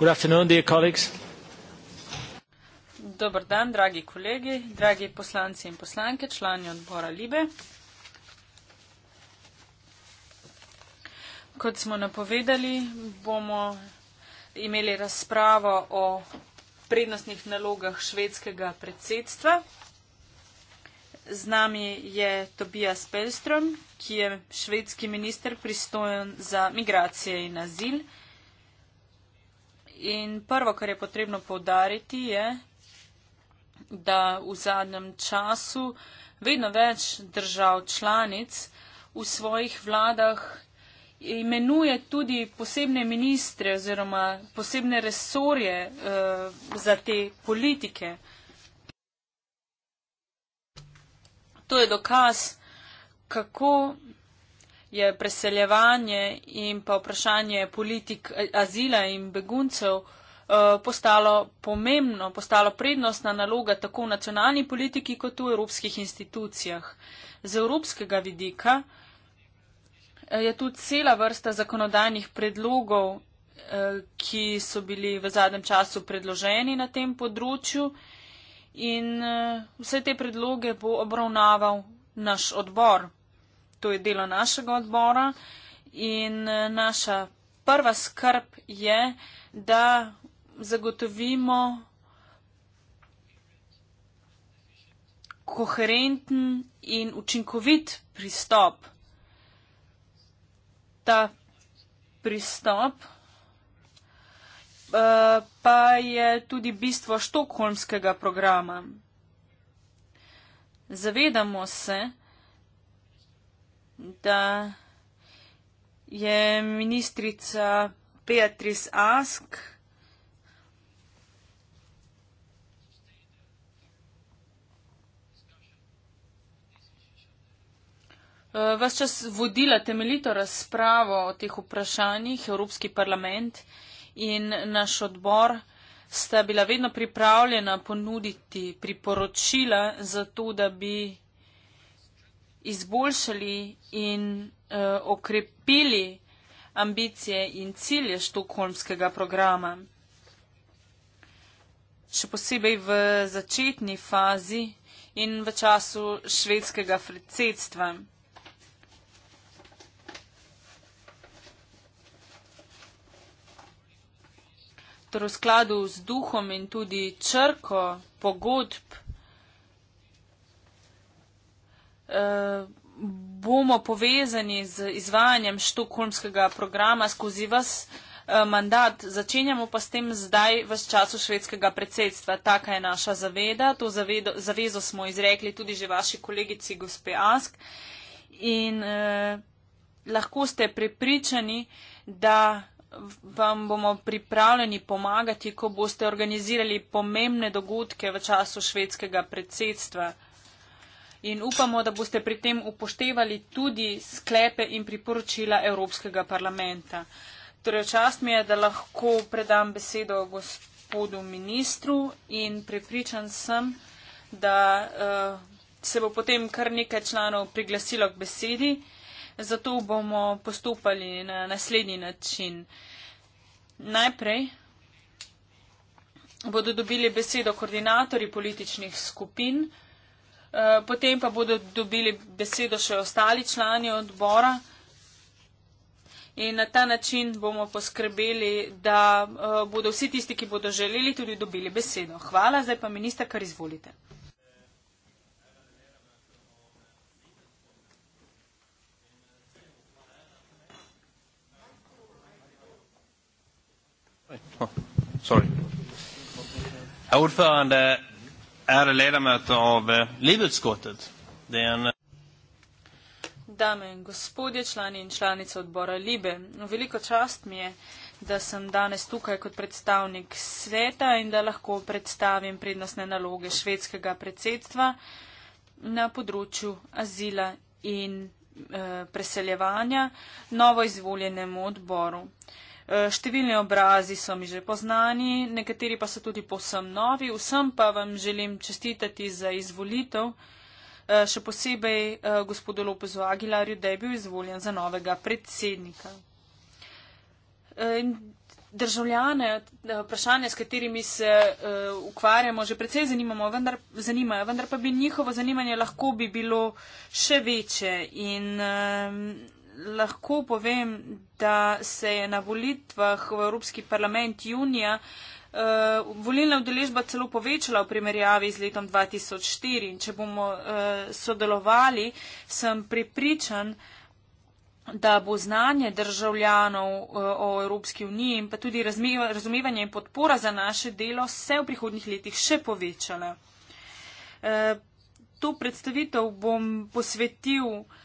Good afternoon, dear colleagues. Dobar dan, dragi kolegi, dragi poslanci in poslanke, člani odbora Libe. Kot smo napovedali, bomo imeli razpravo o prednostnih nalogah švedskega predsedstva. Z nami je Tobias Pelstrom, ki je švedski minister pristojen za migracije in azil. In prvo, kar je potrebno povdariti, je, da v zadnjem času vedno več držav članic v svojih vladah imenuje tudi posebne ministre oziroma posebne resorje uh, za te politike. To je dokaz, kako je preseljevanje in pa vprašanje politik eh, azila in beguncev eh, postalo pomembno, postalo prednostna naloga tako v nacionalni politiki kot v evropskih institucijah. Z evropskega vidika eh, je tudi cela vrsta zakonodajnih predlogov, ki so bili v zadnjem času predloženi na tem področju in vse te predloge bo obravnaval naš odbor to je delo našega odbora in eh, naša prva skrb je, da zagotovimo koherenten in učinkovit pristop. Ta pristop eh, pa je tudi bistvo štokholmskega programa. Zavedamo se, da je to, da je ministrica Beatrice Ask vas čas vodila temeljito razpravo o teh vprašanjih, Evropski parlament in naš odbor sta bila vedno pripravljena ponuditi priporočila za to, da bi izboljšali in uh, okrepili ambicije in cilje štokholmskega programa. Še posebej v začetni fazi in v času švedskega predsedstva. Torej v skladu z duhom in tudi črko pogodb Eh, bomo povezani z izvajanjem štokholmskega programa skozi vas eh, mandat. Začenjamo pa s tem zdaj v času švedskega predsedstva. Taka je naša zaveda. To zavedo, zavezo smo izrekli tudi že vaši kolegici gospe Ask. In eh, lahko ste prepričani, da vam bomo pripravljeni pomagati, ko boste organizirali pomembne dogodke v času švedskega predsedstva in upamo, da boste pri tem upoštevali tudi sklepe in priporočila Evropskega parlamenta. Torej, čast mi je, da lahko predam besedo gospodu ministru in prepričan sem, da uh, se bo potem kar nekaj članov priglasilo k besedi. Zato bomo postopali na naslednji način. Najprej bodo dobili besedo koordinatorji političnih skupin. Eh, potem pa bodo dobili besedo še ostali člani odbora. In na ta način bomo poskrbeli, da eh, bodo vsi tisti, ki bodo želeli, tudi dobili besedo. Hvala, zdaj pa minister, kar izvolite. Sorry. Herr Urfahrer, an der ärade ledamöter av eh, livutskottet. Det är en eh, Dame, gospodje, člani in članice odbora Libe, veliko čast mi je, da sem danes tukaj kot predstavnik sveta in da lahko predstavim prednostne naloge švedskega predsedstva na področju azila in e, preseljevanja novo izvoljenemu odboru. E, Eh, številni obrazi so mi že poznani, nekateri pa so tudi posem novi. Vsem pa vam želim čestitati za izvolitev, eh, še posebej eh, gospodu Lopezu Aguilarju, da je bil izvoljen za novega predsednika. Državljane, vprašanje, s katerimi se uh, ukvarjamo, že precej zanimamo, vendar, zanimajo, vendar pa bi njihovo zanimanje lahko bi bilo še večje. In, uh, lahko povem, da se je na volitvah v Evropski parlament junija uh, volilna udeležba celo povečala v primerjavi z letom 2004. In če bomo uh, sodelovali, sem pripričan, da bo znanje državljanov uh, o Evropski uniji in pa tudi razme, razumevanje in podpora za naše delo se v prihodnih letih še povečala. Uh, to predstavitev bom posvetil uh,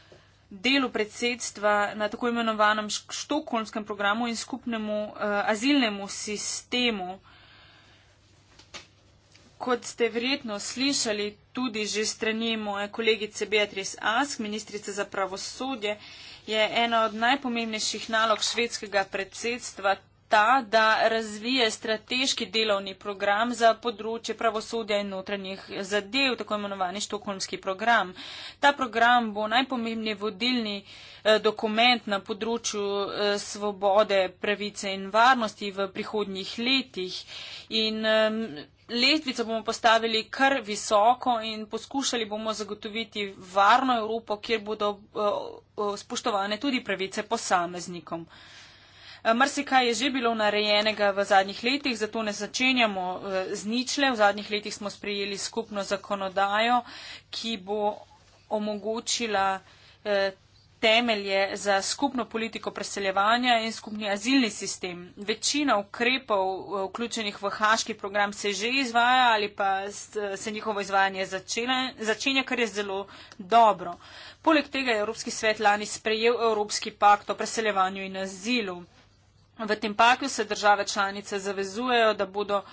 delu predsedstva na tako imenovanem štokholmskem programu in skupnemu uh, azilnemu sistemu. Kot ste verjetno slišali tudi že strani moje kolegice Beatrice Ask, ministrice za pravosodje, je ena od najpomembnejših nalog švedskega predsedstva ta, da razvije strateški delovni program za področje pravosodja in notranjih zadev, tako imenovani štokholmski program. Ta program bo najpomembnejši vodilni eh, dokument na področju eh, svobode, pravice in varnosti v prihodnjih letih. In, Lestvico bomo postavili kar visoko in poskušali bomo zagotoviti varno Evropo, kjer bodo eh, spoštovane tudi pravice posameznikom. Eh, Mrsikaj je že bilo narejenega v zadnjih letih, zato ne začenjamo eh, z ničle. V zadnjih letih smo sprejeli skupno zakonodajo, ki bo omogočila eh, temelje za skupno politiko preseljevanja in skupni azilni sistem. Večina ukrepov, vključenih v haški program, se že izvaja ali pa se njihovo izvajanje začela, začenja, kar je zelo dobro. Poleg tega je Evropski svet lani sprejel Evropski pakt o preseljevanju in azilu. V tem paklju se države članice zavezujejo, da bodo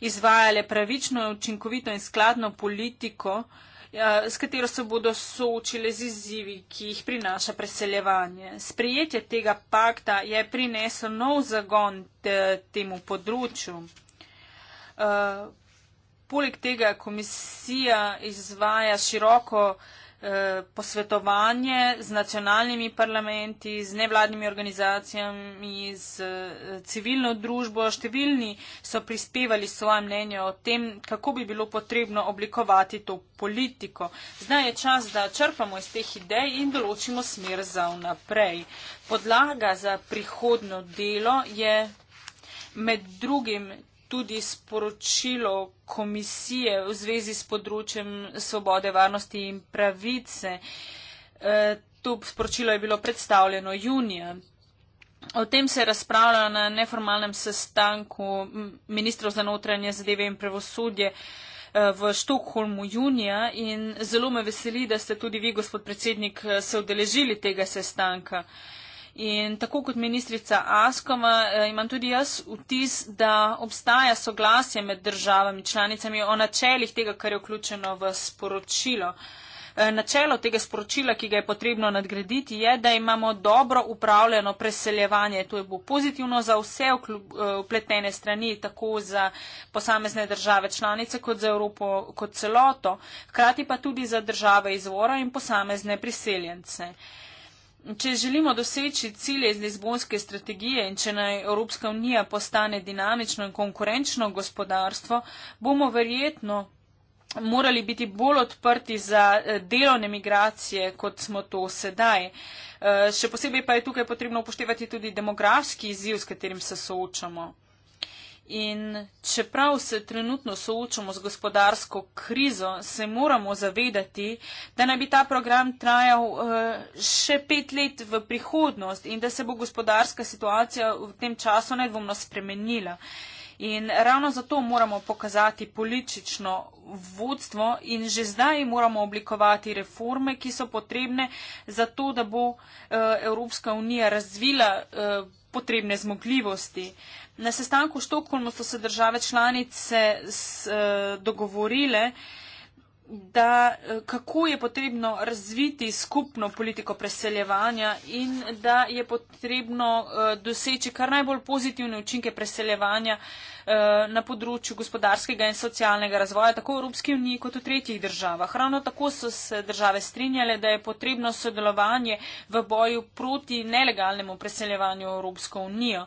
izvajale pravično, učinkovito in skladno politiko, ja, s katero se bodo soočile z izzivi, ki jih prinaša preseljevanje. Sprijetje tega pakta je prineslo nov zagon te, temu področju. Eh, poleg tega komisija izvaja široko posvetovanje z nacionalnimi parlamenti, z nevladnimi organizacijami, z eh, civilno družbo. Številni so prispevali svoje mnenje o tem, kako bi bilo potrebno oblikovati to politiko. Zdaj je čas, da črpamo iz teh idej in določimo smer za vnaprej. Podlaga za prihodno delo je med drugim tudi sporočilo komisije v zvezi s področjem svobode, varnosti in pravice. E, to sporočilo je bilo predstavljeno junija. O tem se je razpravljalo na neformalnem sestanku ministrov za notranje zadeve in pravosodje e, v Štokholmu junija in zelo me veseli, da ste tudi vi, gospod predsednik, e, se odeležili tega sestanka. In tako kot ministrica Askoma, eh, imam tudi jaz vtis, da obstaja soglasje med državami članicami o načelih tega, kar je vključeno v sporočilo. Eh, načelo tega sporočila, ki ga je potrebno nadgraditi, je, da imamo dobro upravljeno preseljevanje. To je bo pozitivno za vse upletene eh, strani, tako za posamezne države članice kot za Evropo kot celoto, hkrati pa tudi za države izvora in posamezne priseljence. Če želimo doseči cilje iz Lizbonske strategije in če naj Evropska unija postane dinamično in konkurenčno gospodarstvo, bomo verjetno morali biti bolj odprti za eh, delovne migracije, kot smo to sedaj. Eh, še posebej pa je tukaj potrebno upoštevati tudi demografski izziv, s katerim se soočamo. In čeprav se trenutno soočamo z gospodarsko krizo, se moramo zavedati, da naj bi ta program trajal eh, še pet let v prihodnost in da se bo gospodarska situacija v tem času nedvomno spremenila. In ravno zato moramo pokazati politično vodstvo in že zdaj moramo oblikovati reforme, ki so potrebne za to, da bo eh, Evropska unija razvila eh, potrebne zmogljivosti. Na sestanku v Štokholmu so se države članice s, uh, dogovorile, uh, da eh, kako je potrebno razviti skupno politiko preseljevanja in da je potrebno eh, doseči kar najbolj pozitivne učinke preseljevanja eh, na področju gospodarskega in socialnega razvoja tako v Evropski uniji kot v tretjih državah. Ravno tako so se države strinjale, da je potrebno sodelovanje v boju proti nelegalnemu preseljevanju v Evropsko unijo.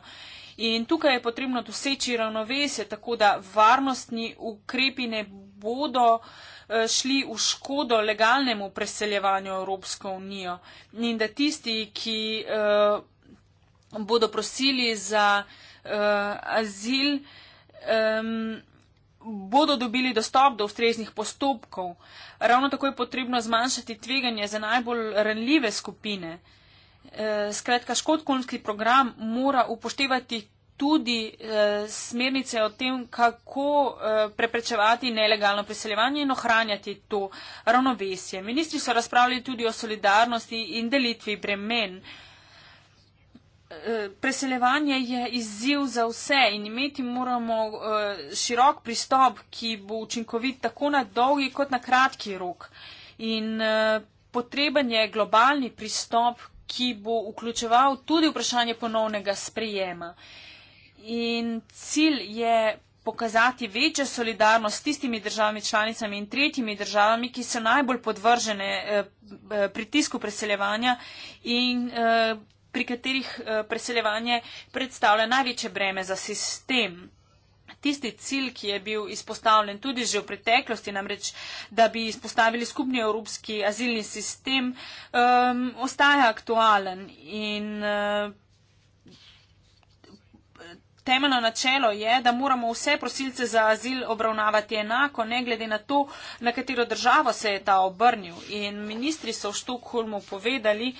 In tukaj je potrebno doseči ravnovesje, tako da varnostni ukrepi ne bodo uh, Eh, šli v škodo legalnemu preseljevanju Evropsko unijo in da tisti, ki eh, bodo prosili za eh, azil, bodo dobili dostop do ustreznih postopkov. Ravno tako je potrebno zmanjšati tveganje za najbolj ranljive skupine. Skratka, škotkonski program mora upoštevati tudi eh, smernice o tem, kako eh, preprečevati nelegalno priseljevanje in ohranjati to ravnovesje. Ministri so razpravljali tudi o solidarnosti in delitvi bremen. Eh, preseljevanje je izziv za vse in imeti moramo eh, širok pristop, ki bo učinkovit tako na dolgi kot na kratki rok. In eh, potreben je globalni pristop, ki bo vključeval tudi vprašanje ponovnega sprejema. In cilj je pokazati večjo solidarnost s tistimi državami članicami in tretjimi državami, ki so najbolj podvržene eh, eh, pritisku preseljevanja in eh, pri katerih preseljevanje predstavlja največje breme za sistem. Tisti cilj, ki je bil izpostavljen tudi že v preteklosti, namreč, da bi izpostavili skupni evropski azilni sistem, um, ostaja aktualen in uh, temeljno načelo je, da moramo vse prosilce za azil obravnavati enako, ne glede na to, na katero državo se je ta obrnil. In ministri so v Štokholmu povedali,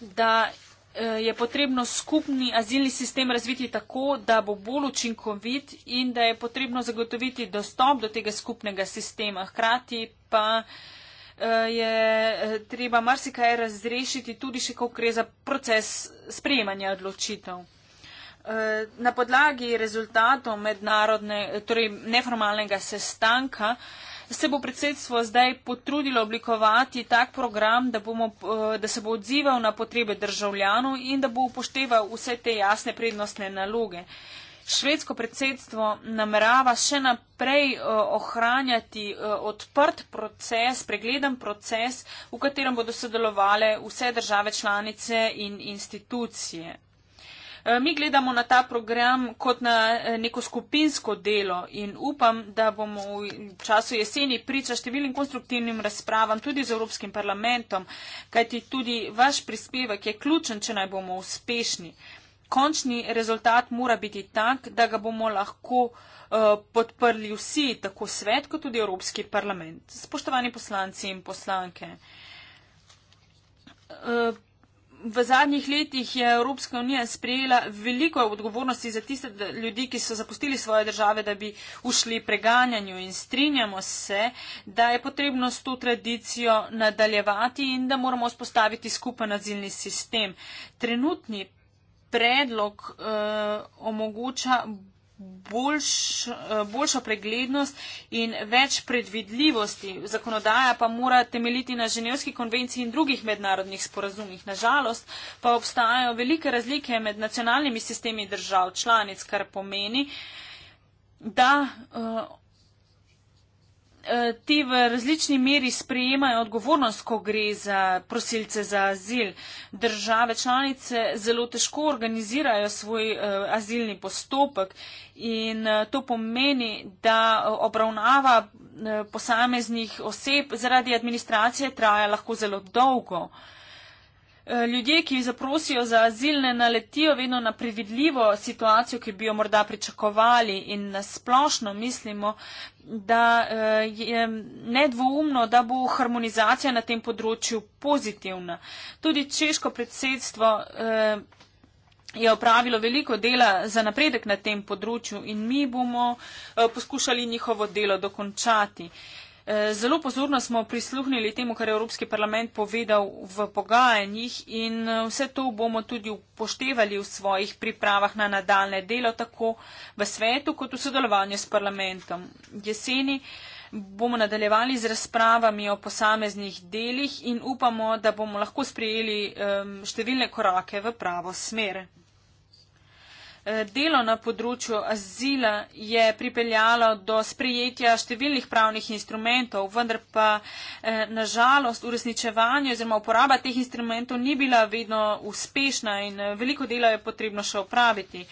da eh, je potrebno skupni azilni sistem razviti tako, da bo bolj učinkovit in da je potrebno zagotoviti dostop do tega skupnega sistema. Hkrati pa eh, je eh, treba marsikaj razrešiti tudi še, ko gre za proces sprejemanja odločitev. Na podlagi rezultatov torej neformalnega sestanka se bo predsedstvo zdaj potrudilo oblikovati tak program, da, bomo, eh, da se bo odzival na potrebe državljanov in da bo upošteval vse te jasne prednostne naloge. Švedsko predsedstvo namerava še naprej eh, ohranjati eh, odprt proces, pregleden proces, v katerem bodo sodelovale vse države članice in institucije. Eh, mi gledamo na ta program kot na eh, neko skupinsko delo in upam, da bomo v času jeseni priča številnim konstruktivnim razpravam tudi z Evropskim parlamentom, kajti tudi vaš prispevek je ključen, če naj bomo uspešni. Končni rezultat mora biti tak, da ga bomo lahko eh, podprli vsi, tako svet kot tudi Evropski parlament. Spoštovani poslanci in poslanke v zadnjih letih je Evropska unija sprejela veliko odgovornosti za tiste ljudi, ki so zapustili svoje države, da bi ušli preganjanju in strinjamo se, da je potrebno s to tradicijo nadaljevati in da moramo spostaviti skupen nazilni sistem. Trenutni predlog eh, omogoča boljš, eh, boljšo preglednost in več predvidljivosti. Zakonodaja pa mora temeljiti na ženevski konvenciji in drugih mednarodnih sporazumih. Nažalost pa obstajajo velike razlike med nacionalnimi sistemi držav članic, kar pomeni, da. Uh, Eh, ti v različni meri sprejemajo odgovornost, ko gre za prosilce za azil. Države članice zelo težko organizirajo svoj eh, azilni postopek in eh, to pomeni, da obravnava posameznih oseb zaradi administracije traja lahko zelo dolgo. Eh, ljudje, ki zaprosijo za azil, ne naletijo vedno na previdljivo situacijo, ki bi jo morda pričakovali in splošno mislimo, da eh, je nedvoumno, da bo harmonizacija na tem področju pozitivna. Tudi češko predsedstvo eh, je opravilo veliko dela za napredek na tem področju in mi bomo poskušali njihovo delo dokončati. Eh, zelo pozorno smo prisluhnili temu, kar je Evropski parlament povedal v pogajanjih in eh, vse to bomo tudi upoštevali v svojih pripravah na nadaljne delo, tako v svetu kot v sodelovanju s parlamentom. Jeseni bomo nadaljevali z razpravami o posameznih delih in upamo, da bomo lahko sprijeli eh, številne korake v pravo smer. Eh, delo na področju azila je pripeljalo do sprejetja številnih pravnih instrumentov, vendar pa eh, nažalost uresničevanje oziroma uporaba teh instrumentov ni bila vedno uspešna in eh, veliko dela je potrebno še opraviti.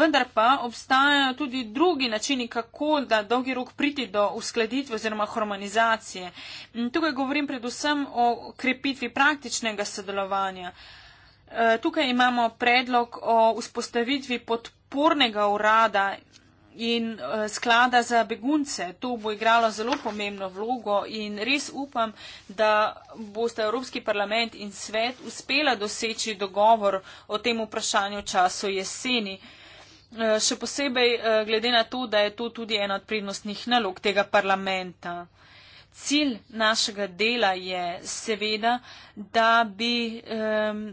Vendar pa obstajajo tudi drugi načini, kako da dolgi rok priti do uskladitve oziroma harmonizacije. Tukaj govorim predvsem o krepitvi praktičnega sodelovanja. Eh, tukaj imamo predlog o vzpostavitvi podpornega urada in eh, sklada za begunce. To bo igralo zelo pomembno vlogo in res upam, da boste Evropski parlament in svet uspela doseči dogovor o tem vprašanju času jeseni. Eh, še posebej glede na to, da je to tudi ena od prednostnih nalog tega parlamenta. Cilj našega dela je seveda, da bi. Um,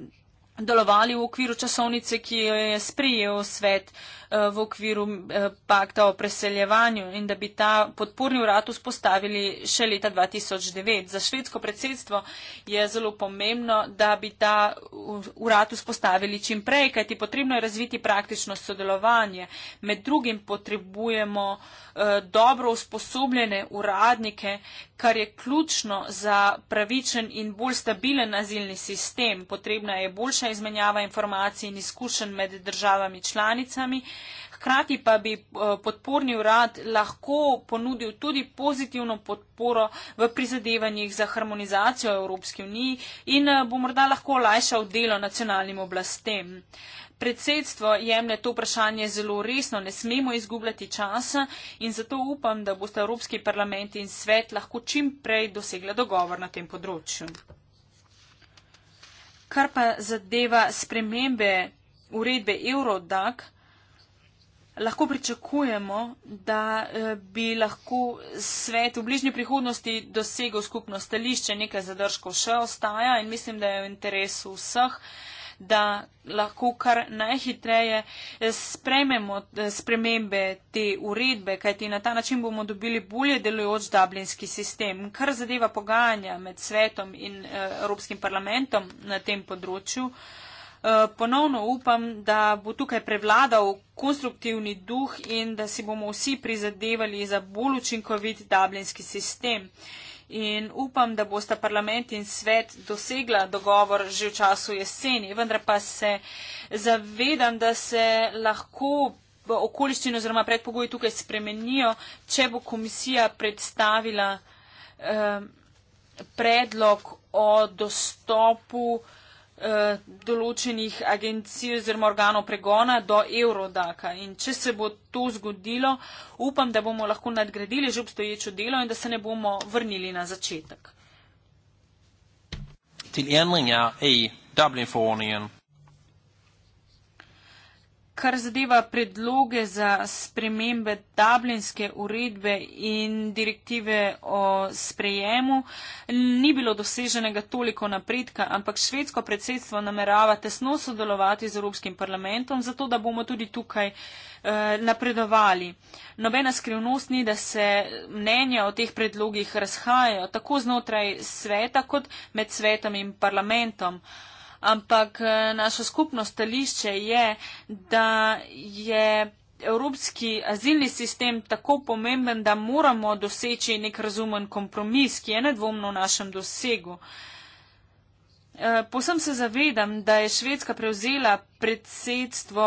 delovali v okviru časovnice, ki jo je sprijel svet eh, v okviru eh, pakta o preseljevanju in da bi ta podporni urad vzpostavili še leta 2009. Za švedsko predsedstvo je zelo pomembno, da bi ta urad vzpostavili čim prej, kajti potrebno je razviti praktično sodelovanje. Med drugim potrebujemo eh, dobro usposobljene uradnike, kar je ključno za pravičen in bolj stabilen azilni sistem. Potrebna je boljša izmenjava informacij in izkušenj med državami članicami. Hkrati pa bi eh, podporni urad lahko ponudil tudi pozitivno podporo v prizadevanjih za harmonizacijo Evropske unije in eh, bo morda lahko olajšal delo nacionalnim oblastem predsedstvo jemlje to vprašanje zelo resno, ne smemo izgubljati časa in zato upam, da boste Evropski parlament in svet lahko čim prej dosegla dogovor na tem področju. Kar pa zadeva spremembe uredbe Eurodac, lahko pričakujemo, da eh, bi lahko svet v bližnji prihodnosti dosegel skupno stališče, nekaj zadržkov še ostaja in mislim, da je v interesu vseh da lahko kar najhitreje sprememo eh, spremembe te uredbe, kajti na ta način bomo dobili bolje delujoč dublinski sistem. Kar zadeva pogajanja med svetom in eh, Evropskim parlamentom na tem področju, eh, ponovno upam, da bo tukaj prevladal konstruktivni duh in da si bomo vsi prizadevali za bolj učinkovit dublinski sistem in upam, da boste parlament in svet dosegla dogovor že v času jeseni. Vendar pa se zavedam, da se lahko okoliščine oziroma predpogoji tukaj spremenijo, če bo komisija predstavila eh, predlog o dostopu eh, Eh, določenih agencij oziroma organov pregona do Eurodaka. In če se bo to zgodilo, upam, da bomo lahko nadgradili že obstoječo delo in da se ne bomo vrnili na začetek. Til ändringar er i Dublinförordningen kar zadeva predloge za spremembe Dublinske uredbe in direktive o sprejemu, ni bilo doseženega toliko napredka, ampak švedsko predsedstvo namerava tesno sodelovati z Evropskim parlamentom, zato da bomo tudi tukaj eh, napredovali. Nobena skrivnost ni, da se mnenja o teh predlogih razhajajo tako znotraj sveta kot med svetom in parlamentom ampak eh, naša skupno stališče je, da je evropski azilni sistem tako pomemben, da moramo doseči nek razumen kompromis, ki je nedvomno v našem dosegu. Uh, Eh, Posem se zavedam, da je Švedska prevzela predsedstvo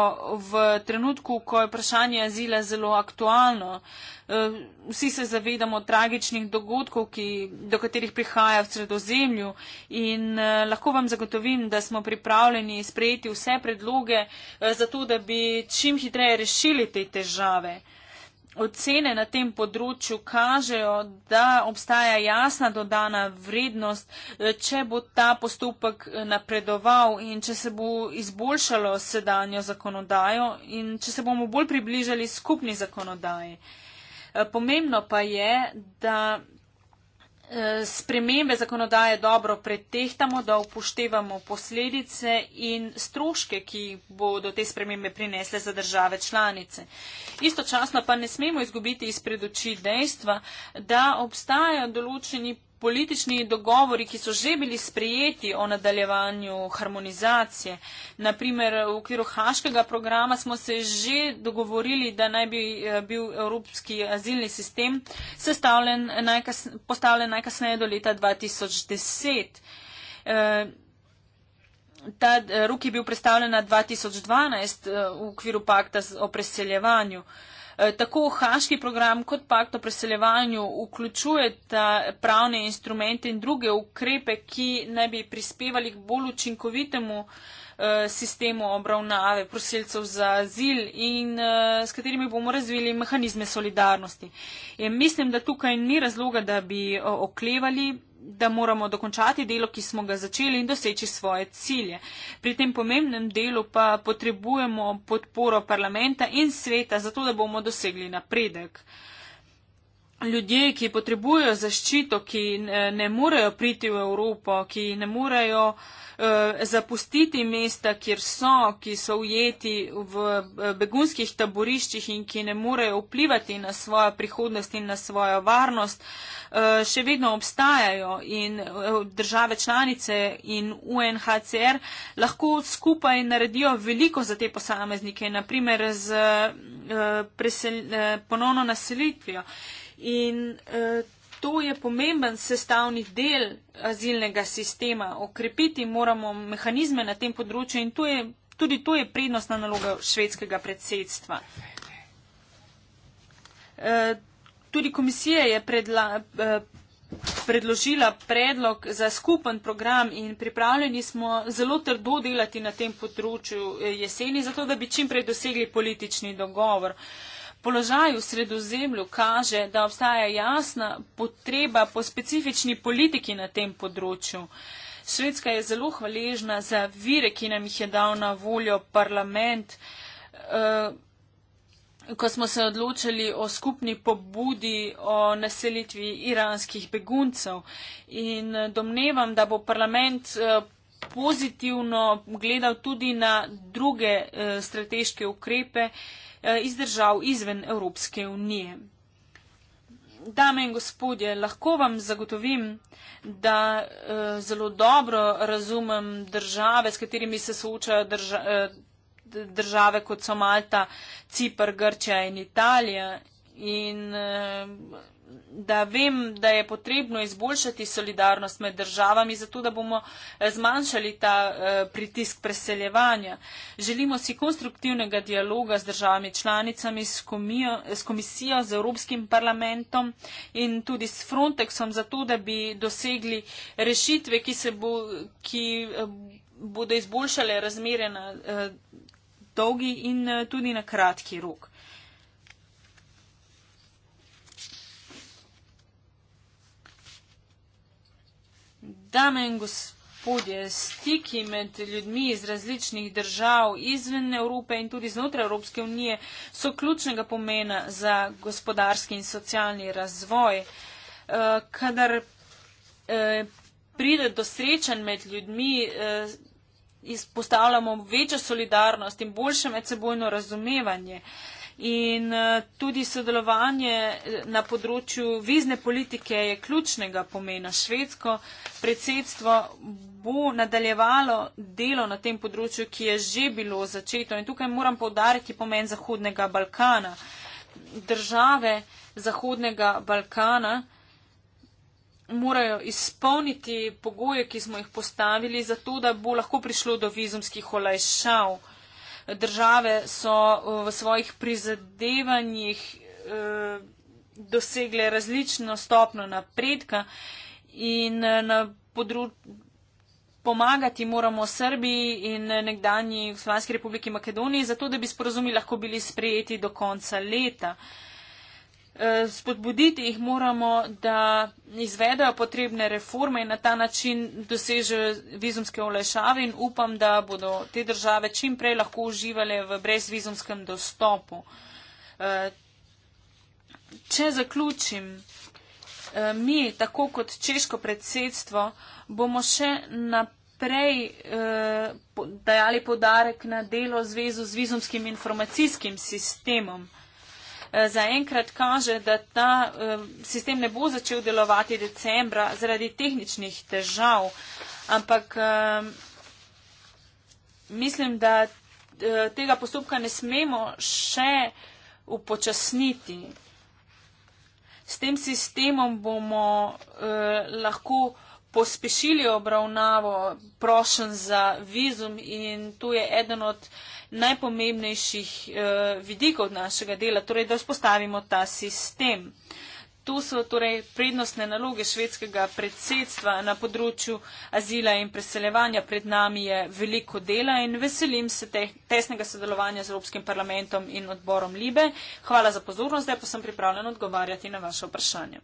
v trenutku, ko je vprašanje azila zelo aktualno. Eh, vsi se zavedamo tragičnih dogodkov, ki, do katerih prihaja v sredozemlju in eh, lahko vam zagotovim, da smo pripravljeni sprejeti vse predloge za to, da bi čim hitreje rešili te težave ocene na tem področju kažejo, da obstaja jasna dodana vrednost, eh, če bo ta postopek eh, napredoval in če se bo izboljšalo sedanjo zakonodajo in če se bomo bolj približali skupni zakonodaji. Eh, pomembno pa je, da spremembe zakonodaje dobro pretehtamo, da upoštevamo posledice in stroške, ki bodo te spremembe prinesle za države članice. Istočasno pa ne smemo izgubiti iz predoči dejstva, da obstajajo določeni politični dogovori, ki so že bili sprejeti o nadaljevanju harmonizacije. Naprimer, v okviru Haškega programa smo se že dogovorili, da naj bi eh, bil evropski azilni sistem najkasne, postavljen najkasneje do leta 2010. Eh, ta eh, rok je bil predstavljen na 2012 v okviru pakta o preseljevanju. Eh, tako haški program kot pakt o preseljevanju vključujeta pravne instrumente in druge ukrepe, ki naj bi prispevali k bolj učinkovitemu eh, sistemu obravnave prosilcev za azil in eh, s katerimi bomo razvili mehanizme solidarnosti. In mislim, da tukaj ni razloga, da bi oklevali da moramo dokončati delo, ki smo ga začeli in doseči svoje cilje. Pri tem pomembnem delu pa potrebujemo podporo parlamenta in sveta, zato da bomo dosegli napredek. Ljudje, ki potrebujejo zaščito, ki eh, ne morejo priti v Evropo, ki ne morejo uh, Eh, zapustiti mesta, kjer so, ki so ujeti v eh, begunskih taboriščih in ki ne morejo vplivati na svojo prihodnost in na svojo varnost, eh, še vedno obstajajo in države članice in UNHCR lahko skupaj naredijo veliko za te posameznike, naprimer z presel, ponovno naselitvijo. In, to je pomemben sestavni del azilnega sistema. Okrepiti moramo mehanizme na tem področju in to je, tudi to je prednostna naloga švedskega predsedstva. E, tudi komisija je predla, e, predložila predlog za skupen program in pripravljeni smo zelo trdo delati na tem področju e, jeseni, zato da bi čim prej dosegli politični dogovor. Uh, položaj v sredozemlju kaže, da obstaja jasna potreba po specifični politiki na tem področju. Švedska je zelo hvaležna za vire, ki nam jih je dal na voljo parlament. Eh, ko smo se odločili o skupni pobudi o naselitvi iranskih beguncev in eh, domnevam, da bo parlament eh, pozitivno gledal tudi na druge strateške ukrepe, Eh, iz držav izven Evropske unije. Dame in gospodje, lahko vam zagotovim, da uh, zelo dobro razumem države, s katerimi se soočajo drža, uh, države kot so Malta, Cipr, Grčija in Italija. In, uh, da vem, da je potrebno izboljšati solidarnost med državami, zato da bomo eh, zmanjšali ta eh, pritisk preseljevanja. Želimo si konstruktivnega dialoga z državami članicami, s komisijo, s komisijo, z Evropskim parlamentom in tudi s Frontexom, zato da bi dosegli rešitve, ki, bo, ki eh, bodo izboljšale razmere na dolgi in tudi na kratki rok. Dame in gospodje, stiki med ljudmi iz različnih držav izven Evrope in tudi znotraj Evropske unije so ključnega pomena za gospodarski in socialni razvoj. Eh, kadar eh, pride do srečanj med ljudmi, eh, izpostavljamo večjo solidarnost in boljše medsebojno razumevanje. In eh, tudi sodelovanje eh, na področju vizne politike je ključnega pomena. Švedsko predsedstvo bo nadaljevalo delo na tem področju, ki je že bilo začeto. In tukaj moram povdariti pomen Zahodnega Balkana. Države Zahodnega Balkana morajo izpolniti pogoje, ki smo jih postavili, zato da bo lahko prišlo do vizumskih olajšav države so uh, v svojih prizadevanjih uh, dosegle različno stopno napredka in uh, na pomagati moramo Srbiji in nekdanji Slovanski republiki Makedoniji, zato da bi sporozumi lahko bili sprejeti do konca leta. Uh, Eh, spodbuditi jih moramo, da izvedajo potrebne reforme in na ta način dosežejo vizumske olajšave in upam, da bodo te države čim prej lahko uživale v brezvizumskem dostopu. Eh, če zaključim, eh, mi, tako kot češko predsedstvo, bomo še naprej dajali podarek na delo zvezu z vizumskim informacijskim sistemom zaenkrat kaže, da ta eh, sistem ne bo začel delovati decembra zaradi tehničnih težav. Ampak eh, mislim, da eh, tega postopka ne smemo še upočasniti. S tem sistemom bomo lahko pospešili obravnavo prošen za vizum in tu je eden od uh, najpomembnejših eh, vidikov našega dela, torej da vzpostavimo ta sistem. Tu so torej prednostne naloge švedskega predsedstva na področju azila in preseljevanja. Pred nami je veliko dela in veselim se te, tesnega sodelovanja z Evropskim parlamentom in odborom Libe. Hvala za pozornost, zdaj pa sem pripravljen odgovarjati na vaše vprašanje.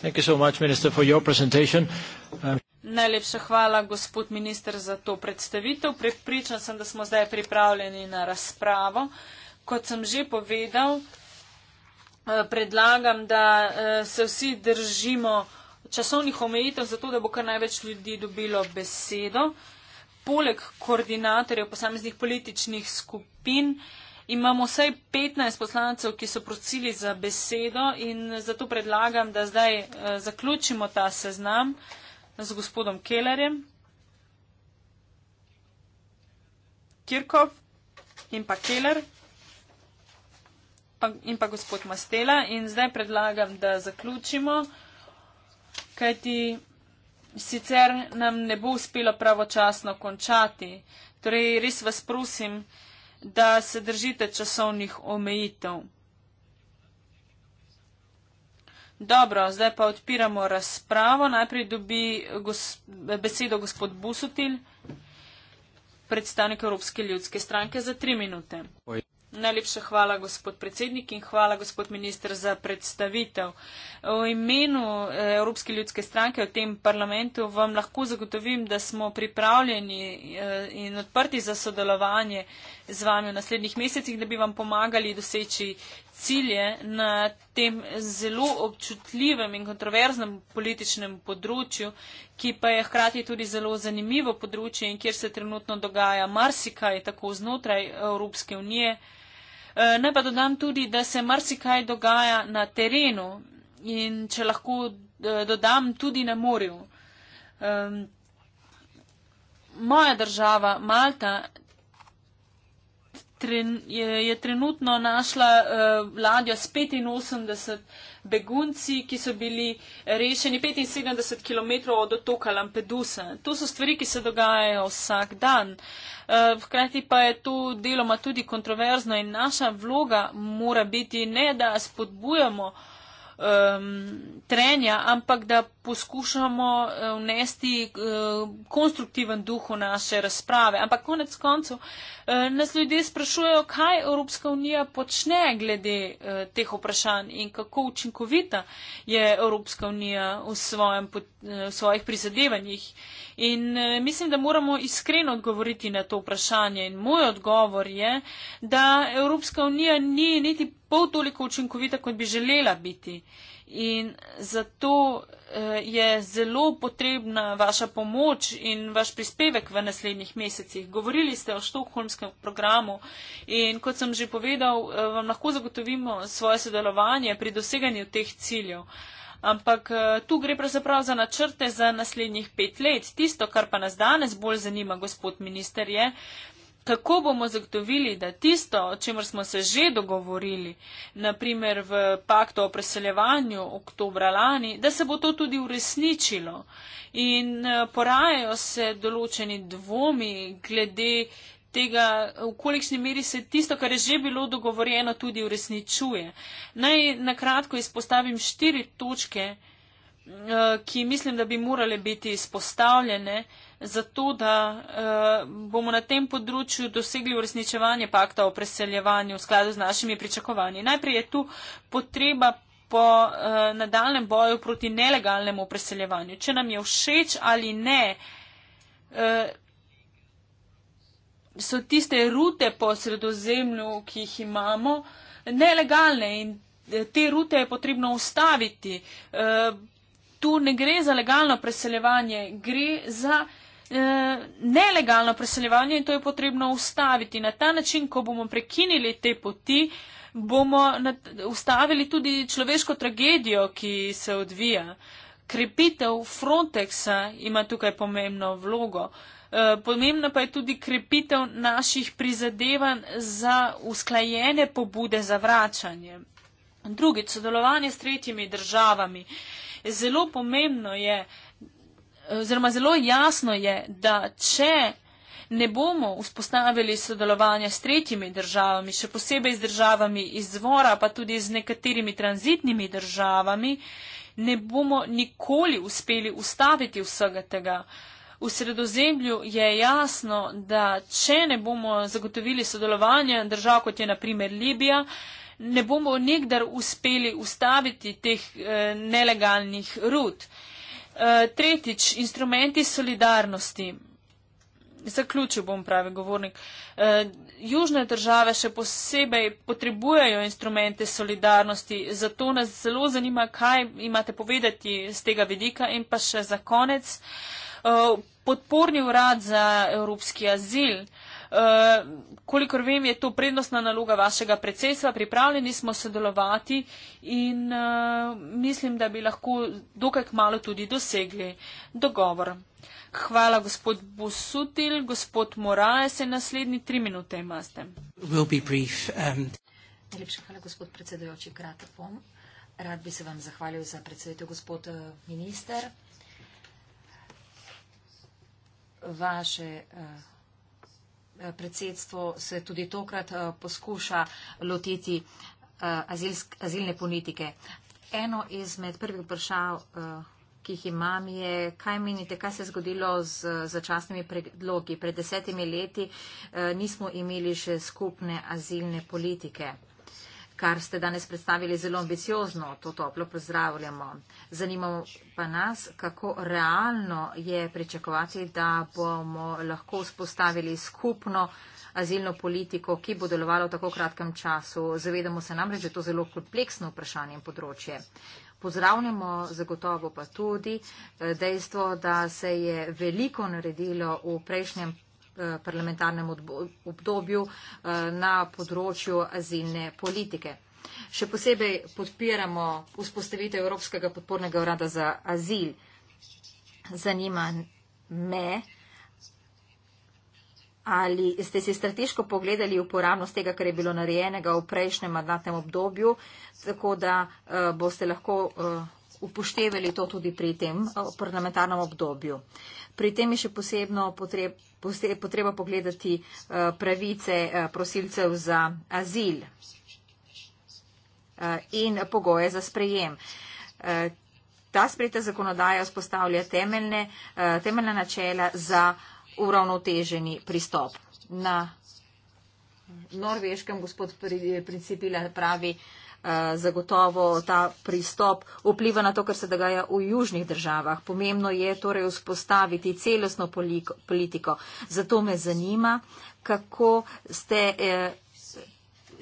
Thank you so much, Minister, for your presentation. Um... Najlepša hvala, gospod minister, za to predstavitev. Prepričan sem, da smo zdaj pripravljeni na razpravo. Kot sem že povedal, eh, predlagam, da eh, se vsi držimo časovnih omejitev, zato da bo kar največ ljudi dobilo besedo. Poleg koordinatorjev posameznih političnih skupin imamo vsaj 15 poslancev, ki so prosili za besedo in zato predlagam, da zdaj eh, zaključimo ta seznam z gospodom Kellerjem, Kirkov in pa Keller pa, in pa gospod Mastela. In zdaj predlagam, da zaključimo, kajti sicer nam ne bo uspelo pravočasno končati. Torej, res vas prosim, da se držite časovnih omejitev. Dobro, zdaj pa odpiramo razpravo. Najprej dobi gos besedo gospod Busutil, predstavnik Evropske ljudske stranke za tri minute. Oj. Najlepša hvala, gospod predsednik, in hvala, gospod minister, za predstavitev. V imenu eh, Evropske ljudske stranke v tem parlamentu vam lahko zagotovim, da smo pripravljeni eh, in odprti za sodelovanje z vami v naslednjih mesecih, da bi vam pomagali doseči cilje na tem zelo občutljivem in kontroverznem političnem področju, ki pa je hkrati tudi zelo zanimivo področje in kjer se trenutno dogaja marsikaj tako znotraj Evropske unije. Eh, naj pa dodam tudi, da se marsikaj dogaja na terenu in če lahko eh, dodam tudi na morju. Moja država, Malta, tren, je, je trenutno našla uh, ladjo s 85 begunci, ki so bili rešeni 75 km od otoka Lampedusa. To so stvari, ki se dogajajo vsak dan. Eh, hkrati pa je to deloma tudi kontroverzno in naša vloga mora biti ne, da spodbujamo um, trenja, ampak da poskušamo eh, vnesti eh, konstruktiven duh v naše razprave. Ampak konec koncev eh, nas ljudje sprašujejo, kaj Evropska unija počne glede teh vprašanj in kako učinkovita je Evropska unija v, svojem, v svojih prizadevanjih. In mislim, da moramo iskreno odgovoriti na to vprašanje. In moj odgovor je, da Evropska unija ni niti pol toliko učinkovita, kot bi želela biti. In zato eh, je zelo potrebna vaša pomoč in vaš prispevek v naslednjih mesecih. Govorili ste o Štokholmskem programu in kot sem že povedal, eh, vam lahko zagotovimo svoje sodelovanje pri doseganju teh ciljev. Ampak eh, tu gre pravzaprav za načrte za naslednjih pet let. Tisto, kar pa nas danes bolj zanima, gospod minister, je, Tako bomo zagotovili, da tisto, o čemer smo se že dogovorili, naprimer v paktu o preseljevanju oktobra lani, da se bo to tudi uresničilo. In eh, porajajo se določeni dvomi glede tega, v kolikšni meri se tisto, kar je že bilo dogovorjeno, tudi uresničuje. Naj na kratko izpostavim štiri točke, eh, ki mislim, da bi morale biti izpostavljene zato, da eh, bomo na tem področju dosegli uresničevanje pakta o preseljevanju v skladu z našimi pričakovanji. Najprej je tu potreba po eh, nadaljem boju proti nelegalnemu preseljevanju. Če nam je všeč ali ne, eh, so tiste rute po sredozemlju, ki jih imamo, nelegalne in te rute je potrebno ustaviti. Tu ne gre za legalno preseljevanje, gre za Eh, nelegalno preseljevanje in to je potrebno ustaviti. Na ta način, ko bomo prekinili te poti, bomo ustavili tudi človeško tragedijo, ki se odvija. Krepitev Frontexa ima tukaj pomembno vlogo. Eh, pomembna pa je tudi krepitev naših prizadevanj za usklajene pobude za vračanje. Drugič, sodelovanje s tretjimi državami. Zelo pomembno je, oziroma zelo jasno je, da če ne bomo vzpostavili sodelovanja s tretjimi državami, še posebej z državami izvora, pa tudi z nekaterimi tranzitnimi državami, ne bomo nikoli uspeli ustaviti vsega tega. V sredozemlju je jasno, da če ne bomo zagotovili sodelovanja držav, kot je naprimer Libija, ne bomo nikdar uspeli ustaviti teh eh, nelegalnih rut. Eh, Eh, tretjič, instrumenti solidarnosti. Zaključil bom pravi govornik. E, južne države še posebej potrebujejo instrumente solidarnosti, zato nas zelo zanima, kaj imate povedati z tega vidika. In pa še za konec, e, podporni urad za evropski azil. E, kolikor vem, je to prednostna naloga vašega predsedstva, pripravljeni smo sodelovati in uh, mislim, da bi lahko dokaj malo tudi dosegli dogovor. Hvala, gospod Bosutil. Gospod Moraes, naslednji tri minute imate. Um, Najlepša hvala, gospod predsedujoči, kratko bom. Rad bi se vam zahvalil za predsedujo, gospod eh, minister. Vaše uh, predsedstvo se tudi tokrat eh, poskuša lotiti eh, azilsk, azilne politike. Eno izmed prvih vprašav, eh, ki jih imam, je, kaj menite, kaj se je zgodilo z začasnimi predlogi. Pred desetimi leti nismo imeli še skupne azilne politike kar ste danes predstavili, zelo ambiciozno, to toplo pozdravljamo. Zanima pa nas, kako realno je pričakovati, da bomo lahko spostavili skupno azilno politiko, ki bo delovala v tako kratkem času. Zavedamo se namreč, da je to zelo kompleksno vprašanje in področje. Pozdravljamo zagotovo pa tudi eh, dejstvo, da se je veliko naredilo v prejšnjem. Eh, parlamentarnem obdobju eh, na področju azilne politike. Še posebej podpiramo vzpostavitev Evropskega podpornega urada za azil. Zanima me, ali ste si strateško pogledali uporabnost tega, kar je bilo narejenega v prejšnjem mandatnem obdobju, tako da uh, boste lahko uh, upoštevali to tudi pri tem eh, parlamentarnem obdobju. Pri tem je še posebno potreb, potreba pogledati eh, pravice eh, prosilcev za azil in pogoje za sprejem. Ta sprejeta zakonodaja vzpostavlja temeljne, temeljne načela za uravnoteženi pristop. Na norveškem gospod principila pravi, uh, Eh, zagotovo ta pristop vpliva na to, kar se dogaja v južnih državah. Pomembno je torej vzpostaviti celostno politiko. Zato me zanima, kako ste. Eh,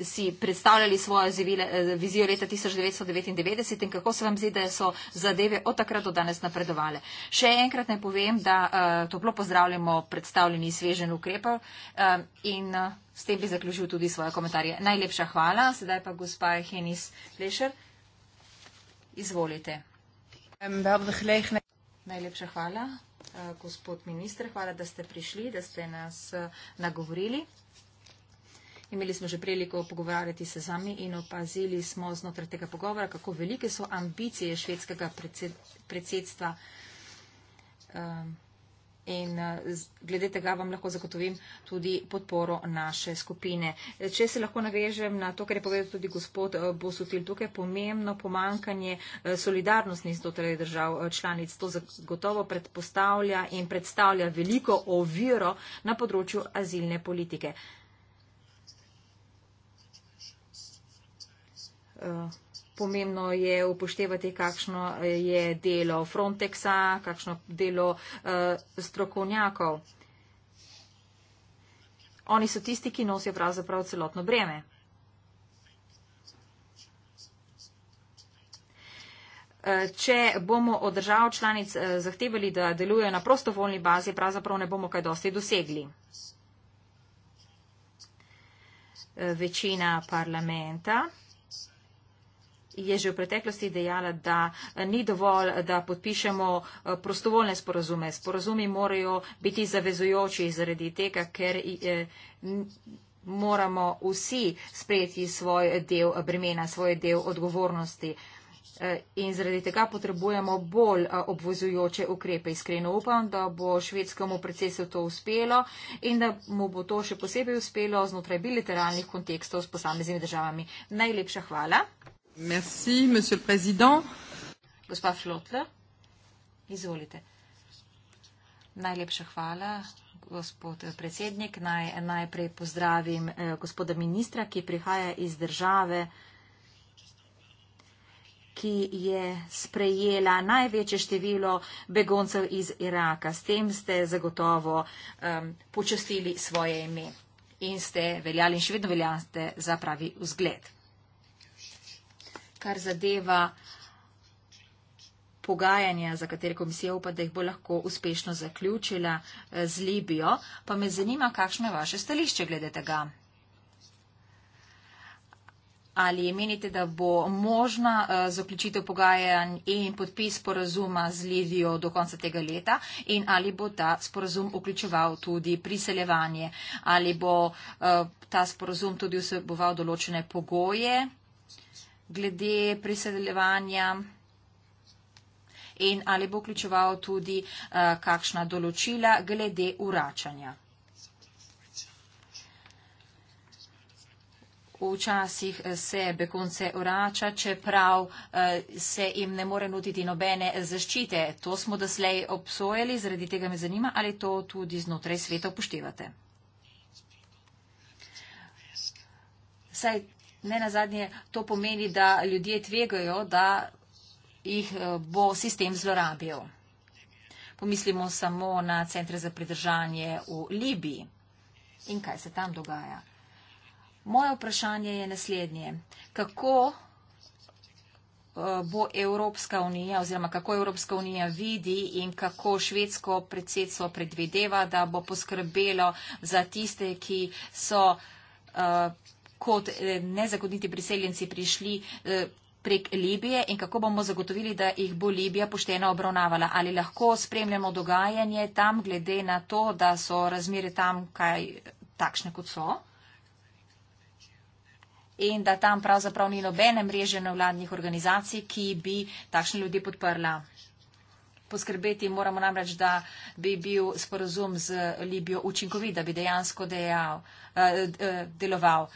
si predstavljali svojo zivile, eh, vizijo leta 1999 in kako se vam zdi, da so zadeve od takrat do danes napredovale. Še enkrat naj povem, da uh, toplo pozdravljamo predstavljeni svežen ukrepov uh, in uh, s tem bi zaključil tudi svoje komentarje. Najlepša hvala. Sedaj pa gospa Henis Lešer. Izvolite. Najlepša hvala, gospod minister. Hvala, da ste prišli, da ste nas nagovorili. Imeli smo že priliko pogovarjati se z vami in opazili smo znotraj tega pogovora, kako velike so ambicije švedskega predsed, predsedstva. Um, in uh, glede tega vam lahko zagotovim tudi podporo naše skupine. Če se lahko navežem na to, kar je povedal tudi gospod uh, Bosutil, tukaj je pomembno pomankanje uh, solidarnosti znotraj držav uh, članic. To zagotovo predpostavlja in predstavlja veliko oviro na področju azilne politike. Uh, Pomembno je upoštevati, kakšno je delo Frontexa, kakšno delo uh, strokovnjakov. Oni so tisti, ki nosijo pravzaprav celotno breme. Eh, če bomo od držav članic eh, zahtevali, da delujejo na prostovoljni bazi, pravzaprav ne bomo kaj dosti dosegli. Večina parlamenta je že v preteklosti dejala, da eh, ni dovolj, da podpišemo eh, prostovoljne sporazume. Sporazumi morajo biti zavezujoči zaradi tega, ker eh, moramo vsi sprejeti svoj del bremena, svoj del odgovornosti. In zaradi tega potrebujemo bolj obvozujoče ukrepe. Iskreno upam, da bo švedskemu procesu to uspelo in da mu bo to še posebej uspelo znotraj bilateralnih kontekstov s posameznimi državami. Najlepša hvala. Merci, monsieur le président. Gospa Flotler, izvolite. Najlepša hvala, gospod predsednik. Naj najprej pozdravim eh, gospoda ministra, ki prihaja iz države, ki je sprejela največje število begoncev iz Iraka. S tem ste zagotovo eh, počastili svoje ime in ste veljali in še vedno veljate za pravi vzgled kar zadeva pogajanja, za katere komisija upa, da jih bo lahko uspešno zaključila eh, z Libijo. Pa me zanima, kakšno je vaše stališče glede tega. Ali menite, da bo možna eh, zaključitev pogajanj in podpis sporazuma z Libijo do konca tega leta in ali bo ta sporazum vključeval tudi priseljevanje, ali bo eh, ta sporazum tudi vseboval določene pogoje? glede priseljevanja in ali bo vključeval tudi eh, kakšna določila glede uračanja. Včasih eh, se begunce urača, čeprav eh, se jim ne more nuditi nobene zaščite. To smo doslej obsojali, zaradi tega me zanima, ali to tudi znotraj sveta upoštevate. Saj Ne na zadnje, to pomeni, da ljudje tvegajo, da jih eh, bo sistem zlorabil. Pomislimo samo na centre za pridržanje v Libiji in kaj se tam dogaja. Moje vprašanje je naslednje. Kako eh, bo Evropska unija oziroma kako Evropska unija vidi in kako švedsko predsedstvo predvideva, da bo poskrbelo za tiste, ki so. Uh, kot eh, nezakoniti priseljenci prišli eh, prek Libije in kako bomo zagotovili, da jih bo Libija pošteno obravnavala. Ali lahko spremljamo dogajanje tam, glede na to, da so razmere tam kaj takšne, kot so? In da tam pravzaprav ni nobene mreže nevladnih organizacij, ki bi takšne ljudi podprla. Poskrbeti moramo namreč, da bi bil sporozum z Libijo učinkovit, da bi dejansko dejal, eh, deloval.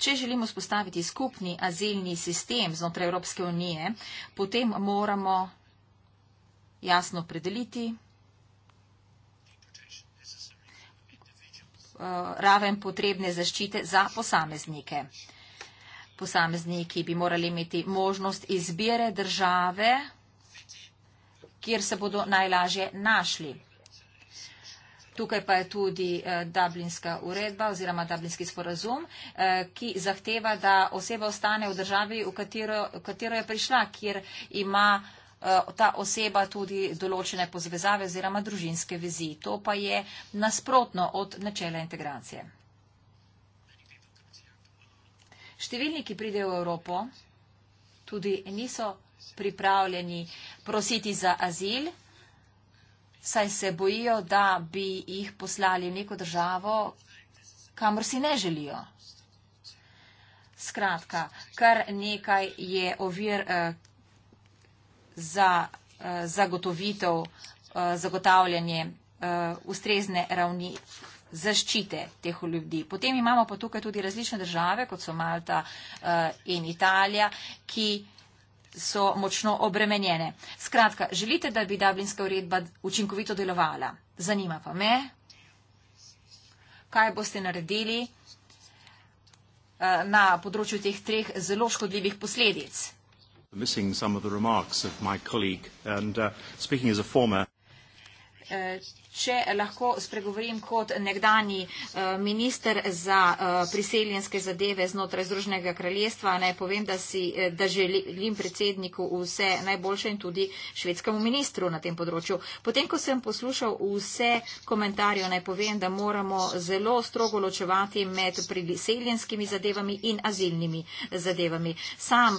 Če želimo spostaviti skupni azilni sistem znotraj Evropske unije, potem moramo jasno predeliti eh, raven potrebne zaščite za posameznike. Posamezniki bi morali imeti možnost izbire države, kjer se bodo najlažje našli. Tukaj pa je tudi eh, Dublinska uredba oziroma Dublinski sporazum, eh, ki zahteva, da oseba ostane v državi, v katero, v katero je prišla, kjer ima eh, ta oseba tudi določene pozvezave oziroma družinske vezi. To pa je nasprotno od načela integracije. Številni, ki pridejo v Evropo, tudi niso pripravljeni prositi za azil, saj se bojijo, da bi jih poslali v neko državo, kamor si ne želijo. Skratka, kar nekaj je ovir eh, za eh, zagotovitev, eh, zagotavljanje eh, ustrezne ravni zaščite teh ljudi. Potem imamo pa tukaj tudi različne države, kot so Malta eh, in Italija, ki so močno obremenjene. Skratka, želite, da bi Dublinska uredba učinkovito delovala? Zanima pa me, kaj boste naredili eh, na področju teh treh zelo škodljivih posledic. Missing some of the remarks of my colleague and uh, speaking as a former Če lahko spregovorim kot nekdani eh, minister za eh, priseljenske zadeve znotraj Združenega kraljestva, naj povem, da, si, eh, da želim predsedniku vse najboljše in tudi švedskemu ministru na tem področju. Potem, ko sem poslušal vse komentarje, naj povem, da moramo zelo strogo ločevati med priseljenskimi zadevami in azilnimi zadevami. Sam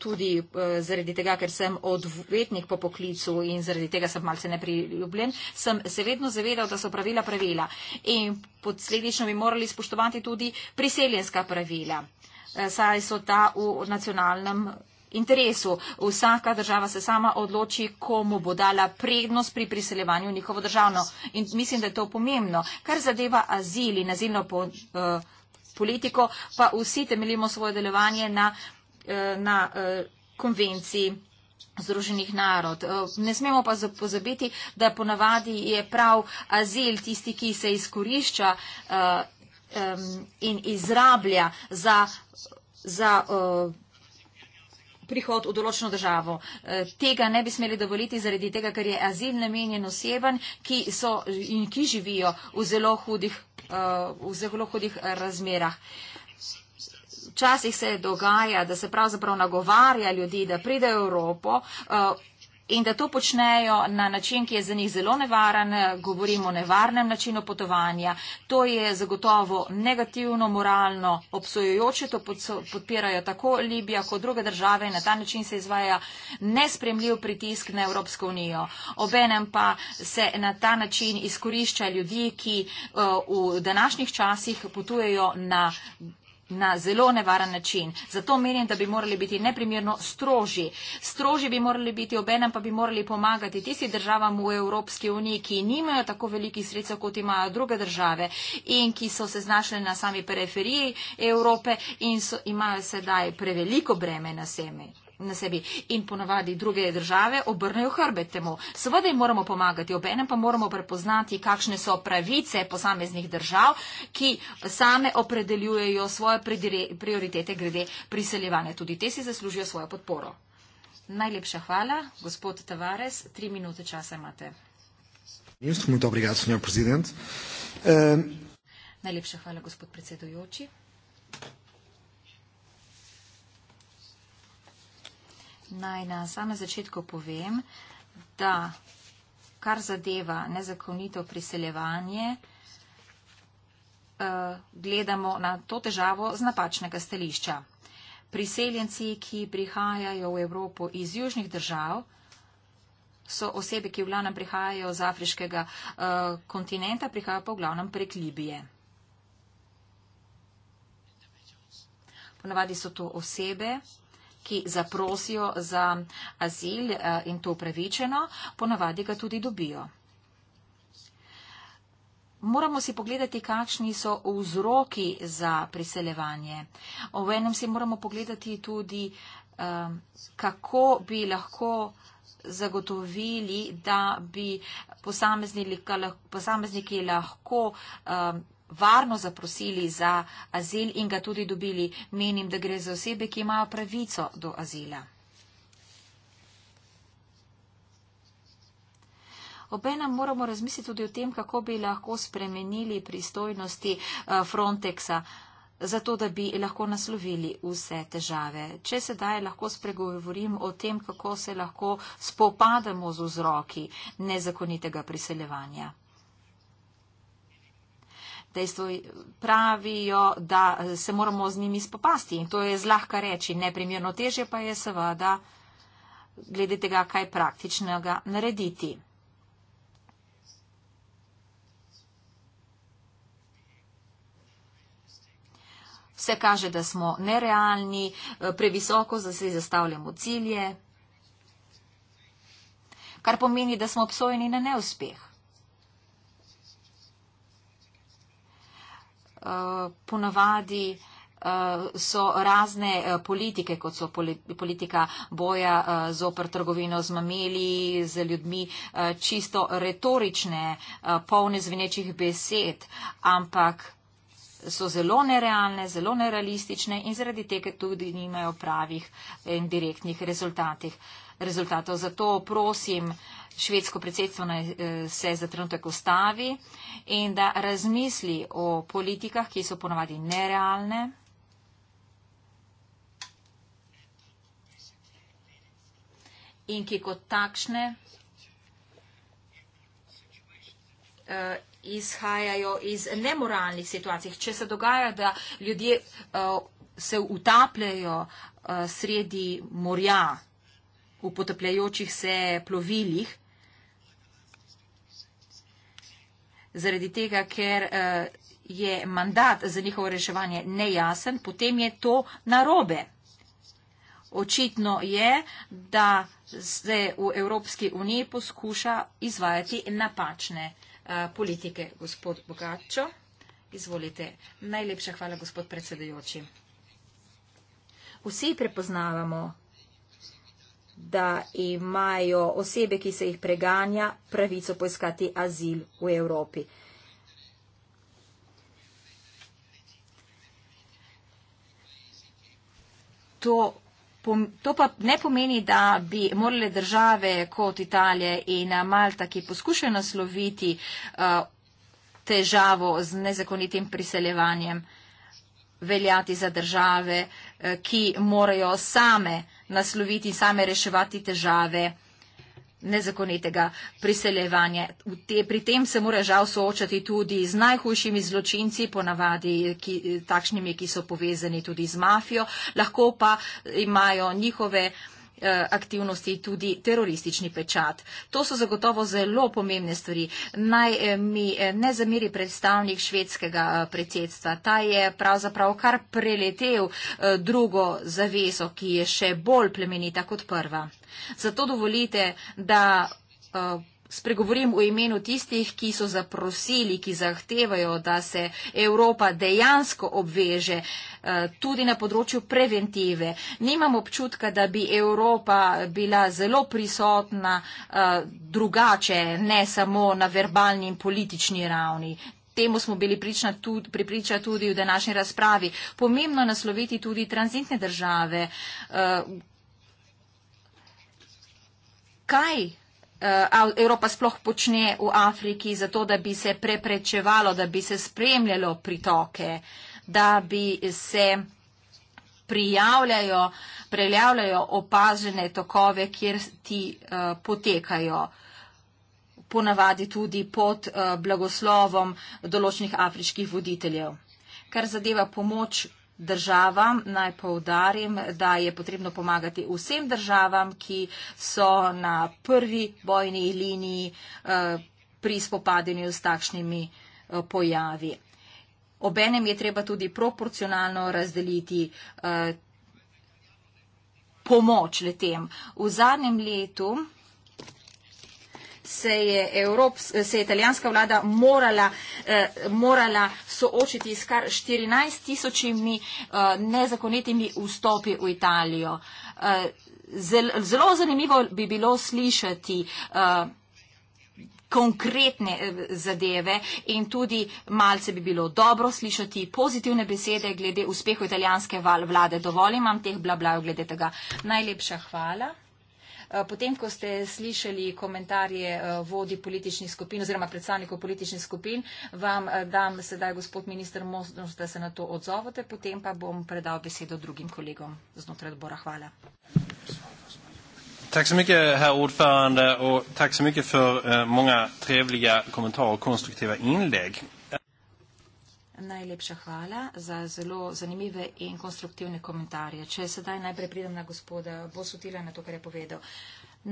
tudi zaradi tega, ker sem odvetnik po poklicu in zaradi tega sem malce nepriljubljen, sem se vedno zavedal, da so pravila pravila in posledično bi morali spoštovati tudi priseljenska pravila, eh, saj so ta v nacionalnem. Interesu. Vsaka država se sama odloči, komu bo dala prednost pri priseljevanju v njihovo državno. In mislim, da je to pomembno. Kar zadeva azil in azilno po, eh, politiko, pa vsi temeljimo svoje delovanje na, eh, na eh, konvenciji Združenih narod. Eh, ne smemo pa pozabiti, da ponavadi je prav azil tisti, ki se izkorišča eh, in izrablja za, za eh, prihod v določeno državo. Tega ne bi smeli dovoliti zaradi tega, ker je azil namenjen osebam, ki so in ki živijo v zelo hudih, v zelo hudih razmerah včasih se dogaja, da se pravzaprav nagovarja ljudi, da pridejo v Evropo eh, in da to počnejo na način, ki je za njih zelo nevaren, govorimo o nevarnem načinu potovanja. To je zagotovo negativno, moralno, obsojujoče, to podpirajo tako Libija kot druge države in na ta način se izvaja nespremljiv pritisk na Evropsko unijo. Obenem pa se na ta način izkorišča ljudi, ki eh, v današnjih časih potujejo na na zelo nevaran način. Zato menim, da bi morali biti neprimerno stroži. Stroži bi morali biti obenem, pa bi morali pomagati tisti državam v Evropski uniji, ki nimajo tako velikih sredstev, kot imajo druge države in ki so se znašli na sami periferiji Evrope in so, imajo sedaj preveliko breme na semej na sebi in ponavadi druge države obrnejo hrbet temu. Seveda jim moramo pomagati, obenem pa moramo prepoznati, kakšne so pravice posameznih držav, ki same opredeljujejo svoje prioritete glede priseljevanja. Tudi te si zaslužijo svojo podporo. Najlepša hvala, gospod Tavares. Tri minute časa imate. Najlepša hvala, gospod predsedujoči. Naj na samem začetku povem, da kar zadeva nezakonito priseljevanje, eh, gledamo na to težavo z napačnega stališča. Priseljenci, ki prihajajo v Evropo iz južnih držav, so osebe, ki v glavnem prihajajo z afriškega eh, kontinenta, prihajajo pa v glavnem prek Libije. Ponavadi so to osebe, ki zaprosijo za azil eh, in to upravičeno, ponavadi ga tudi dobijo. Moramo si pogledati, kakšni so vzroki za priseljevanje. V enem si moramo pogledati tudi, eh, kako bi lahko zagotovili, da bi posamezniki lahko, posamezniki lahko eh, varno zaprosili za azil in ga tudi dobili. Menim, da gre za osebe, ki imajo pravico do azila. Obenem moramo razmisliti tudi o tem, kako bi lahko spremenili pristojnosti eh, Frontexa, zato da bi lahko naslovili vse težave. Če sedaj lahko spregovorim o tem, kako se lahko spopademo z vzroki nezakonitega priseljevanja dejstvo pravijo, da se moramo z njimi spopasti in to je zlahka reči. Neprimerno teže pa je seveda glede tega, kaj praktičnega narediti. Vse kaže, da smo nerealni, previsoko zase zastavljamo cilje, kar pomeni, da smo obsojeni na neuspeh. Eh, ponavadi eh, so razne eh, politike, kot so politika boja zoper trgovino z mameli, z ljudmi, čisto retorične, polne zvenečih besed, ampak so zelo nerealne, zelo nerealistične in zaradi tega tudi nimajo pravih in direktnih rezultatih rezultatov. Zato prosim švedsko predsedstvo naj eh, se za trenutek ustavi in da razmisli o politikah, ki so ponovadi nerealne. In ki kot takšne uh, izhajajo iz nemoralnih situacij. Če se dogaja, da ljudje uh, se utapljajo uh, sredi morja, uh, v potapljajočih se plovilih. Zaradi tega, ker eh, je mandat za njihovo reševanje nejasen, potem je to narobe. Očitno je, da se v Evropski uniji poskuša izvajati napačne eh, politike. Gospod Bogačo, izvolite. Najlepša hvala, gospod predsedajoči. Vsi prepoznavamo da imajo osebe, ki se jih preganja, pravico poiskati azil v Evropi. To, to pa ne pomeni, da bi morale države kot Italija in Malta, ki poskušajo nasloviti uh, težavo z nezakonitim priseljevanjem, veljati za države, uh, ki morajo same nasloviti in same reševati težave nezakonitega priseljevanja. Te, pri tem se mora žal soočati tudi z najhujšimi zločinci, ponavadi ki, takšnimi, ki so povezani tudi z mafijo, lahko pa imajo njihove. Eh, aktivnosti tudi teroristični pečat. To so zagotovo zelo pomembne stvari. Naj eh, mi eh, ne zameri predstavnik švedskega predsedstva. Ta je pravzaprav kar preletel drugo zaveso, ki je še bolj plemenita kot prva. Zato dovolite, da spregovorim v imenu tistih, ki so zaprosili, ki zahtevajo, da se Evropa dejansko obveže eh, tudi na področju preventive. Nimam občutka, da bi Evropa bila zelo prisotna eh, drugače, ne samo na verbalni in politični ravni. Temu smo bili pripriča tudi v današnji razpravi. Pomembno nasloviti tudi tranzitne države. Eh, kaj Eh, Evropa sploh počne v Afriki zato, da bi se preprečevalo, da bi se spremljalo pritoke, da bi se prijavljajo, prejavljajo opažene tokove, kjer ti uh, potekajo ponavadi tudi pod uh, blagoslovom določenih afriških voditeljev. Kar zadeva pomoč državam. Naj povdarim, da je potrebno pomagati vsem državam, ki so na prvi bojni liniji eh, pri spopadanju s takšnimi eh, pojavi. Obenem je treba tudi proporcionalno razdeliti eh, pomoč letem. V zadnjem letu se je, Evrops, se je italijanska vlada morala, eh, morala soočiti s kar 14 tisočimi eh, nezakonitimi vstopi v Italijo. Eh, zel, zelo zanimivo bi bilo slišati. Eh, konkretne eh, zadeve in tudi malce bi bilo dobro slišati pozitivne besede glede uspehu italijanske val vlade. Dovolj imam teh blablajo glede tega. Najlepša hvala. Eh, potem, ko ste slišali komentarje eh, vodi političnih skupin oziroma predstavnikov političnih skupin, vam eh, dam sedaj, gospod minister, možnost, da se na to odzovete, potem pa bom predal besedo drugim kolegom znotraj odbora. Hvala. Tack så mycket herr ordförande och tack så mycket för många trevliga kommentarer och konstruktiva inlägg. Najlepša hvala za zelo zanimive in konstruktivne komentarje. Če sedaj najprej pridem na gospoda Bosutila na to, kar je povedal.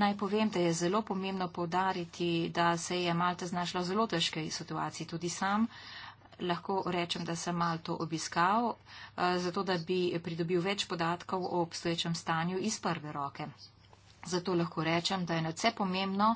Naj povem, da je zelo pomembno povdariti, da se je Malta znašla v zelo težkej situaciji. Tudi sam lahko rečem, da sem Malto obiskal, eh, zato da bi pridobil več podatkov o obstoječem stanju iz prve roke. Zato lahko rečem, da je na vse pomembno,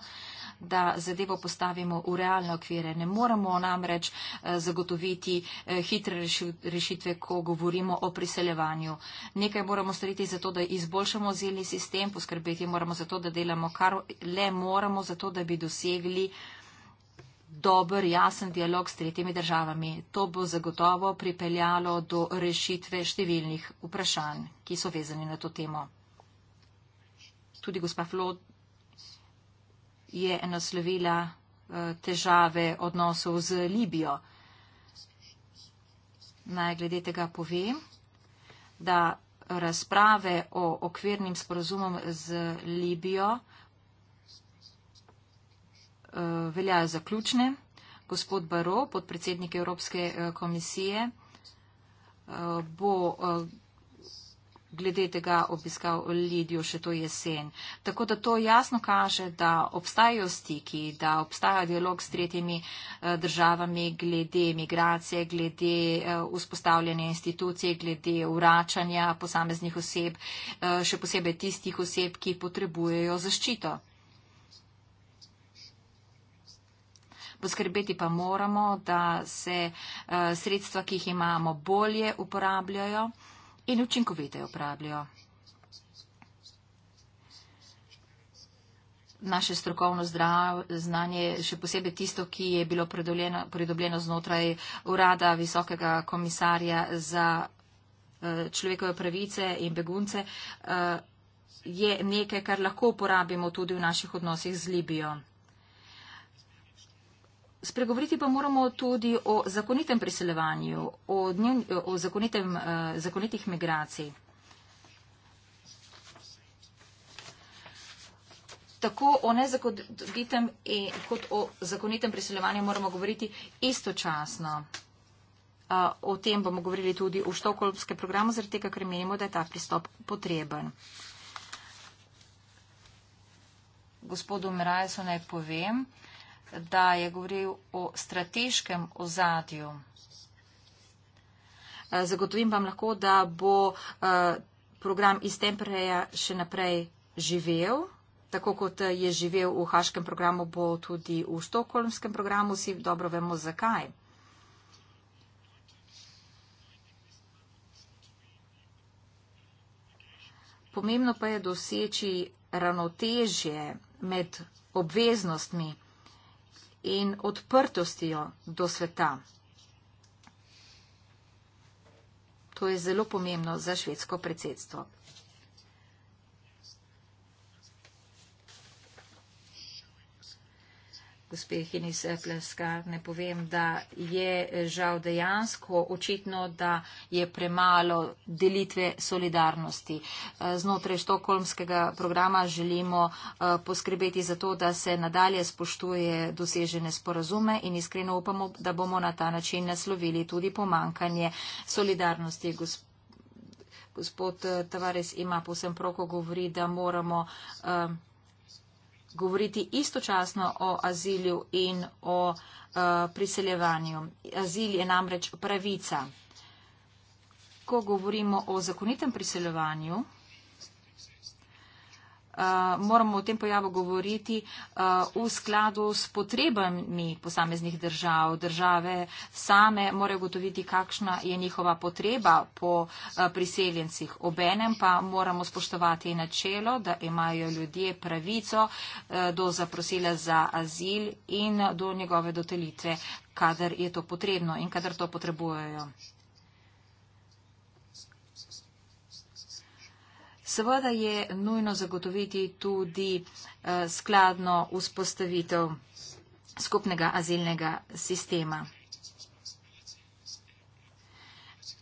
da zadevo postavimo v realne okvire. Ne moremo namreč eh, zagotoviti eh, hitre rešitve, ko govorimo o priseljevanju. Nekaj moramo storiti za to, da izboljšamo zeli sistem, poskrbeti moramo za to, da delamo kar le moramo, za to, da bi dosegli dober, jasen dialog s tretjimi državami. To bo zagotovo pripeljalo do rešitve številnih vprašanj, ki so vezani na to temo tudi gospa Flo je naslovila eh, težave odnosov z Libijo. Naj glede tega povem, da razprave o okvirnim sporozumom z Libijo eh, veljajo zaključne. Gospod Baro, podpredsednik Evropske eh, komisije, bo glede tega obiskal Lidijo še to jesen. Tako da to jasno kaže, da obstajajo stiki, da obstaja dialog s tretjimi eh, državami glede migracije, glede eh, vzpostavljanja institucije, glede vračanja posameznih oseb, eh, še posebej tistih oseb, ki potrebujejo zaščito. Poskrbeti pa moramo, da se sredstva, ki jih imamo, bolje uporabljajo in učinkovite jo uporabljajo. Naše strokovno znanje, še posebej tisto, ki je bilo pridobljeno znotraj urada visokega komisarja za eh, človekove pravice in begunce, eh, je nekaj, kar lahko uporabimo tudi v naših odnosih z Libijo. Spregovoriti pa moramo tudi o zakonitem priseljevanju, o, dnev, o zakonitem, eh, zakonitih migracij. Tako o nezakonitem e, kot o zakonitem priseljevanju moramo govoriti istočasno. Eh, o tem bomo govorili tudi v štokolpske programu, zaradi tega, ker menimo, da je ta pristop potreben. Gospodu Mirajsu naj povem, da je govoril o strateškem ozadju. Eh, zagotovim vam lahko, da bo eh, program iz Tempreja še naprej živel. Tako kot eh, je živel v haškem programu, bo tudi v stokholmskem programu. Vsi dobro vemo, zakaj. Pomembno pa je doseči ravnotežje med obveznostmi in odprtostjo do sveta. To je zelo pomembno za švedsko predsedstvo. gospe Henise Pleskar, ne povem, da je eh, žal dejansko očitno, da je premalo delitve solidarnosti. Eh, znotraj štokolmskega programa želimo eh, poskrbeti za to, da se nadalje spoštuje dosežene sporazume in iskreno upamo, da bomo na ta način naslovili tudi pomankanje solidarnosti. Gospod Tavares ima posem prav, ko govori, da moramo govoriti istočasno o azilju in o uh, priseljevanju. Azil je namreč pravica. Ko govorimo o zakonitem priseljevanju, Eh, moramo o tem pojavu govoriti eh, v skladu s potrebami posameznih držav. Države same morajo gotoviti, kakšna je njihova potreba po eh, priseljencih. Obenem pa moramo spoštovati načelo, da imajo ljudje pravico do zaprosila za azil in do njegove dotelitve, kadar je to potrebno in kadar to potrebujejo. Seveda je nujno zagotoviti tudi eh, skladno vzpostavitev skupnega azilnega sistema.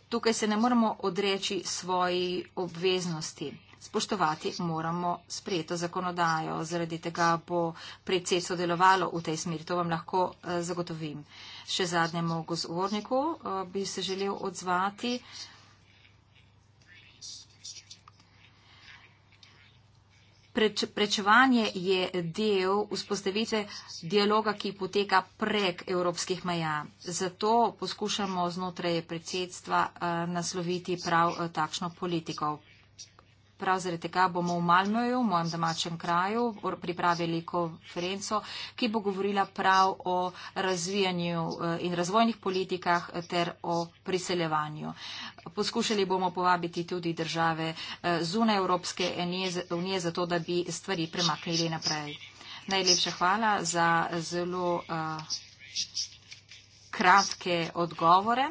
Tukaj se ne moremo odreči svoji obveznosti. Spoštovati moramo sprejeto zakonodajo, zaradi tega bo predsedstvo delovalo v tej smeri, to vam lahko eh, zagotovim. Še zadnjemu govorniku eh, bi se želel odzvati. Preč, prečevanje je del vzpostavitve dialoga, ki poteka prek evropskih meja. Zato poskušamo znotraj predsedstva uh, nasloviti prav uh, takšno politiko. Prav zaradi tega bomo v Malmöju, v mojem domačem kraju, pripravili konferenco, ki bo govorila prav o razvijanju eh, in razvojnih politikah eh, ter o priseljevanju. Poskušali bomo povabiti tudi države eh, zunaj Evropske unije za to, da bi stvari premaknili naprej. Najlepša hvala za zelo uh, kratke odgovore.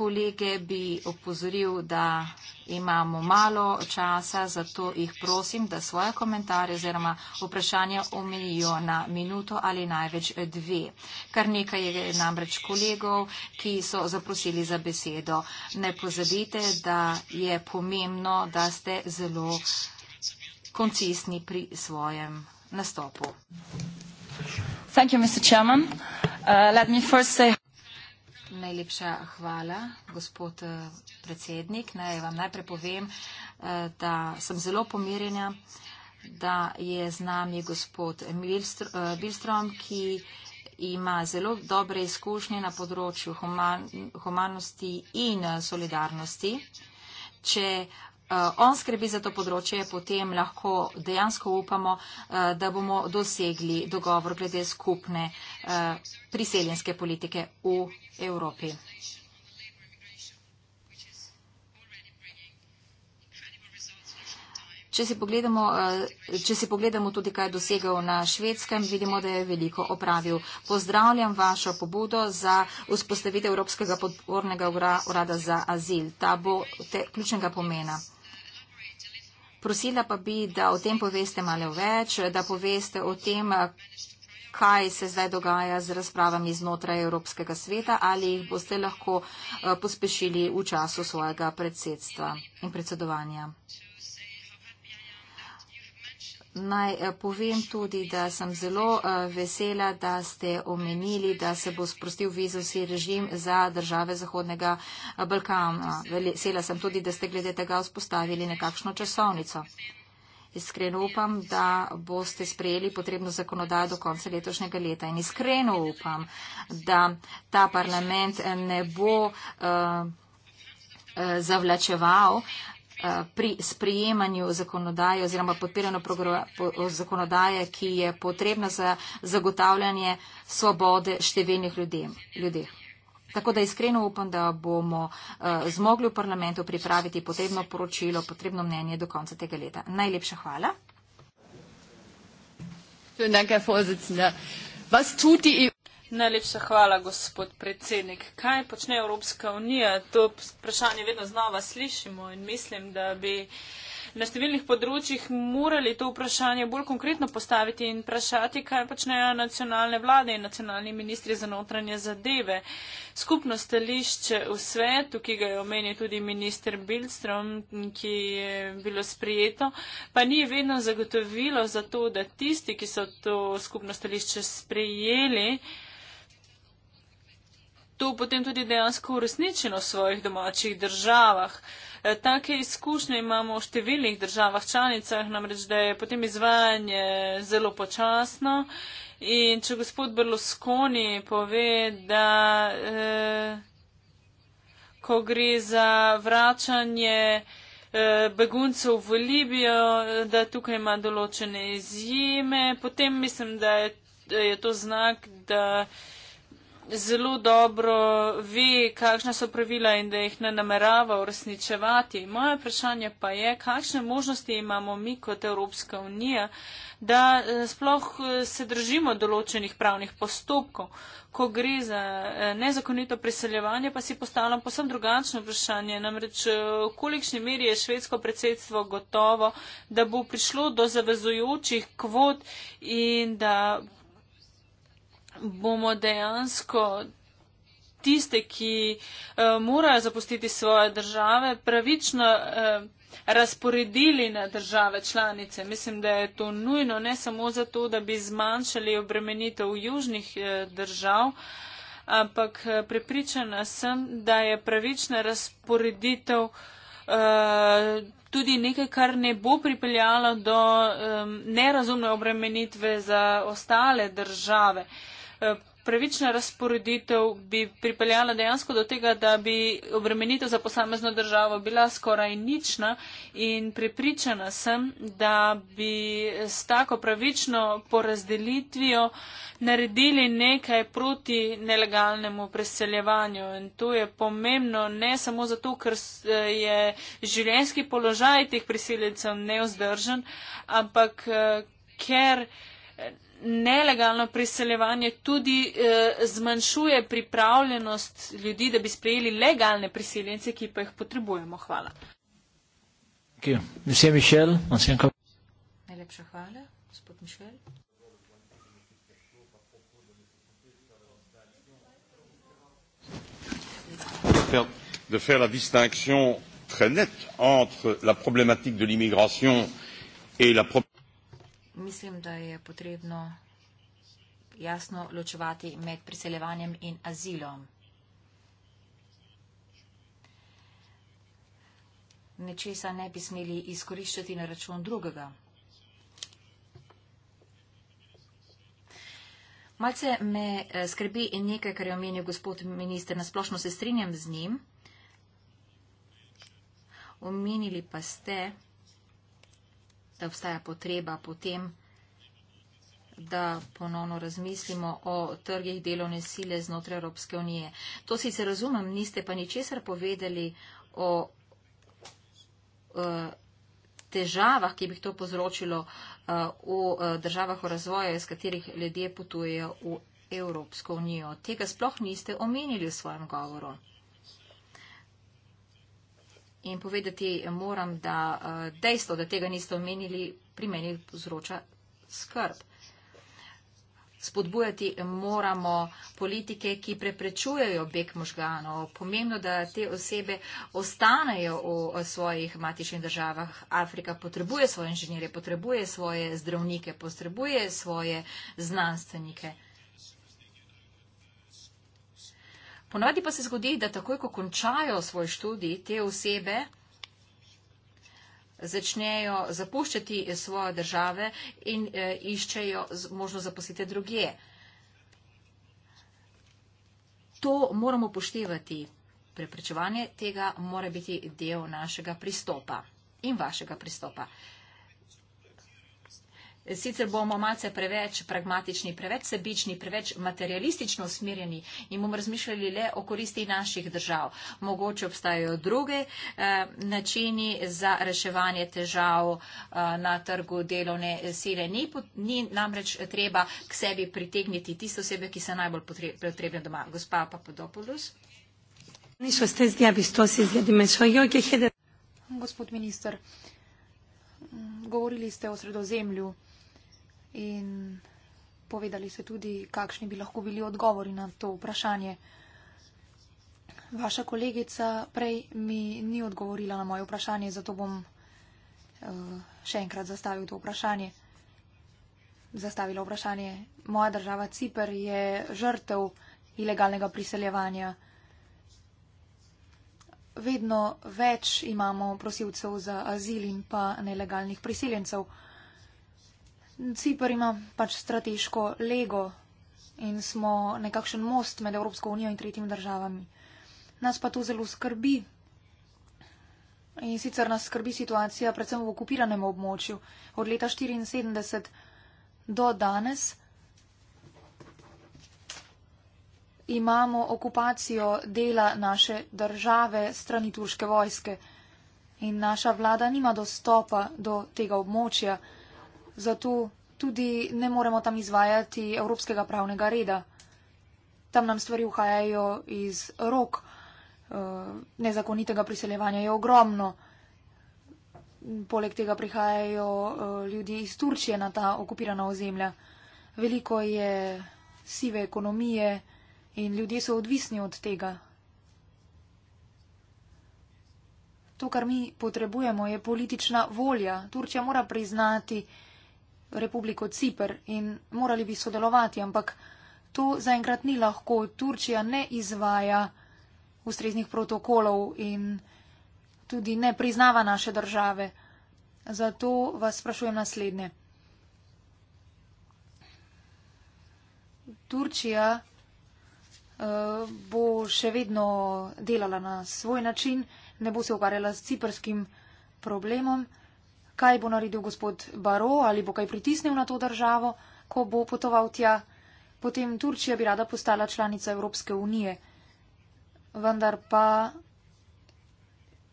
kolege bi opozoril, da imamo malo časa, zato jih prosim, da svoje komentarje oziroma vprašanja omejijo na minuto ali največ dve. Kar nekaj je namreč kolegov, ki so zaprosili za besedo. Ne pozabite, da je pomembno, da ste zelo koncisni pri svojem nastopu. Thank you, Mr. Chairman. Uh, let me first say Najlepša hvala, gospod eh, predsednik. Naj vam najprej povem, eh, da sem zelo pomirjena, da je z nami gospod eh, Bilstrom, ki ima zelo dobre izkušnje na področju human, humanosti in solidarnosti. Če uh, uh, on skrbi za to področje, potem lahko dejansko upamo, uh, da bomo dosegli dogovor glede skupne uh, priseljenske politike v Evropi. Če si, če si pogledamo tudi, kaj je dosegel na švedskem, vidimo, da je veliko opravil. Pozdravljam vašo pobudo za vzpostavitev Evropskega podpornega urada za azil. Ta bo te, ključnega pomena. Prosila pa bi, da o tem poveste malo več, da poveste o tem, kaj se zdaj dogaja z razpravami znotraj Evropskega sveta, ali jih boste lahko eh, pospešili v času svojega predsedstva in predsedovanja. Naj eh, povem tudi, da sem zelo eh, vesela, da ste omenili, da se bo sprostil vizovski režim za države Zahodnega eh, Balkana. Vesela sem tudi, da ste glede tega vzpostavili nekakšno časovnico. Iskreno upam, da boste sprejeli potrebno zakonodajo do konca letošnjega leta in iskreno upam, da ta parlament ne bo uh, uh, zavlačeval uh, Eh, pri sprijemanju zakonodaje oziroma podpiranju eh, zakonodaje, ki je potrebna za zagotavljanje svobode številnih ljudi. Tako da iskreno upam, da bomo eh, zmogli v parlamentu pripraviti potrebno poročilo, potrebno mnenje do konca tega leta. Najlepša hvala. Najlepša hvala, gospod predsednik. Kaj počne Evropska unija? To vprašanje vedno znova slišimo in mislim, da bi na številnih področjih morali to vprašanje bolj konkretno postaviti in vprašati, kaj počnejo nacionalne vlade in nacionalni ministri za notranje zadeve. Skupno stališče v svetu, ki ga je omenil tudi minister Bildstrom, ki je bilo sprijeto, pa ni vedno zagotovilo za to, da tisti, ki so to skupno stališče sprijeli, to potem tudi dejansko uresničeno v svojih domačih državah. E, take izkušnje imamo v številnih državah članicah, namreč da je potem izvajanje zelo počasno. In če gospod Berlusconi pove, da eh, ko gre za vračanje eh, beguncev v Libijo, da tukaj ima določene izjeme, potem mislim, da je, je to znak, da. Eh, zelo dobro ve, kakšna so pravila in da jih ne namerava uresničevati. Moje vprašanje pa je, kakšne možnosti imamo mi kot Evropska unija, da eh, sploh eh, se držimo določenih pravnih postopkov. Ko gre za eh, nezakonito priseljevanje, pa si postavljam posem drugačno vprašanje. Namreč, v kolikšni meri je švedsko predsedstvo gotovo, da bo prišlo do zavezujočih kvot in da bomo dejansko tiste, ki uh, morajo zapustiti svoje države, pravično uh, razporedili na države članice. Mislim, da je to nujno ne samo zato, da bi zmanjšali obremenitev južnih uh, držav, ampak uh, prepričana sem, da je pravična razporeditev uh, tudi nekaj, kar ne bo pripeljalo do um, nerazumne obremenitve za ostale države. Uh, Eh, pravična razporeditev bi pripeljala dejansko do tega, da bi obremenitev za posamezno državo bila skoraj nična in prepričana sem, da bi s tako pravično porazdelitvijo naredili nekaj proti nelegalnemu preseljevanju. In to je pomembno ne samo zato, ker eh, je življenjski položaj teh priseljencev neozdržen, ampak eh, ker nelegalno priseljevanje tudi eh, zmanjšuje pripravljenost ljudi, da bi sprejeli legalne priseljence, ki pa jih potrebujemo. Hvala. Vsem Mišel, vsem kako. Najlepša hvala, gospod Mišel. de faire la distinction très nette entre la problématique de l'immigration et la problématique mislim, da je potrebno jasno ločevati med priseljevanjem in azilom. Nečesa ne bi smeli izkoriščati na račun drugega. Malce me eh, skrbi in nekaj, kar je omenil gospod minister, nasplošno se strinjam z njim. Omenili pa ste, da obstaja potreba potem, da ponovno razmislimo o trgih delovne sile znotraj Evropske unije. To sicer razumem, niste pa ničesar povedali o eh, težavah, ki bi to povzročilo eh, v eh, državah v razvoju, iz katerih ljudje potujejo v Evropsko unijo. Tega sploh niste omenili v svojem govoru. In povedati moram, da eh, dejstvo, da tega niste omenili, pri meni vzroča skrb. Spodbujati moramo politike, ki preprečujejo beg možganov. Pomembno, da te osebe ostanejo v eh, svojih matičnih državah. Afrika potrebuje svoje inženirje, potrebuje svoje zdravnike, potrebuje svoje znanstvenike. Ponavadi pa se zgodi, da takoj, ko končajo svoj študij, te osebe začnejo zapuščati svoje države in e, iščejo možnost zaposlite druge. To moramo poštevati. Preprečevanje tega mora biti del našega pristopa in vašega pristopa. Sicer bomo malce preveč pragmatični, preveč sebični, preveč materialistično usmerjeni in bomo razmišljali le o koristi naših držav. Mogoče obstajajo druge eh, načini za reševanje težav eh, na trgu delovne sile. Ni, ni namreč treba k sebi pritegniti tiste osebe, ki so najbolj potrebne doma. Gospa Papadopoulos. Gospod minister, mm, govorili ste o sredozemlju in povedali so tudi, kakšni bi lahko bili odgovori na to vprašanje. Vaša kolegica prej mi ni odgovorila na moje vprašanje, zato bom eh, še enkrat zastavil to vprašanje. Zastavila vprašanje. Moja država Cipr je žrtev ilegalnega priseljevanja. Vedno več imamo prosilcev za azil in pa nelegalnih priseljencev. Cipr ima pač strateško lego in smo nekakšen most med Evropsko unijo in tretjimi državami. Nas pa to zelo skrbi. In sicer nas skrbi situacija predvsem v okupiranem območju. Od leta 1974 do danes imamo okupacijo dela naše države strani turške vojske. In naša vlada nima dostopa do tega območja zato tudi ne moremo tam izvajati evropskega pravnega reda. Tam nam stvari uhajajo iz rok, eh, nezakonitega priseljevanja je ogromno. Poleg tega prihajajo eh, ljudje iz Turčije na ta okupirana ozemlja. Veliko je sive ekonomije in ljudje so odvisni od tega. To, kar mi potrebujemo, je politična volja. Turčija mora priznati, Republiko Cipr in morali bi sodelovati, ampak to zaenkrat ni lahko. Turčija ne izvaja ustreznih protokolov in tudi ne priznava naše države. Zato vas sprašujem naslednje. Turčija eh, bo še vedno delala na svoj način, ne bo se ukvarjala s ciprskim problemom kaj bo naredil gospod Baro, ali bo kaj pritisnil na to državo, ko bo potoval tja, potem Turčija bi rada postala članica Evropske unije. Vendar pa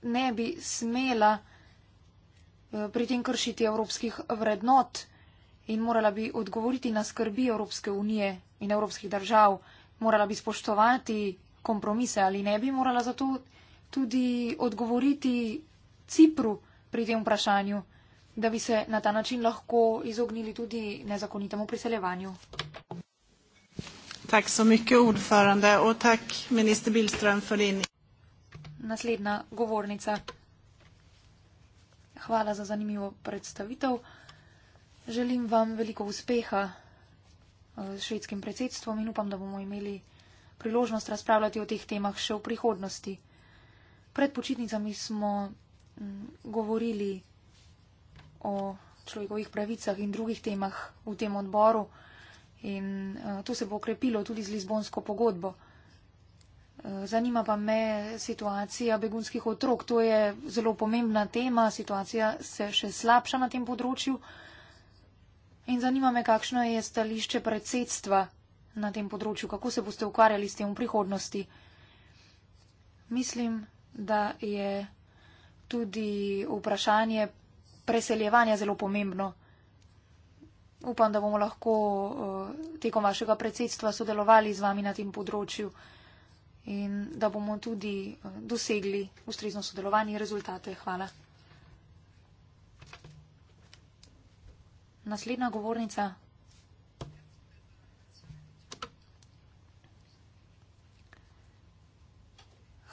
ne bi smela eh, pri tem kršiti evropskih vrednot in morala bi odgovoriti na skrbi Evropske unije in evropskih držav, morala bi spoštovati kompromise ali ne bi morala zato tudi odgovoriti Cipru pri tem vprašanju da bi se na ta način lahko izognili tudi nezakonitemu priseljevanju. Tak so mi, odfarande, o tak, minister Bilström, Ferini. Naslednja govornica. Hvala za zanimivo predstavitev. Želim vam veliko uspeha eh, s švedskim predsedstvom in upam, da bomo imeli priložnost razpravljati o teh temah še v prihodnosti. Pred počitnicami smo mm, govorili o človekovih pravicah in drugih temah v tem odboru. In uh, to se bo okrepilo tudi z Lizbonsko pogodbo. Eh, zanima pa me situacija begunskih otrok. To je zelo pomembna tema. Situacija se še slabša na tem področju. In zanima me, kakšno je stališče predsedstva na tem področju. Kako se boste ukvarjali s tem v prihodnosti? Mislim, da je tudi vprašanje preseljevanja zelo pomembno. Upam, da bomo lahko eh, tekom vašega predsedstva sodelovali z vami na tem področju in da bomo tudi eh, dosegli ustrezno sodelovanje in rezultate. Hvala. Naslednja govornica.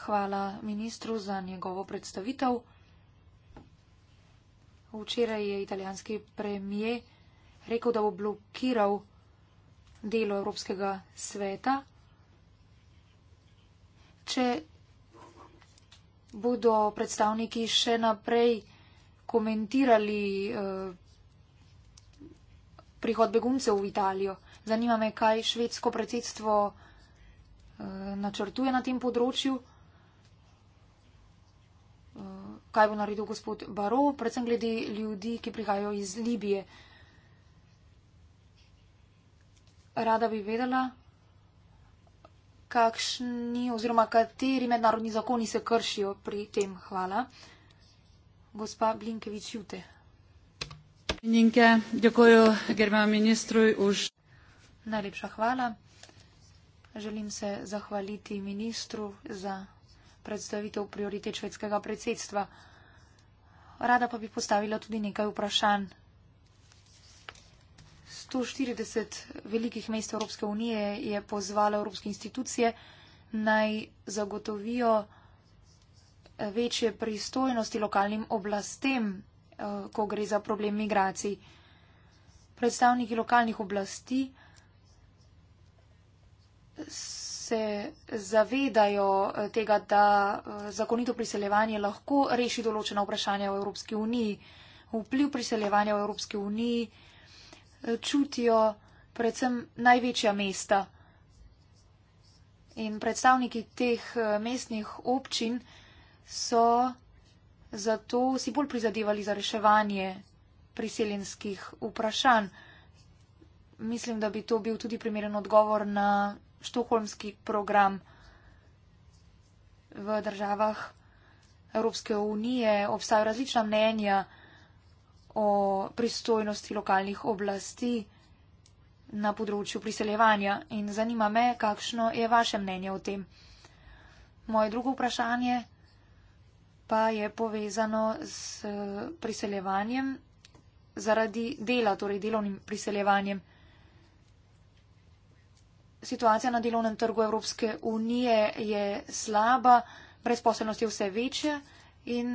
Hvala ministru za njegovo predstavitev. Včeraj je italijanski premijer rekel, da bo blokiral delo Evropskega sveta, če bodo predstavniki še naprej komentirali eh, prihod beguncev v Italijo. Zanima me, kaj švedsko predsedstvo eh, načrtuje na tem področju kaj bo naredil gospod Baro, predvsem glede ljudi, ki prihajajo iz Libije. Rada bi vedela, kakšni oziroma kateri mednarodni zakoni se kršijo pri tem. Hvala. Gospa Blinkevič Jute. Najlepša hvala. Želim se zahvaliti ministru za predstavitev prioritet švedskega predsedstva. Rada pa bi postavila tudi nekaj vprašanj. 140 velikih mest Evropske unije je pozvalo evropske institucije naj zagotovijo eh, večje pristojnosti lokalnim oblastem, eh, ko gre za problem migracij. Predstavniki lokalnih oblasti se zavedajo eh, tega, da eh, zakonito priseljevanje lahko reši določena vprašanja v Evropski uniji. Vpliv priseljevanja v Evropski uniji eh, čutijo predvsem največja mesta. In predstavniki teh mestnih občin so zato si bolj prizadevali za reševanje priseljenskih vprašanj. Mislim, da bi to bil tudi primeren odgovor na štokholmski program v državah Evropske unije. Obstajajo različna mnenja o pristojnosti lokalnih oblasti na področju priseljevanja in zanima me, kakšno je vaše mnenje o tem. Moje drugo vprašanje pa je povezano s priseljevanjem zaradi dela, torej delovnim priseljevanjem situacija na delovnem trgu Evropske unije je slaba, brezposelnost je vse večja in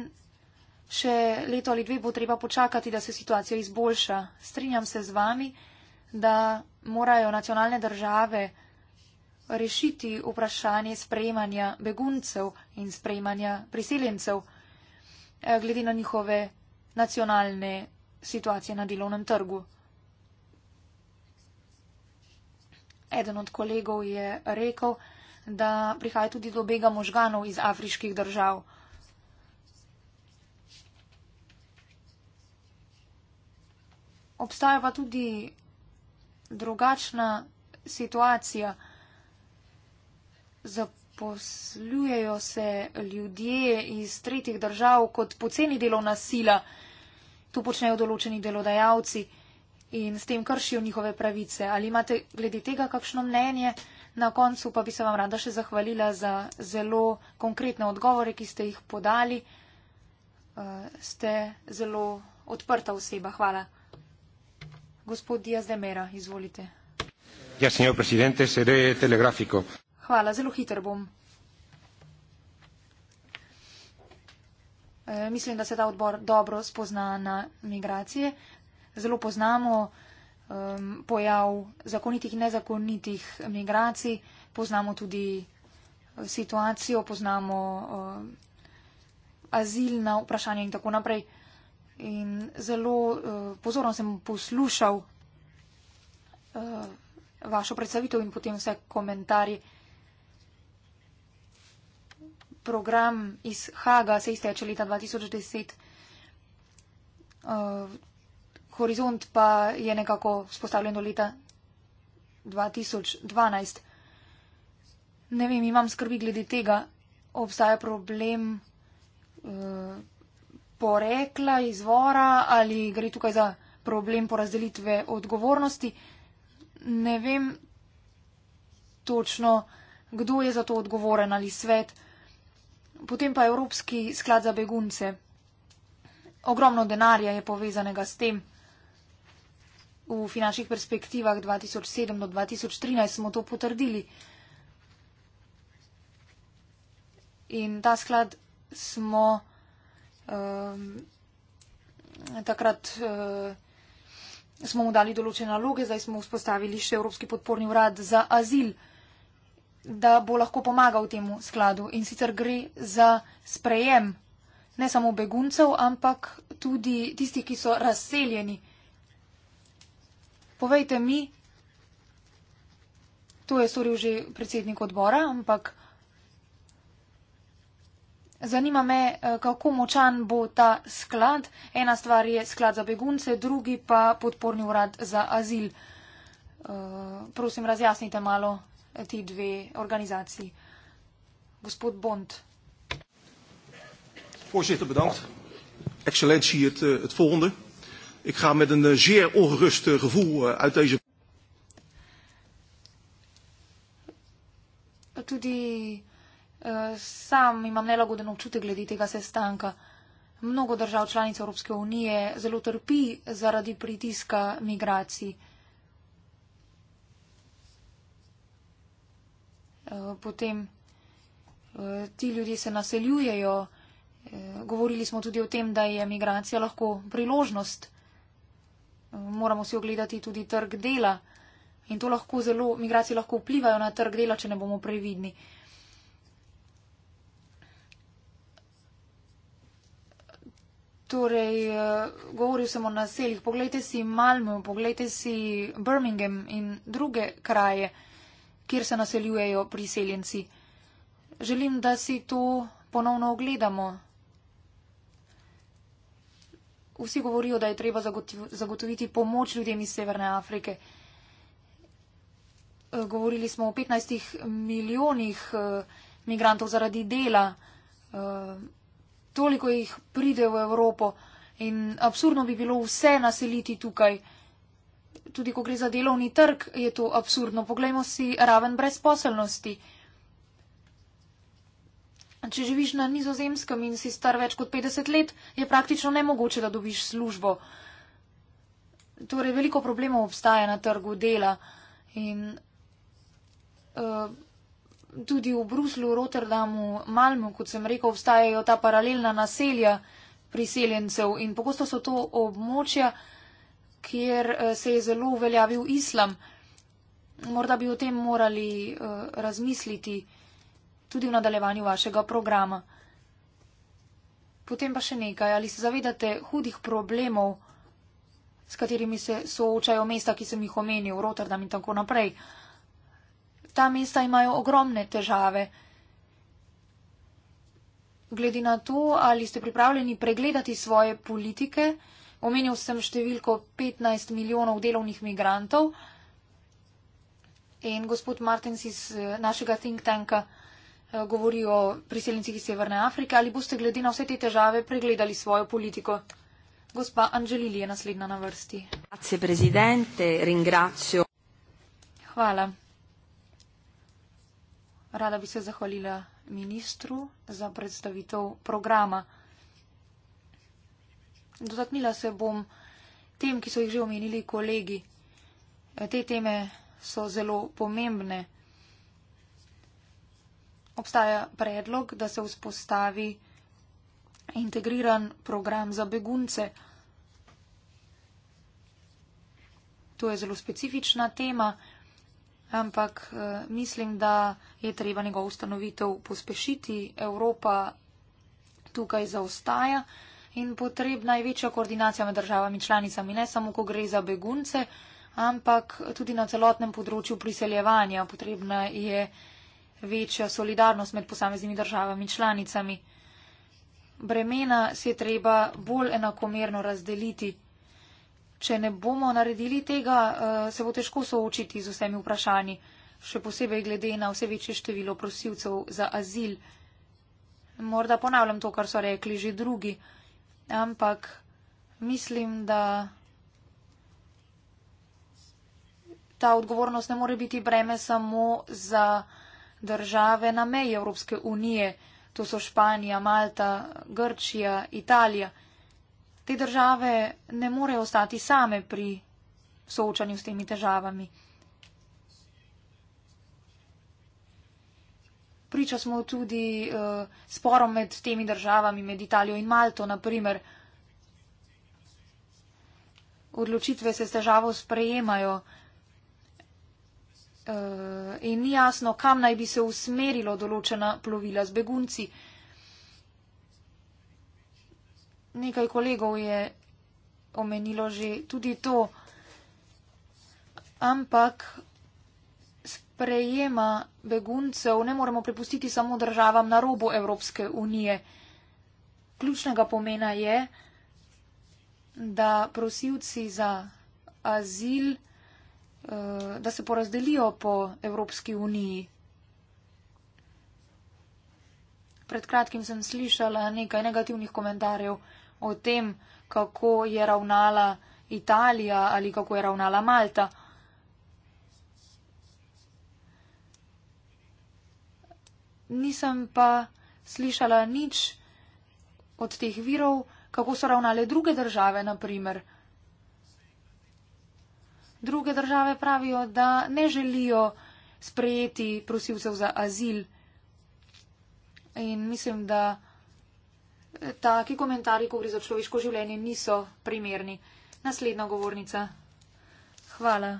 še leto ali dve bo treba počakati, da se situacija izboljša. Strinjam se z vami, da morajo nacionalne države rešiti vprašanje sprejemanja beguncev in sprejemanja priseljencev eh, glede na njihove nacionalne situacije na delovnem trgu. eden od kolegov je rekel, da prihaja tudi do bega možganov iz afriških držav. Obstaja pa tudi drugačna situacija. Zaposlujejo se ljudje iz tretjih držav kot poceni delovna sila. To počnejo določeni delodajalci in s tem kršijo njihove pravice. Ali imate glede tega kakšno mnenje? Na koncu pa bi se vam rada še zahvalila za zelo konkretne odgovore, ki ste jih podali. Eh, ste zelo odprta oseba. Hvala. Gospod Diaz de Mera, izvolite. Ja, senjor presidente, sede telegrafiko. Hvala, zelo hiter bom. E, mislim, da se ta odbor dobro spozna na migracije zelo poznamo um, pojav zakonitih in nezakonitih migracij, poznamo tudi uh, situacijo, poznamo um, uh, azilna vprašanja in tako naprej. In zelo uh, pozorno sem poslušal uh, vašo predstavitev in potem vse komentarje. Program iz Haga se izteče leta 2010. Uh, horizont pa je nekako spostavljen do leta 2012. Ne vem, imam skrbi glede tega, obstaja problem uh, porekla, izvora ali gre tukaj za problem porazdelitve odgovornosti. Ne vem točno, kdo je za to odgovoren ali svet. Potem pa Evropski sklad za begunce. Ogromno denarja je povezanega s tem. V finančnih perspektivah 2007 do 2013 smo to potrdili. In ta sklad smo um, takrat. Uh, Smo mu dali določene naloge, zdaj smo vzpostavili še Evropski podporni urad za azil, da bo lahko pomagal temu skladu. In sicer gre za sprejem ne samo beguncev, ampak tudi tistih, ki so razseljeni. Povejte mi, to je storil že predsednik odbora, ampak zanima me, eh, kako močan bo ta sklad. Ena stvar je sklad za begunce, drugi pa podporni urad za azil. Eh, prosim, razjasnite malo eh, ti dve organizaciji. Gospod Bond. Voorzitter, bedankt. Excellentie, het, het volgende. Ik ga met een eh, zeer ongerust eh, gevoel eh, uit deze. Tudi uh, sam imam nelagoden občutek glede tega sestanka. Mnogo držav članic Evropske unije zelo trpi zaradi pritiska migracij. Potem ti ljudje se naseljujejo. Govorili smo tudi o tem, da je migracija lahko priložnost moramo si ogledati tudi trg dela. In to lahko zelo, migracije lahko vplivajo na trg dela, če ne bomo previdni. Torej, eh, govoril sem o naseljih. Poglejte si Malmö, poglejte si Birmingham in druge kraje, kjer se naseljujejo priseljenci. Želim, da si to ponovno ogledamo vsi govorijo, da je treba zagotoviti pomoč ljudem iz Severne Afrike. Eh, govorili smo o 15 milijonih eh, migrantov zaradi dela. Eh, toliko jih pride v Evropo in absurdno bi bilo vse naseliti tukaj. Tudi ko gre za delovni trg, je to absurdno. Poglejmo si raven brezposelnosti. Če živiš na nizozemskem in si star več kot 50 let, je praktično nemogoče, da dobiš službo. Torej, veliko problemov obstaja na trgu dela. In, uh, tudi v Bruslu, Rotterdamu, Malmu, kot sem rekel, obstajajo ta paralelna naselja priseljencev in pogosto so to območja, kjer uh, se je zelo uveljavil islam. Morda bi o tem morali uh, razmisliti tudi v nadaljevanju vašega programa. Potem pa še nekaj, ali se zavedate hudih problemov, s katerimi se soočajo mesta, ki sem jih omenil, Rotterdam in tako naprej. Ta mesta imajo ogromne težave. Glede na to, ali ste pripravljeni pregledati svoje politike, omenil sem številko 15 milijonov delovnih migrantov in gospod Martins iz eh, našega think tanka. Eh, govori o priseljencih iz Severne Afrike, ali boste glede na vse te težave pregledali svojo politiko? Gospa Anželili je naslednja na vrsti. Hvala. Rada bi se zahvalila ministru za predstavitev programa. Dotaknila se bom tem, ki so jih že omenili kolegi. Te teme so zelo pomembne obstaja predlog, da se vzpostavi integriran program za begunce. To je zelo specifična tema, ampak eh, mislim, da je treba njegov ustanovitev pospešiti. Evropa tukaj zaostaja in potrebna je večja koordinacija med državami članicami, ne samo, ko gre za begunce, ampak tudi na celotnem področju priseljevanja. Potrebna je večjo solidarnost med posameznimi državami članicami. Bremena se je treba bolj enakomerno razdeliti. Če ne bomo naredili tega, eh, se bo težko soočiti z vsemi vprašanji, še posebej glede na vse večje število prosilcev za azil. Morda ponavljam to, kar so rekli že drugi, ampak mislim, da ta odgovornost ne more biti breme samo za države na meji Evropske unije, to so Španija, Malta, Grčija, Italija. Te države ne morejo ostati same pri soočanju s temi težavami. Priča smo tudi uh, sporom med temi državami, med Italijo in Malto, naprimer. Odločitve se s težavo sprejemajo, uh, Eh, in ni jasno, kam naj bi se usmerilo določena plovila z begunci. Nekaj kolegov je omenilo že tudi to, ampak sprejema beguncev ne moremo prepustiti samo državam na robu Evropske unije. Ključnega pomena je, da prosilci za azil Eh, da se porazdelijo po Evropski uniji. Pred kratkim sem slišala nekaj negativnih komentarjev o tem, kako je ravnala Italija ali kako je ravnala Malta. Nisem pa slišala nič od teh virov, kako so ravnale druge države, naprimer. Druge države pravijo, da ne želijo sprejeti prosilcev za azil. In mislim, da taki komentarji, ko gre za človeško življenje, niso primerni. Naslednja govornica. Hvala.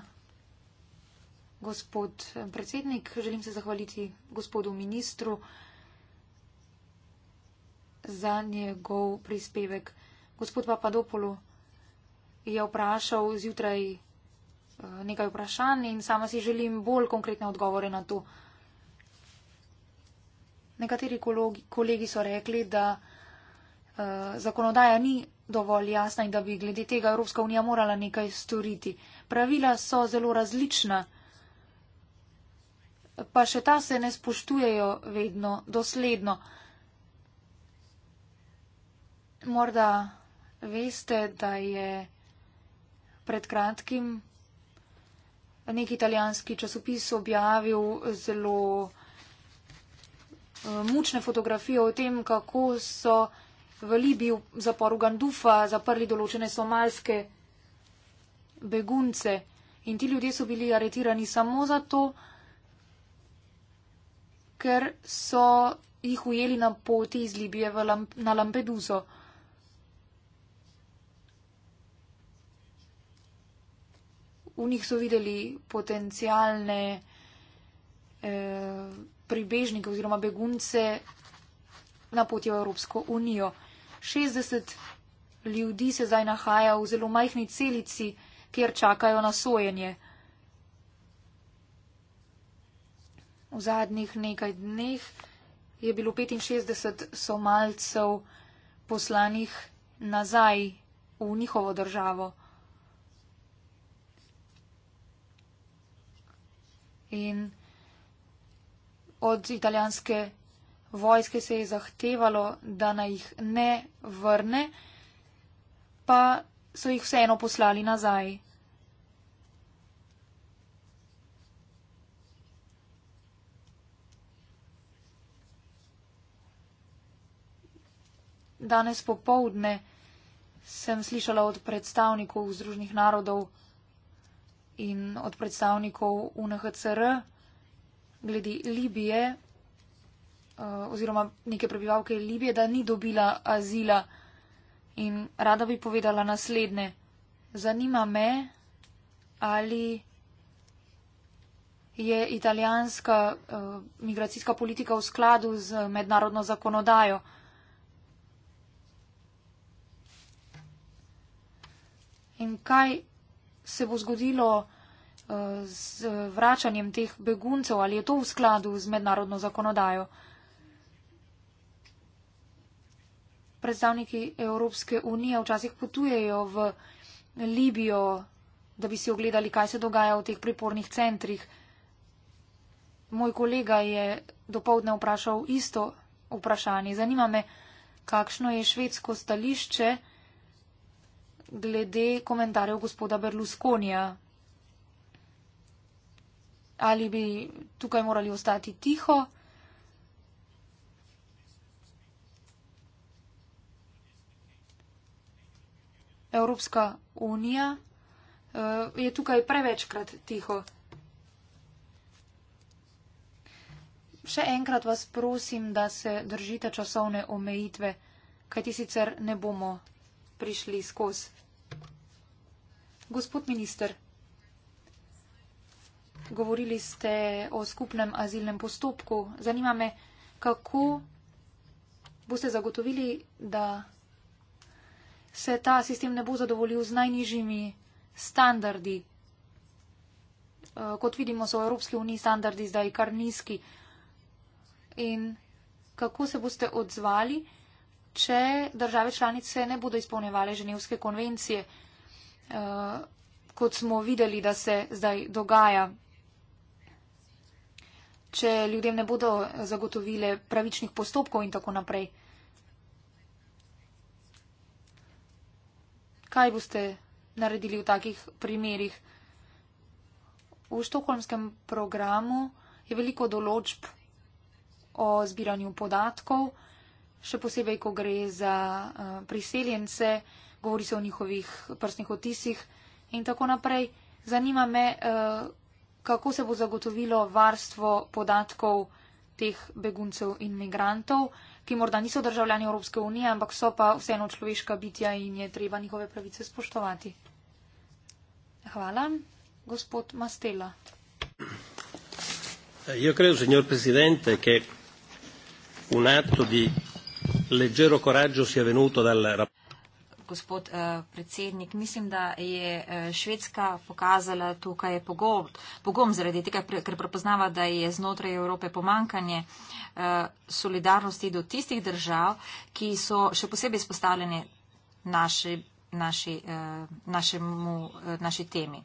Gospod eh, predsednik, želim se zahvaliti gospodu ministru za njegov prispevek. Gospod Papadopolo je vprašal zjutraj Eh, nekaj vprašanj in sama si želim bolj konkretne odgovore na to. Nekateri kolegi, kolegi so rekli, da eh, zakonodaja ni dovolj jasna in da bi glede tega Evropska unija morala nekaj storiti. Pravila so zelo različna, pa še ta se ne spoštujejo vedno dosledno. Morda veste, da je pred kratkim nek italijanski časopis objavil zelo eh, mučne fotografije o tem, kako so v Libiji v zaporu Gandufa zaprli določene somalske begunce. In ti ljudje so bili aretirani samo zato, ker so jih ujeli na poti iz Libije Lamp na Lampeduso. v njih so videli potencijalne eh, pribežnike oziroma begunce na poti v Evropsko unijo. 60 ljudi se zdaj nahaja v zelo majhni celici, kjer čakajo na sojenje. V zadnjih nekaj dneh je bilo 65 somalcev poslanih nazaj v njihovo državo. in od italijanske vojske se je zahtevalo, da naj jih ne vrne, pa so jih vseeno poslali nazaj. Danes popovdne sem slišala od predstavnikov Združenih narodov, in od predstavnikov UNHCR glede Libije eh, oziroma neke prebivalke Libije, da ni dobila azila. In rada bi povedala naslednje. Zanima me, ali je italijanska eh, migracijska politika v skladu z mednarodno zakonodajo. In kaj se bo zgodilo eh, z vračanjem teh beguncev, ali je to v skladu z mednarodno zakonodajo. Predstavniki Evropske unije včasih potujejo v Libijo, da bi si ogledali, kaj se dogaja v teh pripornih centrih. Moj kolega je dopoledne vprašal isto vprašanje. Zanima me, kakšno je švedsko stališče glede komentarjev gospoda Berlusconija. Ali bi tukaj morali ostati tiho? Evropska unija eh, je tukaj prevečkrat tiho. Še enkrat vas prosim, da se držite časovne omejitve, kajti sicer ne bomo prišli skozi. Gospod minister, govorili ste o skupnem azilnem postopku. Zanima me, kako boste zagotovili, da se ta sistem ne bo zadovoljil z najnižjimi standardi. E, kot vidimo, so v Evropski uniji standardi zdaj kar nizki. In kako se boste odzvali, če države članice ne bodo izpolnevale ženevske konvencije? Eh, kot smo videli, da se zdaj dogaja. Če ljudem ne bodo zagotovile pravičnih postopkov in tako naprej. Kaj boste naredili v takih primerih? V štokholmskem programu je veliko določb o zbiranju podatkov, še posebej, ko gre za eh, priseljence govori se o njihovih prstnih otisih in tako naprej. Zanima me, eh, kako se bo zagotovilo varstvo podatkov teh beguncev in migrantov, ki morda niso državljani Evropske unije, ampak so pa vseeno človeška bitja in je treba njihove pravice spoštovati. Hvala. Gospod Mastela. Eh, io credo, signor Presidente, che un atto di leggero coraggio sia venuto dal rapporto gospod uh, predsednik. Mislim, da je eh, Švedska pokazala tukaj pogom, pogom zaradi tega, ker prepoznava, da je znotraj Evrope pomankanje uh, solidarnosti do tistih držav, ki so še posebej izpostavljene naši, naši, uh, našemu, uh, naši temi.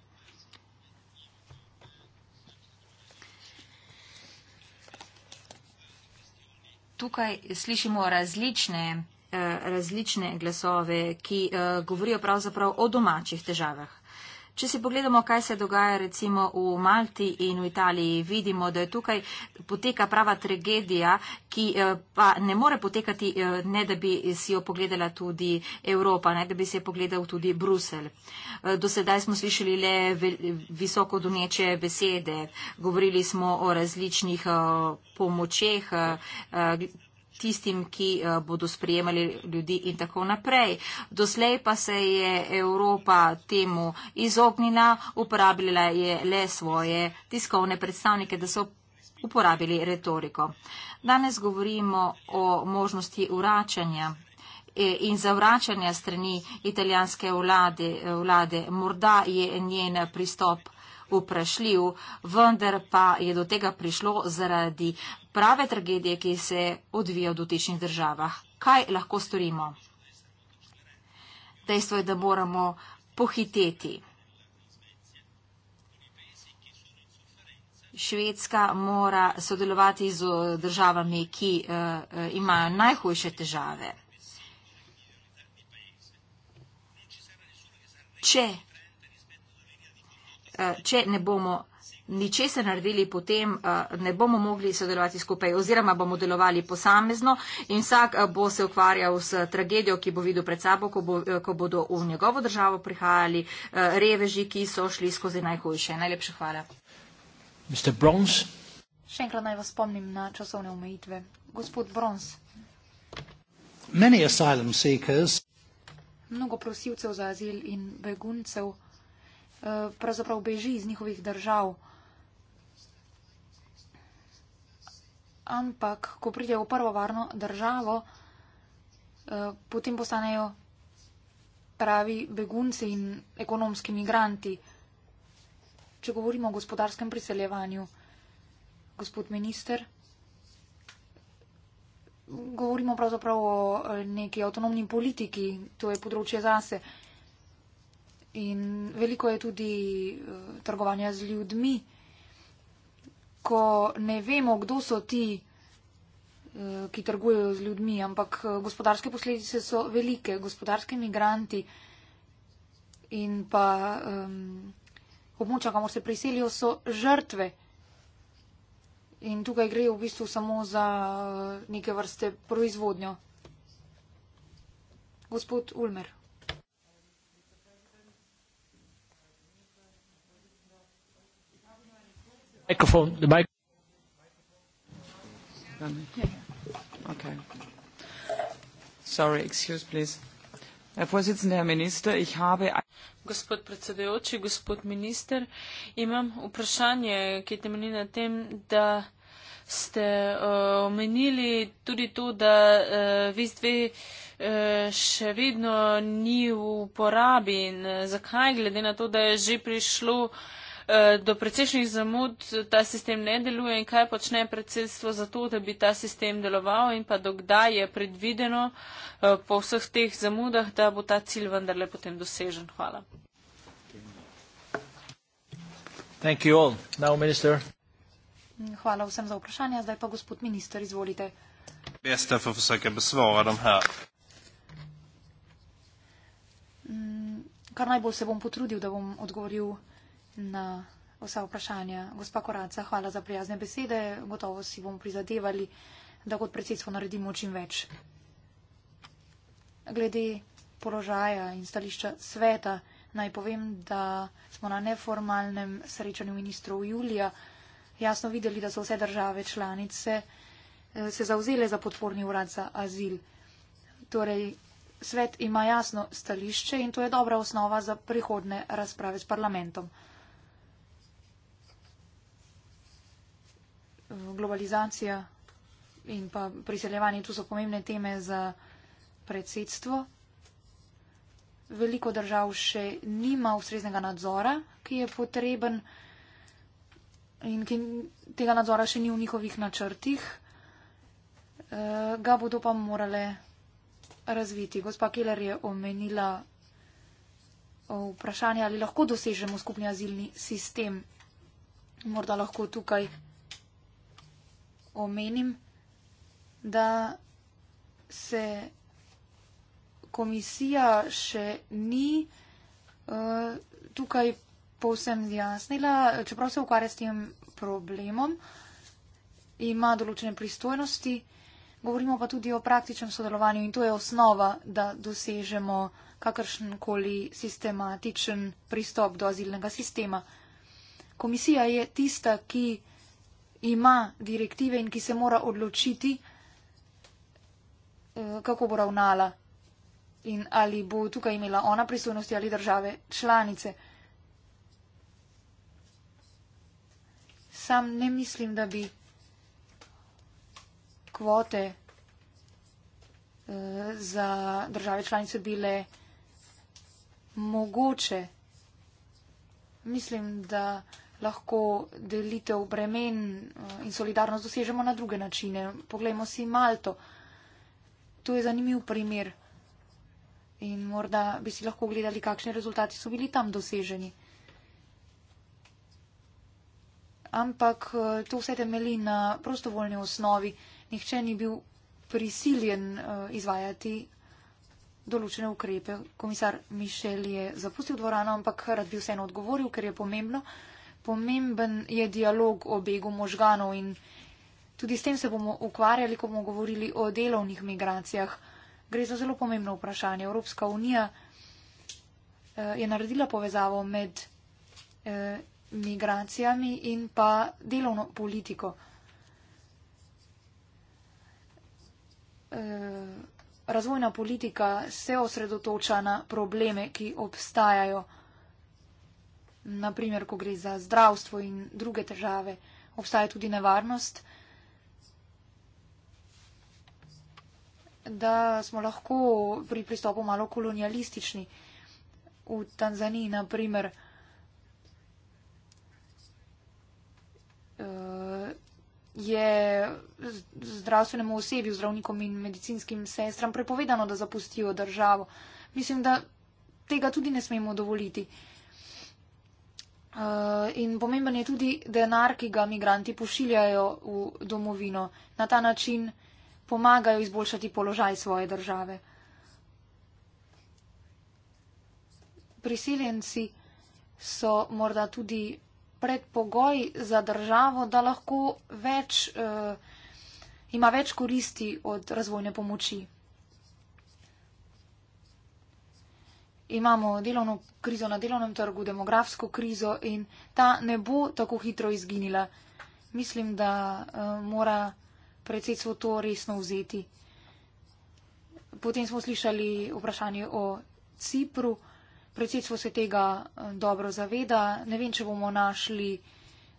Tukaj slišimo različne Eh, različne glasove, ki eh, govorijo pravzaprav o domačih težavah. Če si pogledamo, kaj se dogaja recimo v Malti in v Italiji, vidimo, da je tukaj poteka prava tragedija, ki eh, pa ne more potekati, ne da bi si jo pogledala tudi Evropa, ne da bi si jo pogledal tudi Brusel. Do sedaj smo slišali le visoko doneče besede, govorili smo o različnih pomočeh, tistim, ki eh, bodo sprejemali ljudi in tako naprej. Doslej pa se je Evropa temu izognila, uporabljala je le svoje tiskovne predstavnike, da so uporabili retoriko. Danes govorimo o možnosti uračanja eh, in zavračanja strani italijanske vlade, eh, vlade. Morda je njen pristop vprašljiv, vendar pa je do tega prišlo zaradi prave tragedije, ki se odvija v dotičnih državah. Kaj lahko storimo? Dejstvo je, da moramo pohiteti. Švedska mora sodelovati z državami, ki uh, imajo najhujše težave. Če, uh, če ne bomo ničesar naredili, potem eh, ne bomo mogli sodelovati skupaj oziroma bomo delovali posamezno in vsak eh, bo se ukvarjal s tragedijo, ki bo videl pred sabo, ko, bo, eh, ko bodo v njegovo državo prihajali reveži, ki so šli skozi najhujše. Najlepša hvala. Še enkrat naj vas spomnim na časovne omejitve. Gospod Brons. Mnogo prosilcev za azil in beguncev pravzaprav beži iz njihovih držav. ampak ko pridejo v prvo varno državo, eh, potem postanejo pravi begunci in ekonomski migranti. Če govorimo o gospodarskem priseljevanju, gospod minister, govorimo pravzaprav o eh, neki avtonomni politiki, to je področje zase. In veliko je tudi eh, trgovanja z ljudmi ko ne vemo, kdo so ti, eh, ki trgujejo z ljudmi, ampak eh, gospodarske posledice so velike, gospodarske migranti in pa um, območja, kamor se priselijo, so žrtve. In tukaj gre v bistvu samo za neke vrste proizvodnjo. Gospod Ulmer. microphone. The mic. Okay. Sorry, excuse please. Gospod predsedujoči, gospod minister, imam vprašanje, ki je temeljni na tem, da ste uh, omenili tudi to, da uh, eh, VIS-2 uh, eh, še vedno ni v uporabi in uh, zakaj, glede na to, da je že prišlo uh, Eh, do precejšnjih zamud ta sistem ne deluje in kaj počne predsedstvo za to, da bi ta sistem deloval in pa dokdaj je predvideno eh, po vseh teh zamudah, da bo ta cilj vendarle potem dosežen. Hvala. Hvala vsem za vprašanje. Zdaj pa gospod minister, izvolite. Beste, pa vse, ki bi svojo Kar najbolj se bom potrudil, da bom odgovoril na vsa vprašanja. Gospa Koraca, hvala za prijazne besede. Gotovo si bomo prizadevali, da kot predsedstvo naredimo čim več. Glede položaja in stališča sveta, naj povem, da smo na neformalnem srečanju ministrov julija jasno videli, da so vse države članice eh, se zauzele za podporni urad za azil. Torej, svet ima jasno stališče in to je dobra osnova za prihodne razprave s parlamentom. globalizacija in pa priseljevanje, tu so pomembne teme za predsedstvo. Veliko držav še nima ustreznega nadzora, ki je potreben in ki tega nadzora še ni v njihovih načrtih. E, ga bodo pa morale razviti. Gospa Keller je omenila vprašanje, ali lahko dosežemo skupni azilni sistem. Morda lahko tukaj omenim, da se komisija še ni uh, tukaj povsem zjasnila, čeprav se ukvarja s tem problemom, ima določene pristojnosti, govorimo pa tudi o praktičnem sodelovanju in to je osnova, da dosežemo kakršenkoli sistematičen pristop do azilnega sistema. Komisija je tista, ki ima direktive in ki se mora odločiti, eh, kako bo ravnala in ali bo tukaj imela ona pristojnosti ali države članice. Sam ne mislim, da bi kvote eh, za države članice bile mogoče. Mislim, da lahko delitev bremen eh, in solidarnost dosežemo na druge načine. Poglejmo si Malto. To je zanimiv primer. In morda bi si lahko gledali, kakšni rezultati so bili tam doseženi. Ampak eh, to vse temeli na prostovoljni osnovi. Nihče ni bil prisiljen eh, izvajati določene ukrepe. Komisar Mišel je zapustil dvorano, ampak rad bi vseeno odgovoril, ker je pomembno pomemben je dialog o begu možganov in tudi s tem se bomo ukvarjali, ko bomo govorili o delovnih migracijah. Gre za zelo pomembno vprašanje. Evropska unija eh, je naredila povezavo med eh, migracijami in pa delovno politiko. Eh, razvojna politika se osredotoča na probleme, ki obstajajo naprimer, ko gre za zdravstvo in druge težave, obstaja tudi nevarnost, da smo lahko pri pristopu malo kolonialistični. V Tanzaniji, naprimer, eh, je zdravstvenemu osebju, zdravnikom in medicinskim sestram prepovedano, da zapustijo državo. Mislim, da tega tudi ne smemo dovoliti. Uh, Uh, in pomemben je tudi denar, ki ga migranti pošiljajo v domovino. Na ta način pomagajo izboljšati položaj svoje države. Priseljenci so morda tudi predpogoj za državo, da lahko več, uh, ima več koristi od razvojne pomoči. imamo delovno krizo na delovnem trgu, demografsko krizo in ta ne bo tako hitro izginila. Mislim, da uh, mora predsedstvo to resno vzeti. Potem smo slišali vprašanje o Cipru. Predsedstvo se tega eh, dobro zaveda. Ne vem, če bomo našli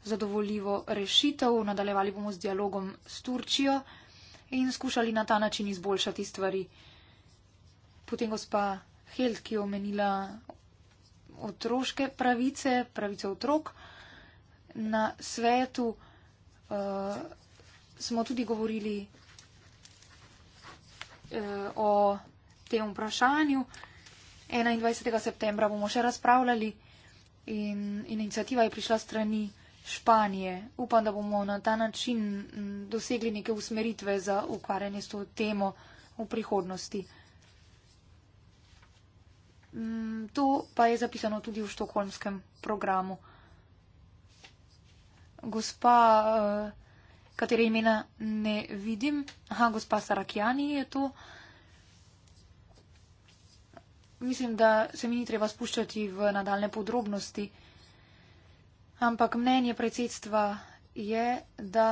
zadovoljivo rešitev. Nadaljevali bomo z dialogom s Turčijo in skušali na ta način izboljšati stvari. Potem gospa Held, ki je omenila otroške pravice, pravice otrok. Na svetu uh, smo tudi govorili uh, o tem vprašanju. 21. septembra bomo še razpravljali in inicijativa je prišla strani Španije. Upam, da bomo na ta način mm, dosegli neke usmeritve za ukvarjanje s to temo v prihodnosti. Mm, to pa je zapisano tudi v štokholmskem programu. Gospa, eh, katere imena ne vidim, aha, gospa Sarakjani je to. Mislim, da se mi ni treba spuščati v nadaljne podrobnosti, ampak mnenje predsedstva je, da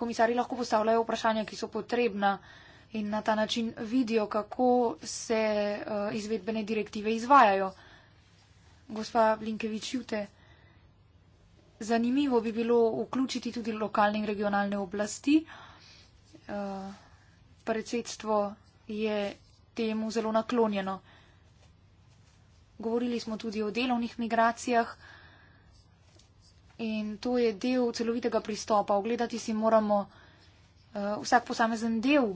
komisari lahko postavljajo vprašanja, ki so potrebna in na ta način vidijo, kako se eh, izvedbene direktive izvajajo. Gospa Blinkevič, jute, zanimivo bi bilo vključiti tudi lokalne in regionalne oblasti. Eh, predsedstvo je temu zelo naklonjeno. Govorili smo tudi o delovnih migracijah in to je del celovitega pristopa. Ogledati si moramo uh, vsak posamezen del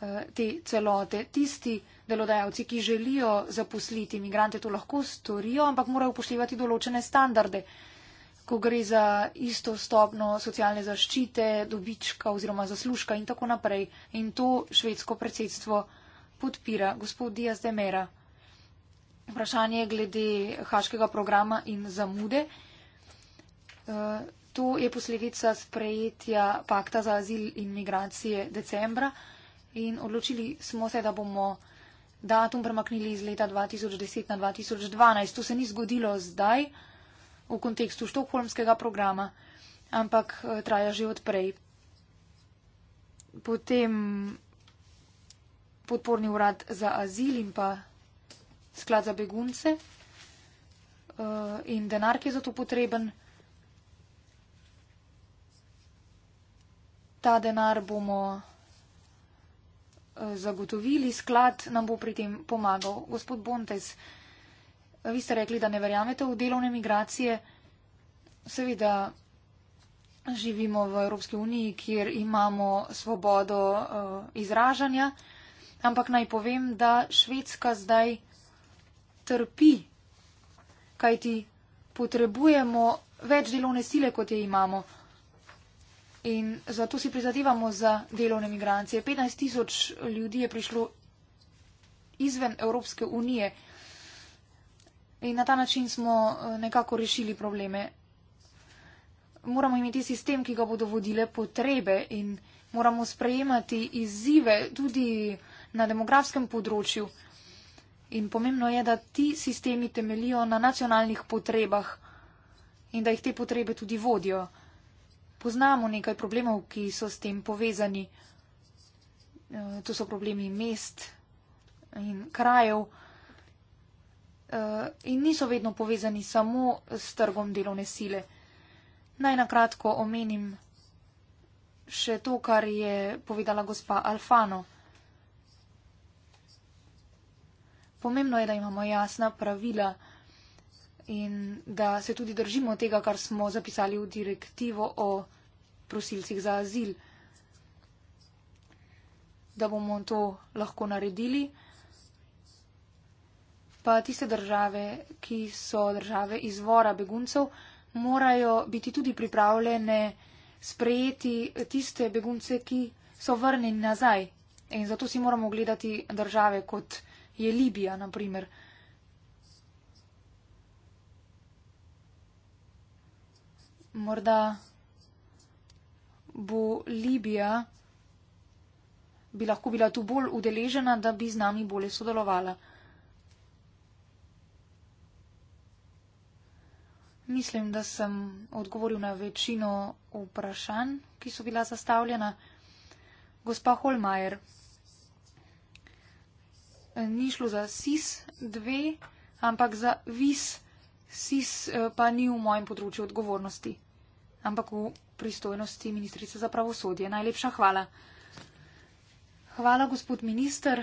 Eh, te celote. Tisti delodajalci, ki želijo zaposliti imigrante, to lahko storijo, ampak morajo upoštevati določene standarde. Ko gre za isto stopno socialne zaščite, dobička oziroma zaslužka in tako naprej. In to švedsko predsedstvo podpira. Gospod Diaz de Mera. Vprašanje glede haškega programa in zamude. Eh, to je posledica sprejetja pakta za azil in migracije decembra in odločili smo se, da bomo datum premaknili iz leta 2010 na 2012. To se ni zgodilo zdaj v kontekstu štokholmskega programa, ampak eh, traja že odprej. Potem podporni urad za azil in pa sklad za begunce eh, in denar, ki je za to potreben. Ta denar bomo zagotovili. Sklad nam bo pri tem pomagal. Gospod Bontes, vi ste rekli, da ne verjamete v delovne migracije. Seveda živimo v Evropski uniji, kjer imamo svobodo eh, izražanja, ampak naj povem, da Švedska zdaj trpi, kajti potrebujemo več delovne sile, kot je imamo. In zato si prizadevamo za delovne migrancije. 15 tisoč ljudi je prišlo izven Evropske unije in na ta način smo eh, nekako rešili probleme. Moramo imeti sistem, ki ga bodo vodile potrebe in moramo sprejemati izzive tudi na demografskem področju. In pomembno je, da ti sistemi temelijo na nacionalnih potrebah in da jih te potrebe tudi vodijo poznamo nekaj problemov, ki so s tem povezani. E, to so problemi mest in krajev e, in niso vedno povezani samo s trgom delovne sile. Naj na kratko omenim še to, kar je povedala gospa Alfano. Pomembno je, da imamo jasna pravila, in da se tudi držimo tega, kar smo zapisali v direktivo o prosilcih za azil. Da bomo to lahko naredili. Pa tiste države, ki so države izvora beguncev, morajo biti tudi pripravljene sprejeti tiste begunce, ki so vrnjeni nazaj. In zato si moramo gledati države, kot je Libija, naprimer. morda bo Libija, bi lahko bila tu bolj udeležena, da bi z nami bolje sodelovala. Mislim, da sem odgovoril na večino vprašanj, ki so bila zastavljena. Gospa Holmajer, ni šlo za SIS 2, ampak za VIS 2. SIS eh, pa ni v mojem področju odgovornosti, ampak v pristojnosti ministrice za pravosodje. Najlepša hvala. Hvala, gospod minister,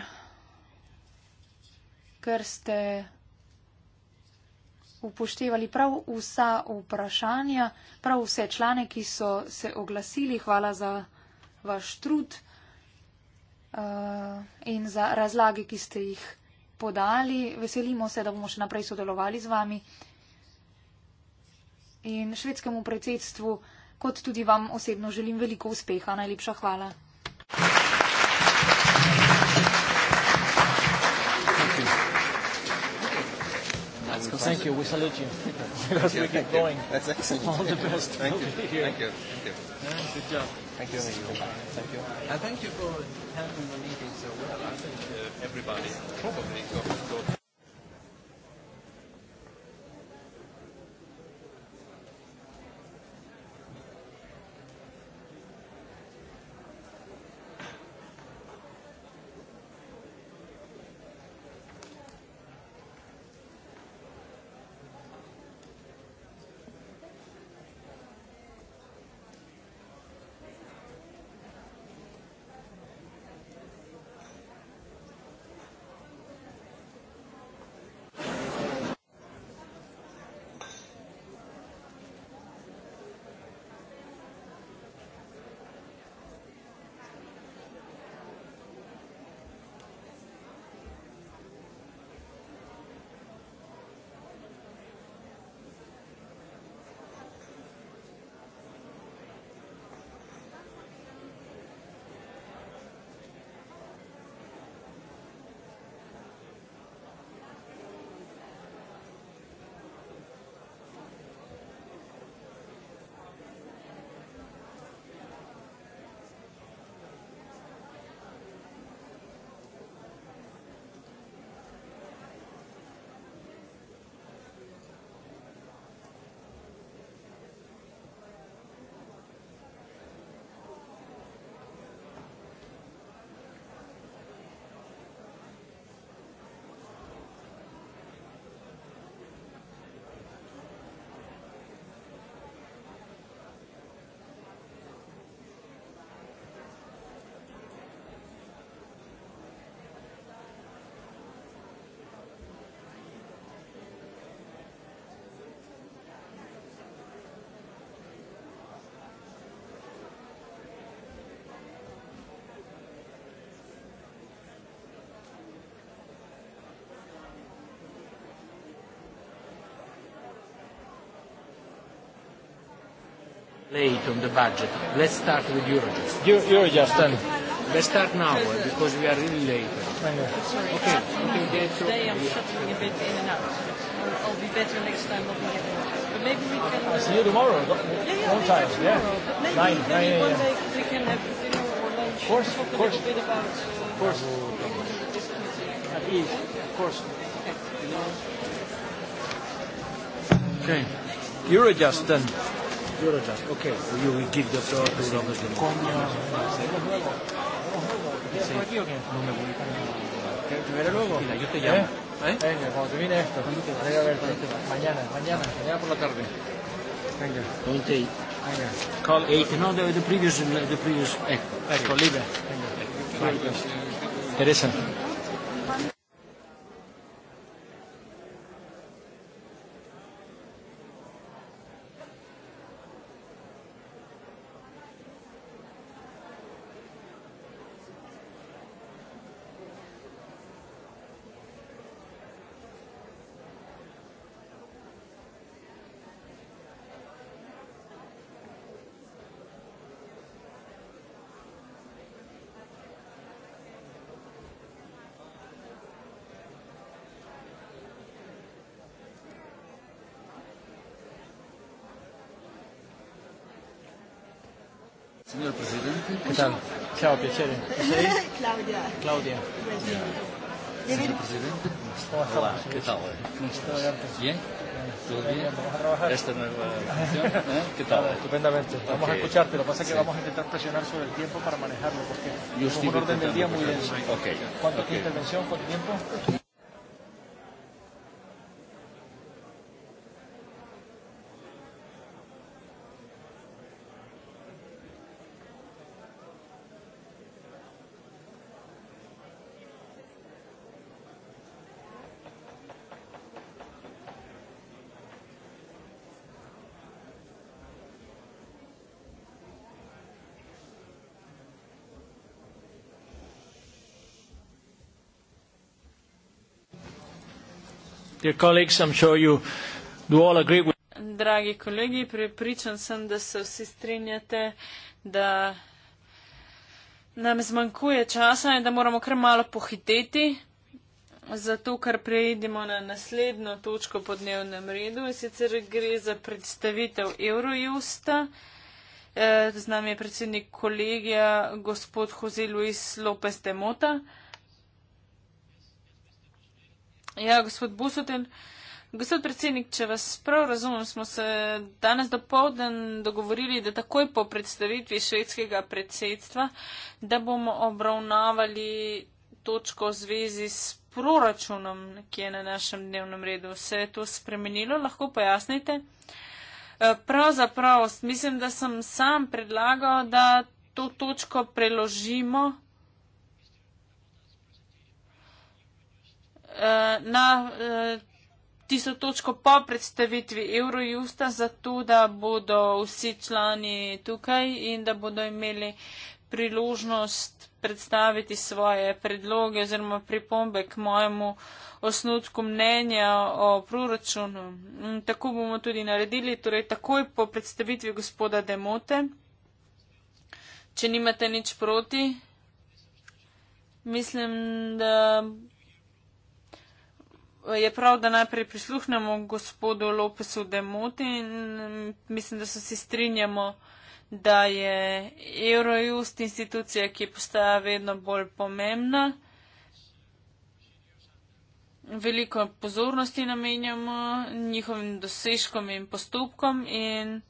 ker ste upoštevali prav vsa vprašanja, prav vse člane, ki so se oglasili. Hvala za vaš trud eh, in za razlage, ki ste jih podali. Veselimo se, da bomo še naprej sodelovali z vami in švedskemu predsedstvu, kot tudi vam osebno želim veliko uspeha. Najlepša hvala. late on the budget. Let's start with Eurojust. Eurojust, then. Let's start now, eh, because we are really late. Sorry. Okay. Today, I'm shuttling a bit in and out. I'll be better next time, not my fault. But maybe we can- I'll see you tomorrow. Yeah, yeah. One time. Yeah. Tomorrow. Nine. Nine, yeah. Maybe one day we can have dinner or lunch. Of course. Uh, of course. Talk a little bit about- Of course. This committee. At ease. Of course. Okay. Okay. Eurojust, then you're a judge. Okay, so you will give the floor to the Muslim. Thank you. Okay. Call eight. No, the, the previous, the previous. Eh. Eh. Call Libre. Thank you. Thank you. Thank you. Thank you. Thank you. Ciao, piacere. Sei? Claudia. Claudia. Sì. Presidente. Hola, che tal? Bien? Esta nueva ¿Eh? ¿Qué tal? Vale, estupendamente. Okay. Vamos a escucharte. Lo que pasa es que sí. vamos a intentar presionar sobre el tiempo para manejarlo, porque es un orden del día muy denso. Okay. ¿Cuánto okay. intervención? ¿Cuánto tiempo? Dragi kolegi, pripričan sem, da se vsi strinjate, da nam zmanjkuje časa in da moramo kar malo pohiteti, zato ker prejdemo na naslednjo točko po dnevnem redu in sicer gre za predstavitev Eurojusta. Eh, z nami je predsednik kolegija gospod Jose Luis López de Mota. Ja, gospod Busotin, gospod predsednik, če vas prav razumem, smo se danes do povden dogovorili, da takoj po predstavitvi švedskega predsedstva, da bomo obravnavali točko v zvezi s proračunom, ki je na našem dnevnem redu. Se je to spremenilo, lahko pojasnite? Eh, pravzaprav, mislim, da sem sam predlagal, da to točko preložimo uh, na uh, tisto točko po predstavitvi Eurojusta, zato da bodo vsi člani tukaj in da bodo imeli priložnost predstaviti svoje predloge oziroma pripombe k mojemu osnutku mnenja o proračunu. Tako bomo tudi naredili, torej takoj po predstavitvi gospoda Demote. Če nimate nič proti, mislim, da je prav, da najprej prisluhnemo gospodu Lopesu Demoti in mm, mislim, da se vsi strinjamo, da je Eurojust institucija, ki postaja vedno bolj pomembna. Veliko pozornosti namenjamo njihovim dosežkom in postopkom in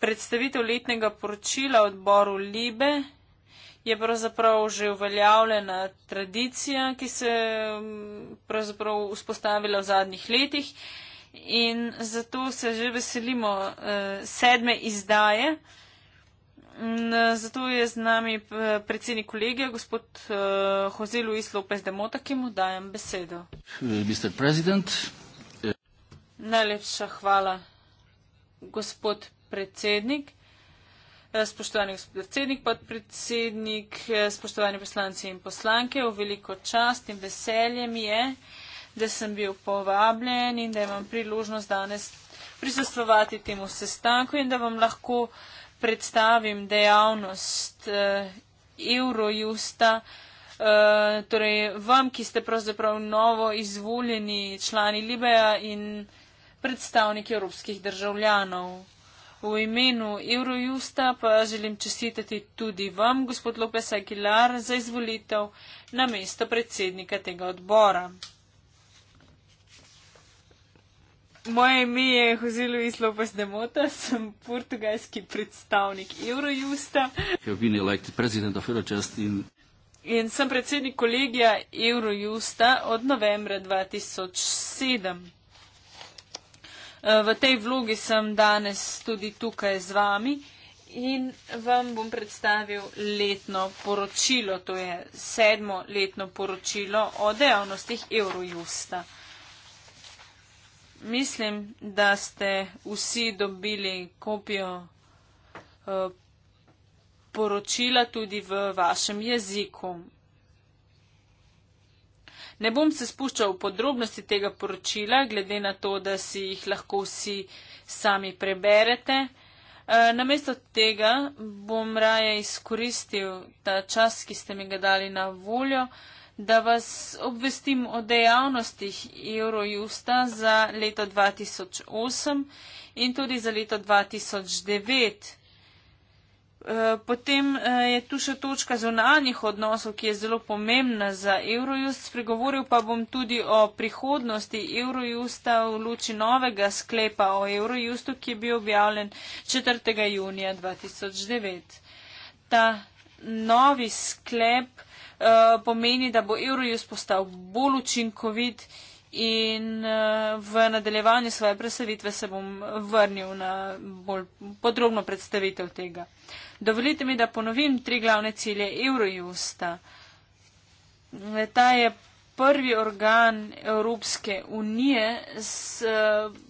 predstavitev letnega poročila odboru Libe je pravzaprav že uveljavljena tradicija, ki se je mm, pravzaprav vzpostavila v zadnjih letih in zato se že veselimo eh, sedme izdaje. Mm, zato je z nami eh, predsednik kolegija, gospod eh, Jose Luis Lopez de Mota, ki mu dajem besedo. Najlepša hvala, gospod predsednik. Eh, spoštovani gospod predsednik, podpredsednik, eh, spoštovani poslanci in poslanke, v veliko čast in veselje mi je, da sem bil povabljen in da imam priložnost danes prisustovati temu sestanku in da vam lahko predstavim dejavnost eh, Eurojusta, torej vam, ki ste pravzaprav novo izvoljeni člani Libeja in predstavniki evropskih državljanov. V imenu Eurojusta pa želim čestitati tudi vam, gospod Lopes Aguilar, za izvolitev na mesto predsednika tega odbora. Moje ime je Jose Luis Lopes de Mota, sem portugalski predstavnik Eurojusta. In sem predsednik kolegija Eurojusta od novembra 2007. Eh, v tej vlogi sem danes tudi tukaj z vami in vam bom predstavil letno poročilo, to je sedmo letno poročilo o dejavnostih Eurojusta. Mislim, da ste vsi dobili kopijo eh, poročila tudi v vašem jeziku. Ne bom se spuščal v podrobnosti tega poročila, glede na to, da si jih lahko vsi sami preberete. E, namesto tega bom raje izkoristil ta čas, ki ste mi ga dali na voljo, da vas obvestim o dejavnostih Eurojusta za leto 2008 in tudi za leto 2009. Eh, potem eh, je tu še točka zunanjih odnosov, ki je zelo pomembna za Eurojust. Spregovoril pa bom tudi o prihodnosti Eurojusta v luči novega sklepa o Eurojustu, ki je bil objavljen 4. junija 2009. Ta novi sklep eh, pomeni, da bo Eurojust postal bolj učinkovit in v nadaljevanju svoje predstavitve se bom vrnil na bolj podrobno predstavitev tega. Dovolite mi, da ponovim tri glavne cilje Eurojusta. Ta je prvi organ Evropske unije s eh,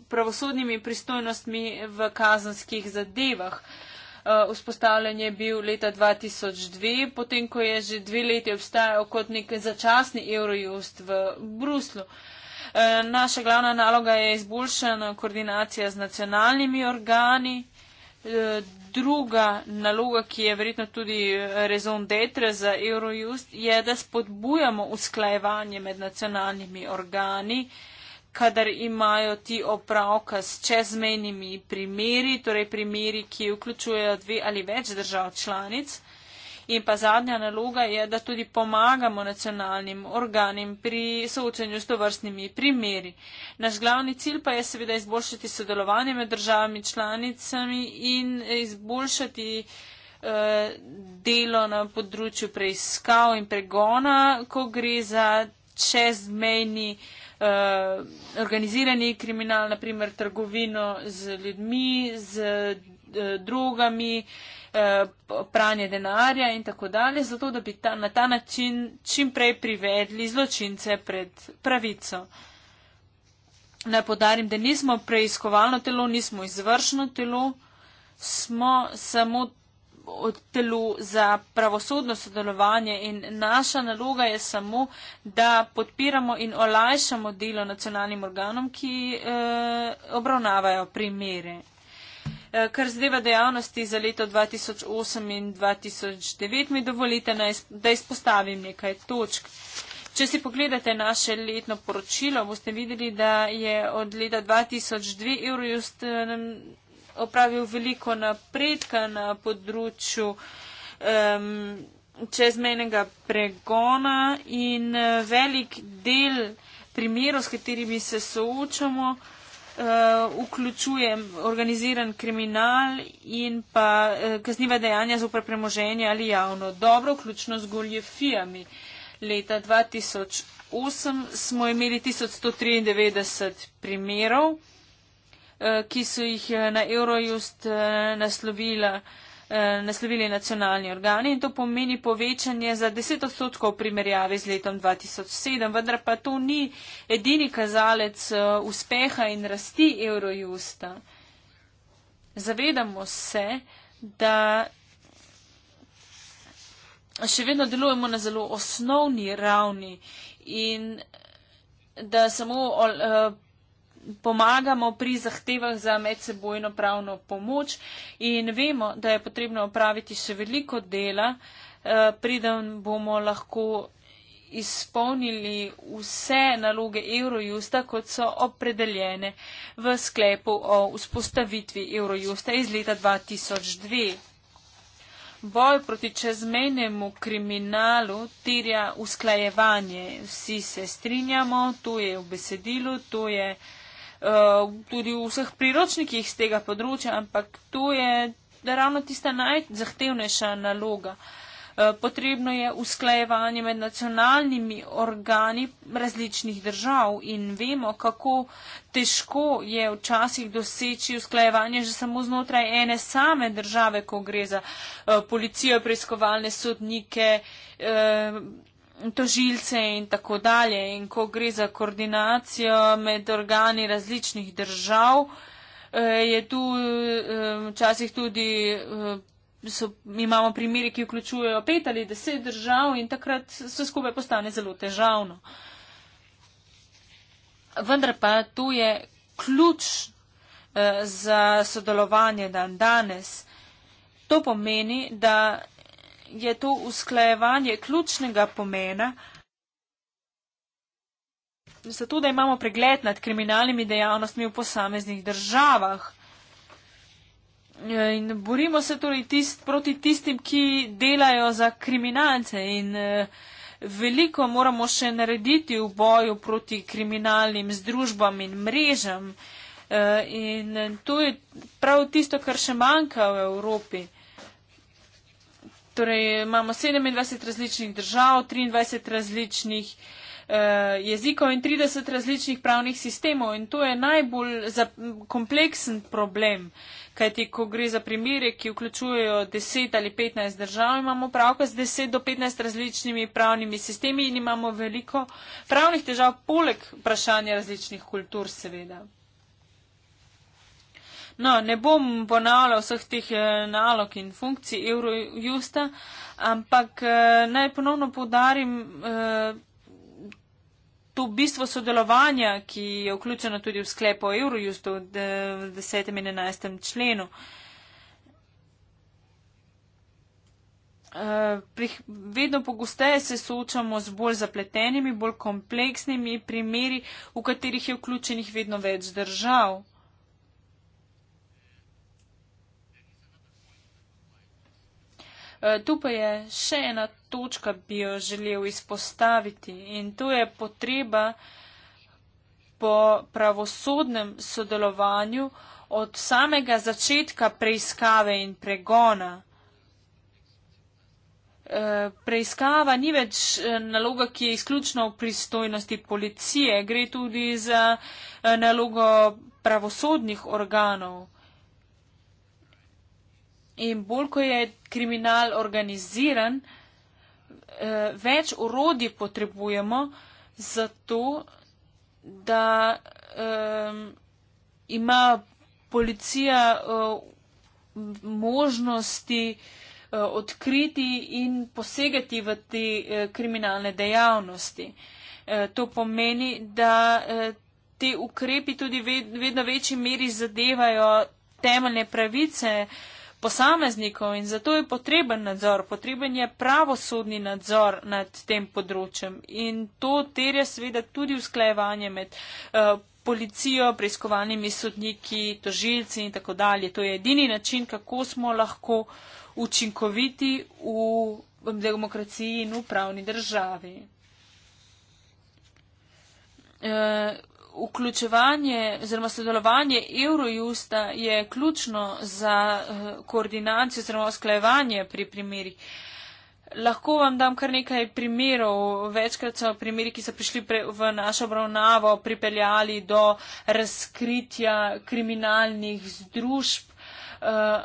pravosodnimi pristojnostmi v kazanskih zadevah. Eh, vzpostavljen je bil leta 2002, potem ko je že dve leti obstajal kot nek začasni Eurojust v Bruslu. Eh, naša glavna naloga je izboljšana koordinacija z nacionalnimi organi. Eh, druga naloga, ki je verjetno tudi eh, rezon detre za Eurojust, je, da spodbujamo usklajevanje med nacionalnimi organi, kadar imajo ti opravka s čezmenjimi primeri, torej primeri, ki vključujejo dve ali več držav članic. In pa zadnja naloga je, da tudi pomagamo nacionalnim organim pri soočanju s tovrstnimi primeri. Naš glavni cilj pa je seveda izboljšati sodelovanje med državami članicami in izboljšati eh, delo na področju preiskav in pregona, ko gre za čezmejni eh, organizirani kriminal, naprimer trgovino z ljudmi, z Eh, drogami, eh, pranje denarja in tako dalje, zato da bi ta, na ta način čim prej privedli zločince pred pravico. Naj podarim, da nismo preiskovalno telo, nismo izvršno telo, smo samo telo za pravosodno sodelovanje in naša naloga je samo, da podpiramo in olajšamo delo nacionalnim organom, ki eh, obravnavajo primere. Eh, kar zdeva dejavnosti za leto 2008 in 2009, mi dovolite, da izpostavim nekaj točk. Če si pogledate naše letno poročilo, boste videli, da je od leta 2002 Eurojust eh, opravil veliko napredka na področju um, čezmenega pregona in eh, velik del primerov, s katerimi se soočamo, uh, uh, eh, vključuje organiziran kriminal in pa uh, kazniva dejanja zopra premoženje ali javno dobro, vključno z goljefijami. Leta 2008 smo imeli 1193 primerov, uh, ki so jih na Eurojust uh, naslovila. Eh, naslovili nacionalni organi in to pomeni povečanje za 10 odstotkov v primerjavi z letom 2007, vendar pa to ni edini kazalec eh, uspeha in rasti Eurojusta. Zavedamo se, da še vedno delujemo na zelo osnovni ravni in da samo. Uh, pomagamo pri zahtevah za medsebojno pravno pomoč in vemo, da je potrebno opraviti še veliko dela, eh, preden bomo lahko izpolnili vse naloge Eurojusta, kot so opredeljene v sklepu o vzpostavitvi Eurojusta iz leta 2002. Boj proti čezmenjemu kriminalu terja usklajevanje. Vsi se strinjamo, to je v besedilu, to je uh, Eh, tudi v vseh priročnikih z tega področja, ampak to je ravno tista najzahtevnejša naloga. Eh, potrebno je usklajevanje med nacionalnimi organi različnih držav in vemo, kako težko je včasih doseči usklajevanje že samo znotraj ene same države, ko gre za eh, policijo, preiskovalne sodnike, tožilce in tako dalje. In ko gre za koordinacijo med organi različnih držav, eh, je tu eh, včasih tudi, eh, so, imamo primere, ki vključujejo pet ali deset držav in takrat vse skupaj postane zelo težavno. Vendar pa tu je ključ za sodelovanje dan danes. To pomeni, da je to usklajevanje ključnega pomena, zato da imamo pregled nad kriminalnimi dejavnostmi v posameznih državah. In borimo se torej tist, proti tistim, ki delajo za kriminalce in veliko moramo še narediti v boju proti kriminalnim združbam in mrežam. In to je prav tisto, kar še manjka v Evropi. Torej, imamo 27 različnih držav, 23 različnih eh, jezikov in 30 različnih pravnih sistemov. In to je najbolj kompleksen problem, kajti ko gre za primere, ki vključujejo 10 ali 15 držav, imamo pravko z 10 do 15 različnimi pravnimi sistemi in imamo veliko pravnih težav, poleg vprašanja različnih kultur, seveda. No, ne bom ponavljal vseh teh eh, nalog in funkcij Eurojusta, ampak eh, naj ponovno povdarim eh, to bistvo sodelovanja, ki je vključeno tudi v sklepo Eurojusta v 10. in 11. členu. Prih, vedno pogosteje se soočamo z bolj zapletenimi, bolj kompleksnimi primeri, v katerih je vključenih vedno več držav. Eh, tu pa je še ena točka, bi jo želel izpostaviti in to je potreba po pravosodnem sodelovanju od samega začetka preiskave in pregona. Eh, preiskava ni več eh, naloga, ki je izključno v pristojnosti policije, gre tudi za nalogo pravosodnih organov. In bolj, ko je kriminal organiziran, eh, več urodi potrebujemo za to, da um, ima policija uh, možnosti uh, odkriti in posegati v te uh, kriminalne dejavnosti. Uh, to pomeni, da uh, te ukrepi tudi ved, vedno večji meri zadevajo temeljne pravice uh, posameznikov in zato je potreben nadzor, potreben je pravosodni nadzor nad tem področjem in to terja seveda tudi usklajevanje med uh, policijo, preiskovalnimi sodniki, tožilci in tako dalje. To je edini način, kako smo lahko učinkoviti v demokraciji in v pravni državi. Uh, vključevanje oziroma sodelovanje Eurojusta je ključno za eh, koordinacijo oziroma sklajevanje pri primeri. Lahko vam dam kar nekaj primerov. Večkrat so primeri, ki so prišli pre, v našo obravnavo, pripeljali do razkritja kriminalnih združb. Uh,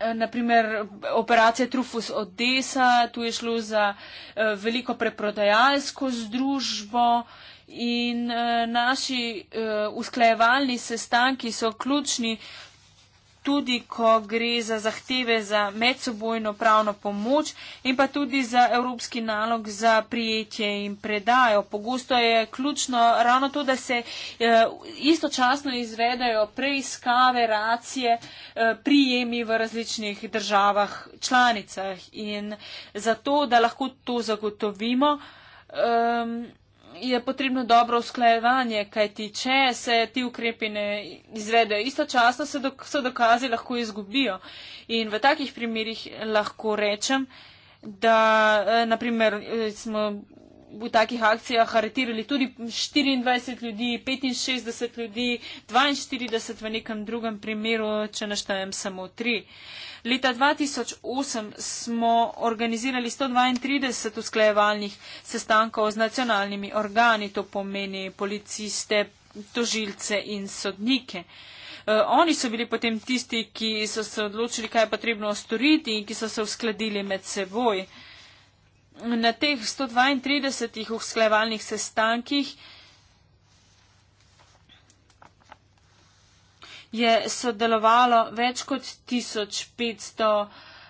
eh, naprimer operacija Trufus Odessa, tu je šlo za uh, veliko preprodajalsko združbo, uh, in uh, naši uh, usklajevalni sestanki so ključni tudi, ko gre za zahteve za medsebojno pravno pomoč in pa tudi za evropski nalog za prijetje in predajo. Pogosto je ključno ravno to, da se eh, istočasno izvedajo preiskave, racije, prijemi v različnih državah, članicah in zato, da lahko to zagotovimo. Um, je potrebno dobro usklajevanje, kajti če se ti ukrepi ne izvedejo istočasno, se, dok, se dokazi lahko izgubijo. In v takih primerjih lahko rečem, da e, naprimer e, smo v takih akcijah aretirali tudi 24 ljudi, 65 ljudi, 42 v nekem drugem primeru, če naštejem samo tri. Leta 2008 smo organizirali 132 usklajevalnih sestankov z nacionalnimi organi, to pomeni policiste, tožilce in sodnike. E, oni so bili potem tisti, ki so se odločili, kaj je potrebno storiti in ki so se uskladili med seboj. Na teh 132 usklajevalnih sestankih je sodelovalo več kot 1500 uh,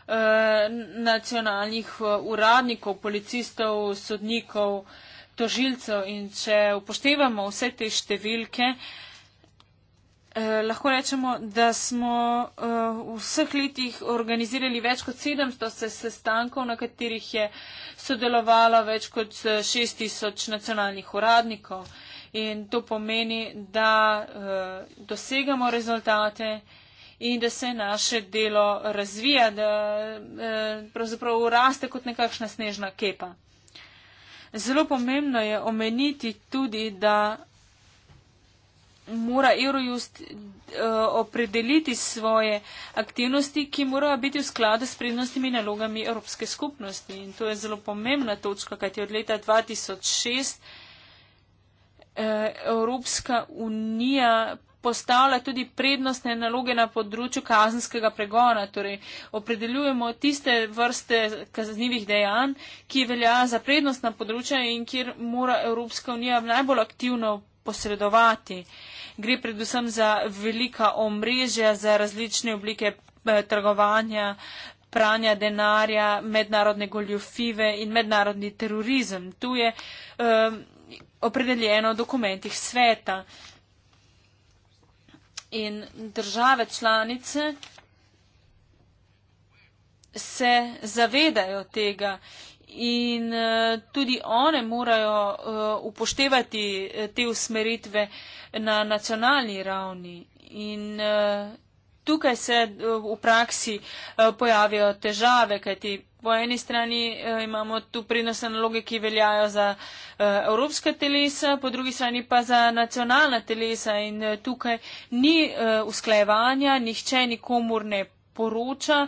eh, nacionalnih eh, uradnikov, policistov, sodnikov, tožilcev in če upoštevamo vse te številke, eh, Lahko rečemo, da smo v vseh letih organizirali več kot 700 sestankov, na katerih je sodelovalo več kot 6000 nacionalnih uradnikov in to pomeni, da eh, dosegamo rezultate in da se naše delo razvija, da eh, pravzaprav uraste kot nekakšna snežna kepa. Zelo pomembno je omeniti tudi, da mora Eurojust eh, opredeliti svoje aktivnosti, ki morajo biti v skladu s prednostnimi nalogami Evropske skupnosti. In to je zelo pomembna točka, kajti od leta 2006 Eh, Evropska unija postavlja tudi prednostne naloge na področju kazenskega pregona, torej opredeljujemo tiste vrste kaznivih dejanj, ki velja za prednostna področja in kjer mora Evropska unija najbolj aktivno posredovati. Gre predvsem za velika omrežja, za različne oblike eh, trgovanja, pranja denarja, mednarodne goljofive in mednarodni terorizem. Tu je um, opredeljeno v dokumentih sveta. In države članice se zavedajo tega in eh, tudi one morajo eh, upoštevati eh, te usmeritve na nacionalni ravni. In tukaj se v praksi pojavijo težave, kajti Po eni strani eh, imamo tu prednostne naloge, ki veljajo za eh, evropska telesa, po drugi strani pa za nacionalna telesa in eh, tukaj ni eh, usklajevanja, nihče nikomor ne poroča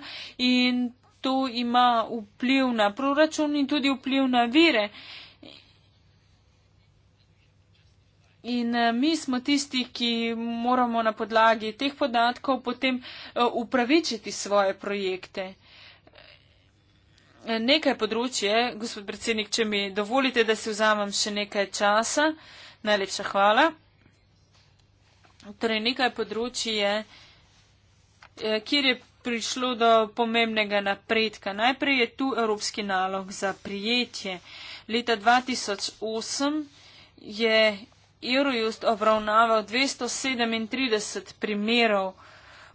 in to ima vpliv na proračun in tudi vpliv na vire. In eh, mi smo tisti, ki moramo na podlagi teh podatkov potem eh, upravičiti svoje projekte. Eh, nekaj področje, gospod predsednik, če mi dovolite, da si vzamem še nekaj časa. Najlepša hvala. Torej, nekaj področje je, eh, kjer je prišlo do pomembnega napredka. Najprej je tu evropski nalog za prijetje. Leta 2008 je Eurojust obravnaval 237 primerov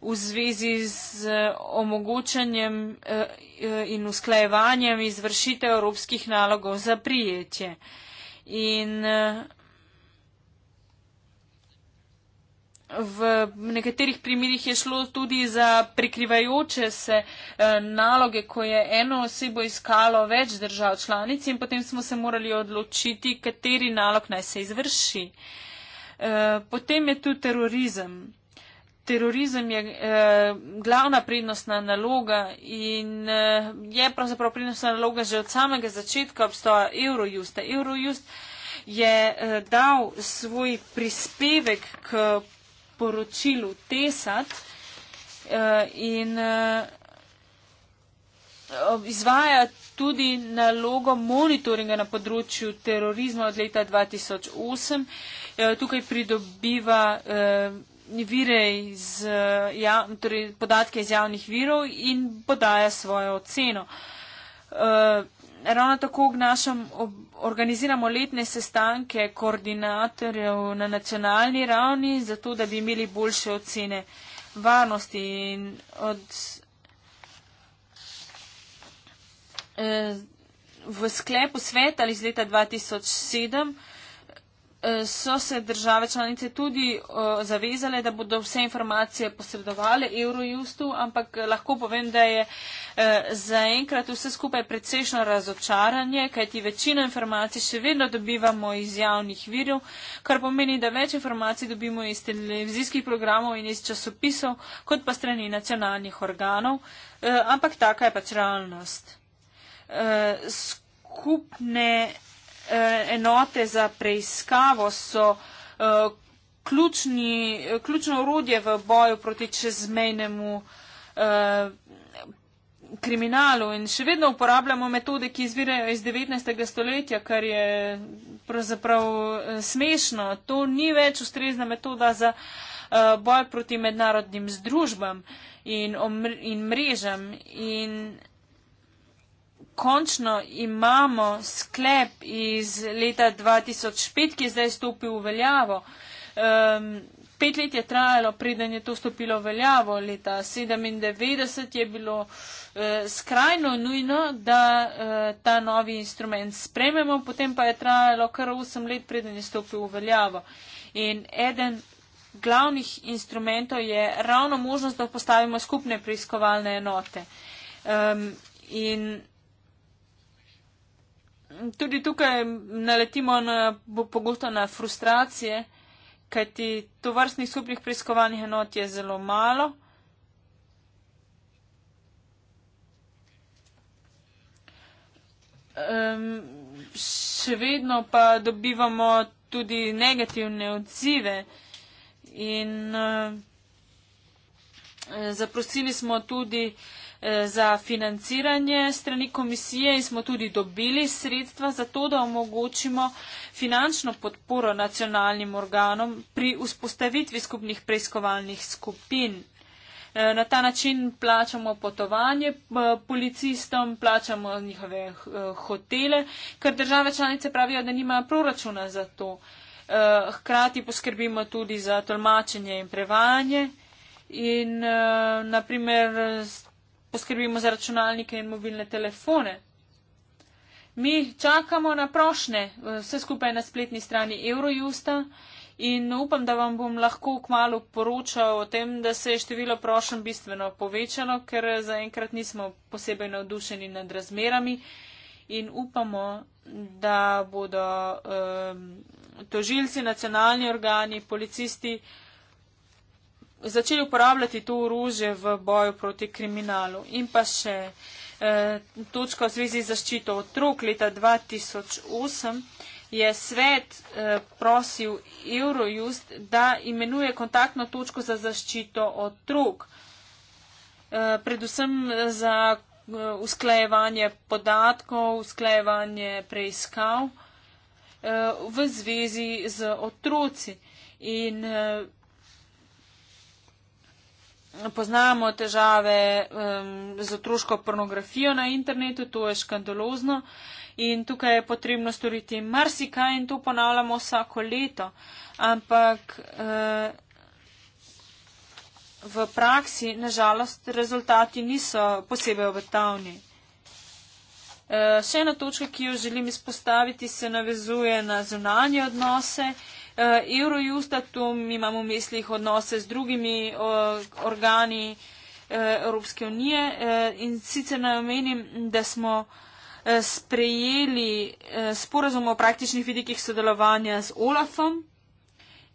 v zvezi z eh, omogočanjem eh, eh, in usklajevanjem izvršitev evropskih nalogov za prijetje. In v nekaterih primerjih je šlo tudi za prikrivajoče se naloge, ko je eno osebo iskalo več držav članic in potem smo se morali odločiti, kateri nalog naj se izvrši. Potem je tu terorizem terorizem je eh, glavna prednostna naloga in eh, je pravzaprav prednostna naloga že od samega začetka obstoja Eurojusta. Eurojust je eh, dal svoj prispevek k poročilu TESAT eh, in eh, izvaja tudi nalogo monitoringa na področju terorizma od leta 2008. Eh, tukaj pridobiva. Eh, vire iz, eh, ja, torej podatke iz javnih virov in podaja svojo oceno. Eh, ravno tako obnašam, organiziramo letne sestanke koordinatorjev na nacionalni ravni, zato da bi imeli boljše ocene varnosti in od, eh, v sklepu sveta iz leta 2007 E, so se države članice tudi e, zavezale, da bodo vse informacije posredovali Eurojustu, ampak e, lahko povem, da je zaenkrat vse skupaj precejšno razočaranje, kajti večino informacij še vedno dobivamo iz javnih virov, kar pomeni, da več informacij dobimo iz televizijskih programov in iz časopisov, kot pa strani nacionalnih organov, ampak taka je pač realnost. Skupne Eh, enote za preiskavo so eh, ključni, ključno urodje v boju proti čezmejnemu eh, kriminalu in še vedno uporabljamo metode, ki izvirajo iz 19. stoletja, kar je pravzaprav smešno. To ni več ustrezna metoda za boj proti mednarodnim združbam in, in mrežam. In končno imamo sklep iz leta 2005, ki je zdaj stopil v veljavo. Um, pet let je trajalo, preden je to stopilo v veljavo. Leta 1997 je bilo uh, skrajno nujno, da uh, ta novi instrument sprememo, potem pa je trajalo kar 8 let, preden je stopil v veljavo. In eden glavnih instrumentov je ravno možnost, da postavimo skupne preiskovalne enote. Um, in tudi tukaj naletimo na, pogosto na frustracije, kajti to vrstnih skupnih preiskovalnih enot je zelo malo. Um, še vedno pa dobivamo tudi negativne odzive in uh, zaprosili smo tudi uh, Eh, za financiranje strani komisije in smo tudi dobili sredstva za to, da omogočimo finančno podporo nacionalnim organom pri vzpostavitvi skupnih preiskovalnih skupin. Eh, na ta način plačamo potovanje eh, policistom, plačamo njihove hotele, ker države članice pravijo, da nimajo proračuna za to. Hkrati poskrbimo tudi za tolmačenje in prevajanje in naprimer poskrbimo za računalnike in mobilne telefone. Mi čakamo na prošnje, eh, vse skupaj na spletni strani Eurojusta in upam, da vam bom lahko kmalo poročal o tem, da se je število prošen bistveno povečalo, ker eh, zaenkrat nismo posebej navdušeni nad razmerami in upamo, da bodo um, tožilci, nacionalni organi, policisti uh, začeli uporabljati to oružje v boju proti kriminalu. In pa še eh, točka v zvezi z zaščito otrok leta 2008 je svet eh, prosil Eurojust, da imenuje kontaktno točko za zaščito otrok, eh, predvsem za eh, usklajevanje podatkov, usklajevanje preiskav eh, v zvezi z otroci. In, eh, poznamo težave um, z otroško pornografijo na internetu, to je škandalozno in tukaj je potrebno storiti marsikaj in to ponavljamo vsako leto. Ampak uh, v praksi, nažalost, rezultati niso posebej obetavni. Uh, še ena točka, ki jo želim izpostaviti, se navezuje na zunanje odnose. Uh, Eh, Eurojustatu, mi imamo v mislih odnose z drugimi eh, organi eh, Evropske unije in sicer naj omenim, da smo sprejeli sporazum o praktičnih vidikih sodelovanja z OLAFom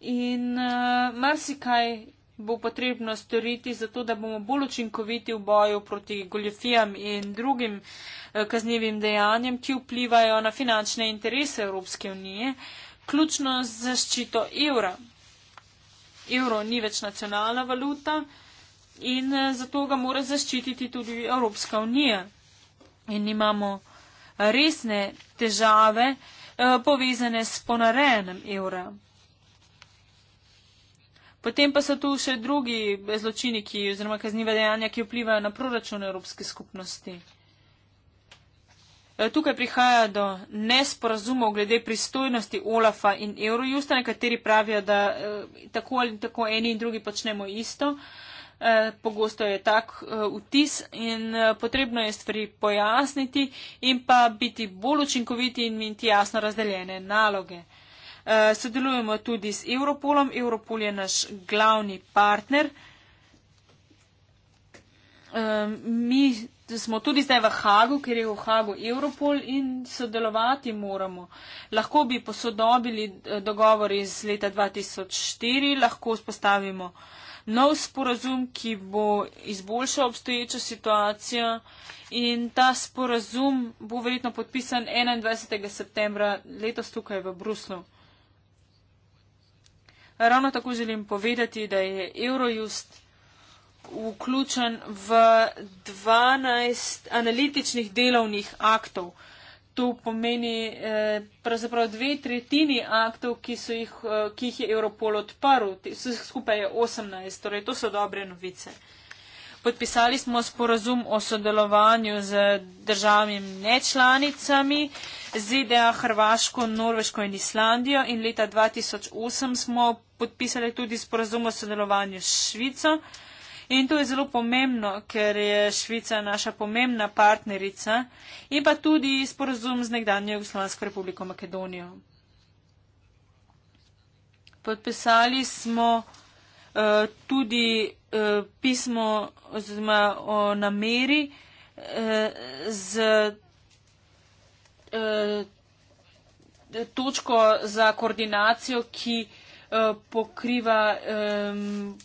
in marsikaj bo potrebno storiti za to, da bomo bolj učinkoviti v boju proti goljofijam in drugim kaznjivim dejanjem, ki vplivajo na finančne interese Evropske unije. Uh, ključno zaščito evra. Evro ni več nacionalna valuta in eh, zato ga mora zaščititi tudi Evropska unija. In imamo resne težave eh, povezane s ponarejenem evra. Potem pa so tu še drugi zločini, ki, oziroma kazniva dejanja, ki vplivajo na proračun Evropske skupnosti. Eh, tukaj prihaja do nesporazumov glede pristojnosti OLAF-a in Eurojusta. Nekateri pravijo, da eh, tako ali tako eni in drugi počnemo isto. Eh, pogosto je tak vtis in potrebno je stvari pojasniti in pa biti bolj učinkoviti in imeti jasno razdeljene naloge. Sodelujemo tudi s Europolom. Europol je naš glavni partner. Mi smo tudi zdaj v Hagu, ker je v Hagu Europol in sodelovati moramo. Lahko bi posodobili eh, dogovor iz leta 2004, lahko spostavimo nov sporazum, ki bo izboljšal obstoječo situacijo in ta sporazum bo verjetno podpisan 21. septembra letos tukaj v Bruslu. Ravno tako želim povedati, da je Eurojust vključen v 12 analitičnih delovnih aktov. To pomeni eh, pravzaprav dve tretjini aktov, ki, jih, eh, ki jih je Europol odprl. Vseh skupaj je 18, torej to so dobre novice. Podpisali smo sporazum o sodelovanju z državami nečlanicami, ZDA, Hrvaško, Norveško in Islandijo in leta 2008 smo podpisali tudi sporazum o sodelovanju s Švico. Eh, In to je zelo pomembno, ker je Švica naša pomembna partnerica in pa tudi sporozum z nekdanjo Jugoslovansko republiko Makedonijo. Podpisali smo uh, tudi uh, pismo oziroma o nameri uh, z. Uh, točko za koordinacijo, ki uh, pokriva um,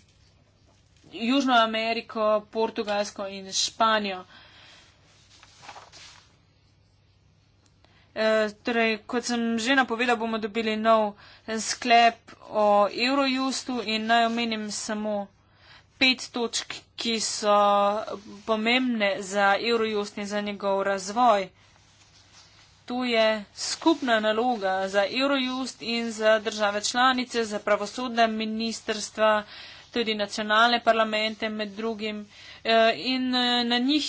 Južno Ameriko, Portugalsko in Španijo. E, torej, kot sem že napovedal, bomo dobili nov sklep o Eurojustu in naj omenim samo pet točk, ki so pomembne za Eurojust in za njegov razvoj. To je skupna naloga za Eurojust in za države članice, za pravosodne ministrstva, tudi nacionalne parlamente med drugim eh, in eh, na njih,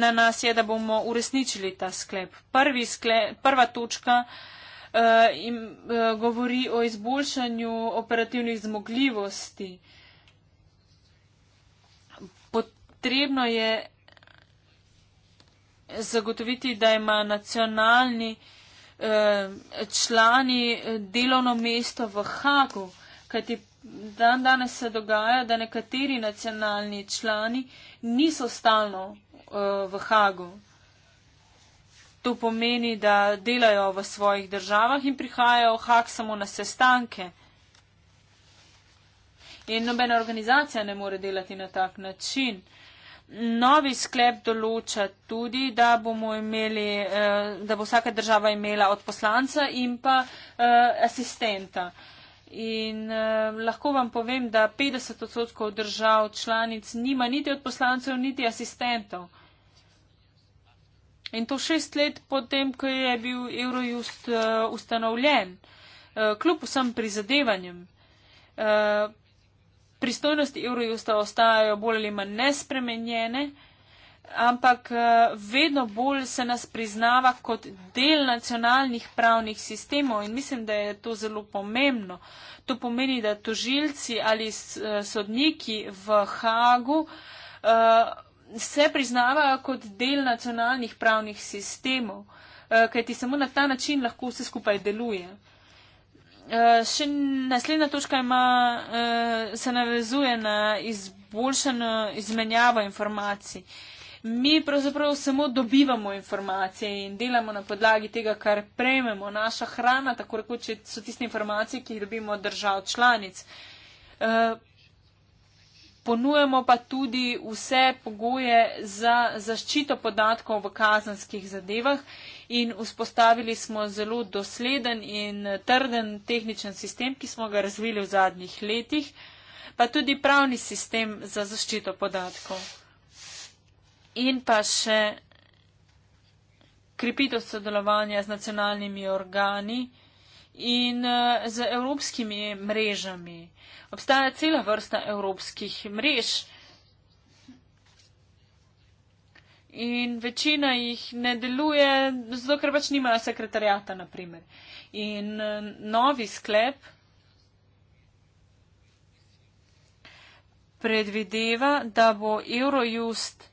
na nas je, da bomo uresničili ta sklep. Prvi sklep, prva točka eh, in govori o izboljšanju operativnih zmogljivosti. Potrebno je zagotoviti, da ima nacionalni člani delovno mesto v Hagu, kajti Dan danes se dogaja, da nekateri nacionalni člani niso stalno uh, v Hagu. To pomeni, da delajo v svojih državah in prihajajo v Hag samo na sestanke. In nobena organizacija ne more delati na tak način. Novi sklep določa tudi, da, imeli, uh, da bo vsaka država imela od poslanca in pa uh, asistenta. Uh, In uh, lahko vam povem, da 50 odstotkov držav članic nima niti od poslancev, niti asistentov. In to šest let potem, ko je bil Eurojust uh, ustanovljen, uh, kljub vsem prizadevanjem. Uh, pristojnosti Eurojusta ostajajo bolj ali manj nespremenjene. Uh, ampak eh, vedno bolj se nas priznava kot del nacionalnih pravnih sistemov in mislim, da je to zelo pomembno. To pomeni, da tožilci ali eh, sodniki v Hagu eh, se priznavajo kot del nacionalnih pravnih sistemov, kajti samo na ta način lahko vse skupaj deluje. Še naslednja točka ima, se navezuje na izboljšano izmenjavo informacij mi pravzaprav samo dobivamo informacije in delamo na podlagi tega, kar prejmemo. Naša hrana, tako rekoč, so tiste informacije, ki jih dobimo od držav članic. Eh, Ponujemo pa tudi vse pogoje za zaščito podatkov v kazanskih zadevah in vzpostavili smo zelo dosleden in trden tehničen sistem, ki smo ga razvili v zadnjih letih, pa tudi pravni sistem za zaščito podatkov in pa še krepitev sodelovanja z nacionalnimi organi in eh, z evropskimi mrežami. Obstaja cela vrsta evropskih mrež in večina jih ne deluje, zato ker pač nimajo sekretarjata, naprimer. In eh, novi sklep. Predvideva, da bo Eurojust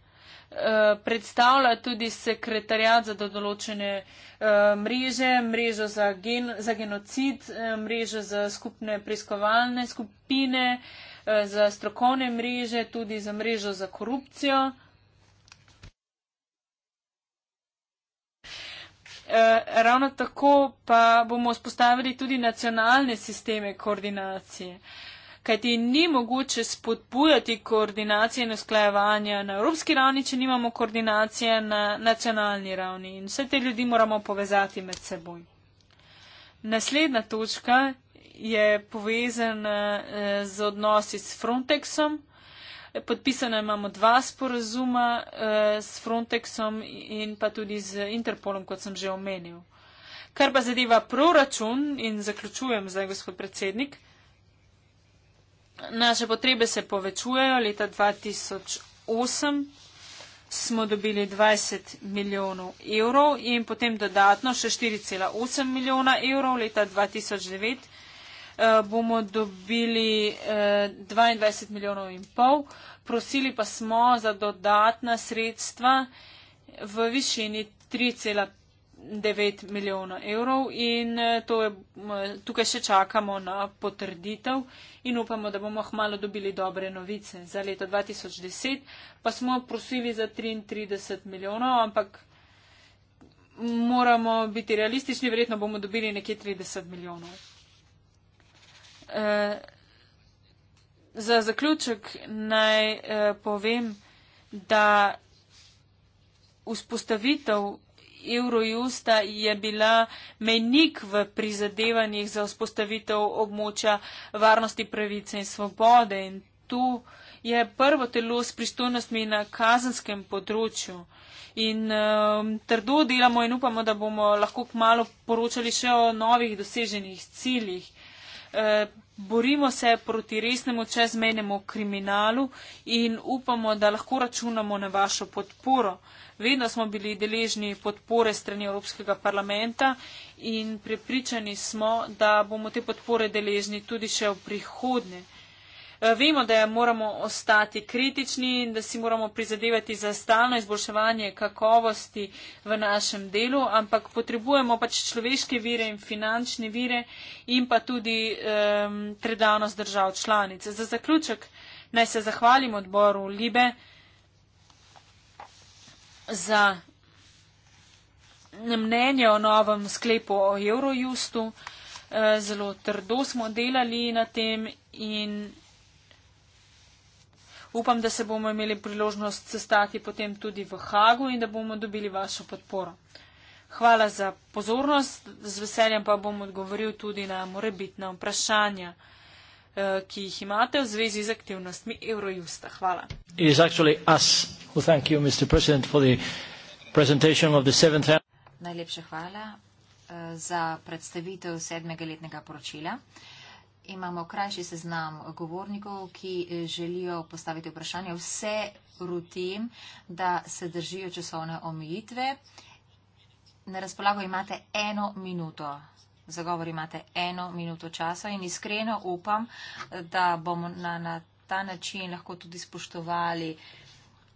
Eh, predstavlja tudi sekretarjat za določene eh, mreže, mrežo za, gen, za genocid, eh, mrežo za skupne preiskovalne skupine, za strokovne mreže, tudi za mrežo za korupcijo. Ravno tako pa bomo spostavili tudi nacionalne sisteme koordinacije kajti ni mogoče spodbujati koordinacije in usklajevanja na evropski ravni, če nimamo koordinacije na nacionalni ravni in vse te ljudi moramo povezati med seboj. Naslednja točka je povezana eh, z odnosi s Frontexom. Podpisana imamo dva sporazuma eh, s Frontexom in pa tudi z Interpolom, kot sem že omenil. Kar pa zadeva proračun in zaključujem zdaj, gospod predsednik, Naše potrebe se povečujejo. Leta 2008 smo dobili 20 milijonov evrov in potem dodatno še 4,8 milijona evrov. Leta 2009 uh, eh, bomo dobili uh, eh, 22 milijonov in pol. Prosili pa smo za dodatna sredstva v višini 3,5 9 milijonov evrov in eh, je, tukaj še čakamo na potrditev in upamo, da bomo hmalo dobili dobre novice. Za leto 2010 pa smo prosili za 33 milijonov, ampak moramo biti realistični, verjetno bomo dobili nekje 30 milijonov. E, za zaključek naj e, povem, da. Vzpostavitev Eurojusta je bila menik v prizadevanjih za vzpostavitev območja varnosti pravice in svobode in tu je prvo telo s pristojnostmi na kazenskem področju. In um, trdo delamo in upamo, da bomo lahko k malu poročali še o novih doseženih ciljih. E, borimo se proti resnemu čezmenemu kriminalu in upamo, da lahko računamo na vašo podporo. Vedno smo bili deležni podpore strani Evropskega parlamenta in prepričani smo, da bomo te podpore deležni tudi še v prihodnje. Eh, vemo, da moramo ostati kritični in da si moramo prizadevati za stalno izboljševanje kakovosti v našem delu, ampak potrebujemo pač človeške vire in finančne vire in pa tudi um, predavnost držav članic. Za zaključek naj se zahvalim odboru Libe za mnenje o novem sklepu o Eurojustu. Eh, zelo trdo smo delali na tem in. Upam, da se bomo imeli priložnost sestati potem tudi v Hagu in da bomo dobili vašo podporo. Hvala za pozornost, z veseljem pa bom odgovoril tudi na morebitna vprašanja, eh, ki jih imate v zvezi z aktivnostmi Eurojusta. Hvala. Najlepše hvala eh, za predstavitev sedmega letnega poročila imamo krajši seznam govornikov, ki eh, želijo postaviti vprašanje. Vse rutin, da se držijo časovne omejitve. Na razpolago imate eno minuto. Zagovor imate eno minuto časa in iskreno upam, da bomo na, na ta način lahko tudi spoštovali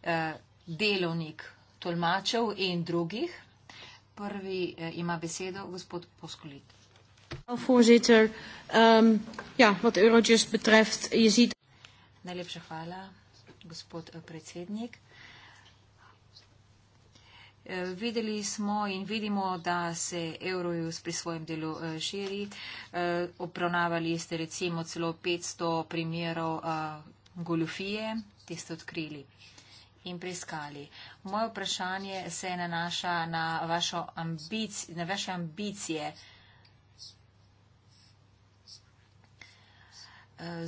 eh, delovnik tolmačev in drugih. Prvi eh, ima besedo gospod Poskolitev. Voorzitter, um, ja, wat Eurojust betreft, je ziet. Najlepša hvala, gospod eh, predsednik. Eh, videli smo in vidimo, da se Eurojus pri svojem delu eh, širi. Opravnavali ste recimo celo 500 primerov goljufije, ti ste odkrili in preiskali. Moje vprašanje se nanaša na, ambic na vaše ambicije.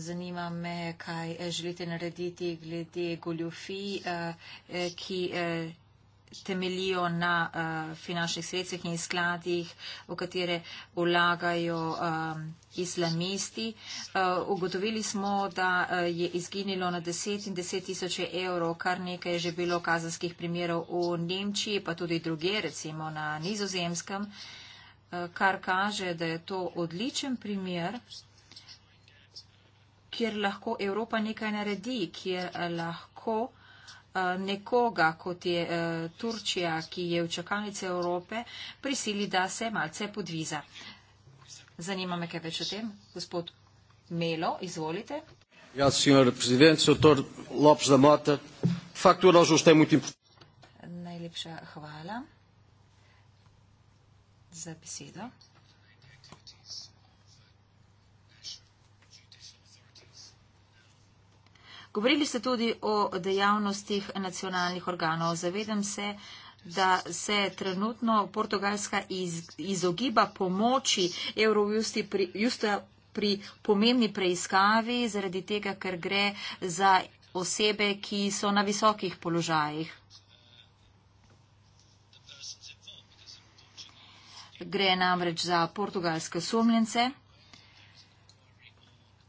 Zanima me, kaj eh, želite narediti glede goljofij, eh, eh, ki temelijo na finančnih sredstvih in skladih, v katere vlagajo islamisti. Ugotovili smo, da je izginilo na 10 in 10 tisoče evrov, kar nekaj je že bilo kazanskih primerov v Nemčiji, pa tudi druge, recimo na nizozemskem, kar kaže, da je to odličen primer kjer lahko Evropa nekaj naredi, kjer eh, lahko eh, nekoga, kot je eh, Turčija, ki je v čakalnici Evrope, prisili, da se malce podviza. Zanima me, kaj več o tem. Gospod Melo, izvolite. Ja, Najlepša hvala za besedo. Govorili ste tudi o dejavnostih nacionalnih organov. Zavedam se, da se trenutno Portugalska iz, izogiba pomoči Eurojusti pri, pri pomembni preiskavi zaradi tega, ker gre za osebe, ki so na visokih položajih. Gre namreč za portugalske sumljence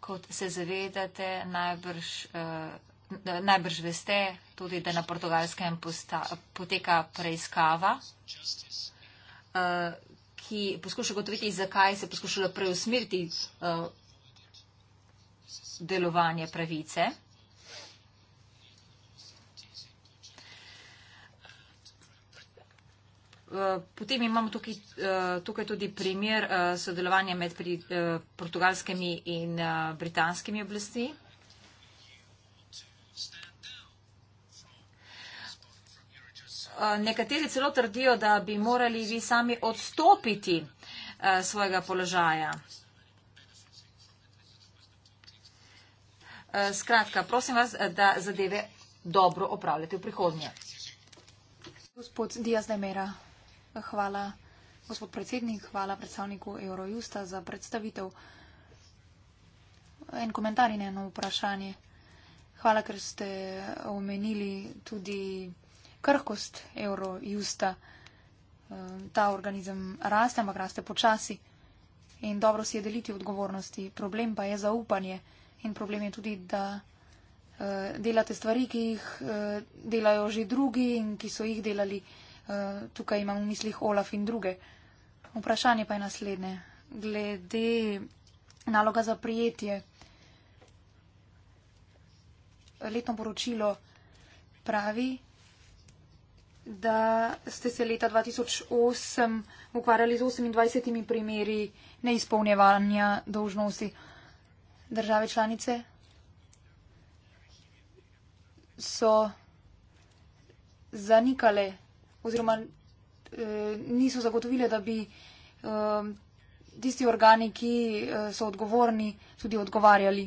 kot se zavedate, najbrž, uh, najbrž veste tudi, da na portugalskem posta, poteka preiskava, uh, ki poskuša gotoviti, zakaj se je poskušalo preusmeriti uh, delovanje pravice. Eh, potem imamo tukaj, eh, tukaj tudi primer eh, sodelovanja med pri, portugalskimi in britanskimi oblasti. Nekateri celo trdijo, da bi morali vi sami odstopiti svojega položaja. Skratka, prosim vas, da zadeve dobro opravljate v prihodnje. Gospod Diaz de Mera. Hvala, gospod predsednik, hvala predstavniku Eurojusta za predstavitev. En komentar in eno vprašanje. Hvala, ker ste omenili tudi krhkost Eurojusta. E, ta organizem raste, ampak raste počasi. In dobro si je deliti odgovornosti. Problem pa je zaupanje. In problem je tudi, da e, delate stvari, ki jih e, delajo že drugi in ki so jih delali. Eh, tukaj imam v mislih Olaf in druge. Vprašanje pa je naslednje. Glede naloga za prijetje. Letno poročilo pravi, da ste se leta 2008 ukvarjali z 28 primeri neizpolnjevanja dolžnosti države članice. So zanikale oziroma eh, niso zagotovile, da bi eh, tisti organi, ki eh, so odgovorni, tudi odgovarjali.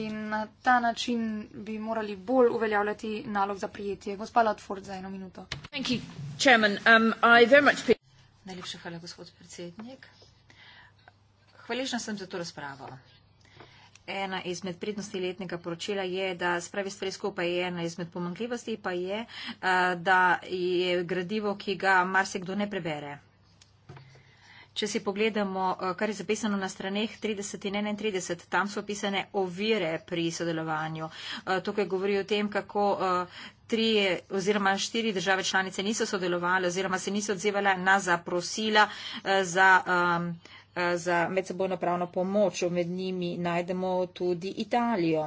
In na ta način bi morali bolj uveljavljati nalog za prijetje. Gospa Latford, za eno minuto. You, um, Najlepša hvala, gospod predsednik. Hvaležna sem za to razpravo ena izmed prednosti letnega poročila je, da spravi stvari skupaj je ena izmed pomankljivosti, pa je, eh, da je gradivo, ki ga marsikdo ne prebere. Če si pogledamo, eh, kar je zapisano na straneh 30 in 31, tam so opisane ovire pri sodelovanju. Eh, tukaj govori o tem, kako tri oziroma štiri države članice niso sodelovali oziroma se niso odzivali na zaprosila za. Um, Eh, za medsebojno pravno pomoč. Med njimi najdemo tudi Italijo.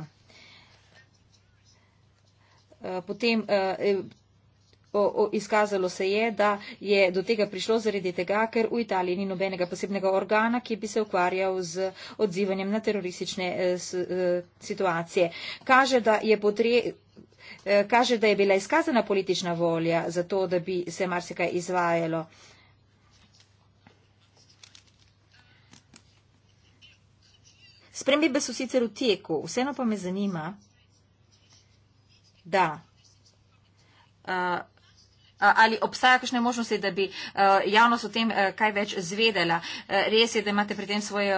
Eh, potem eh, izkazalo se je, da je do tega prišlo zaradi tega, ker v Italiji ni nobenega posebnega organa, ki bi se ukvarjal z odzivanjem na teroristične situacije. Kaže, da je potrebno. Kaže, da je bila izkazana politična volja za to, da bi se marsikaj izvajalo. Spremembe so sicer v teku, vseeno pa me zanima, da. Uh, Ali obstaja kakšne možnosti, da bi javnost o tem kaj več zvedela? Res je, da imate pri tem svoje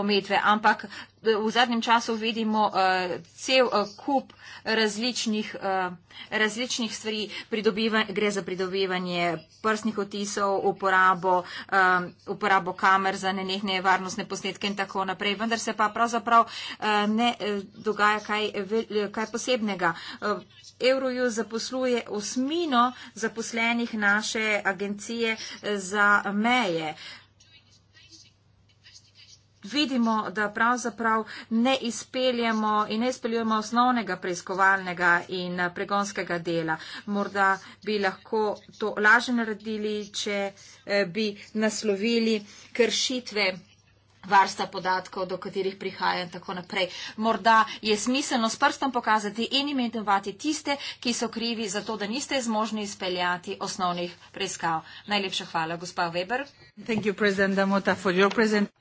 omejitve, ampak v zadnjem času vidimo uh, cel uh, kup različnih, uh, različnih stvari. Pridobiva, gre za pridobivanje prstnih otisov, uporabo, uh, uporabo kamer za nenehne varnostne posnetke in tako naprej. Vendar se pa pravzaprav uh, ne uh, dogaja kaj, vel, kaj posebnega. Uh, Euroju zaposluje osmino zaposlenih naše agencije za meje. Uh, vidimo, da pravzaprav ne izpeljemo in ne izpeljujemo osnovnega preiskovalnega in eh, pregonskega dela. Morda bi lahko to lažje naredili, če eh, bi naslovili kršitve varsta podatkov, do katerih prihaja in tako naprej. Morda je smiselno s prstom pokazati in imenovati tiste, ki so krivi za to, da niste zmožni izpeljati osnovnih preiskav. Najlepša hvala, gospa Weber. Thank you, President Damota, for your presentation.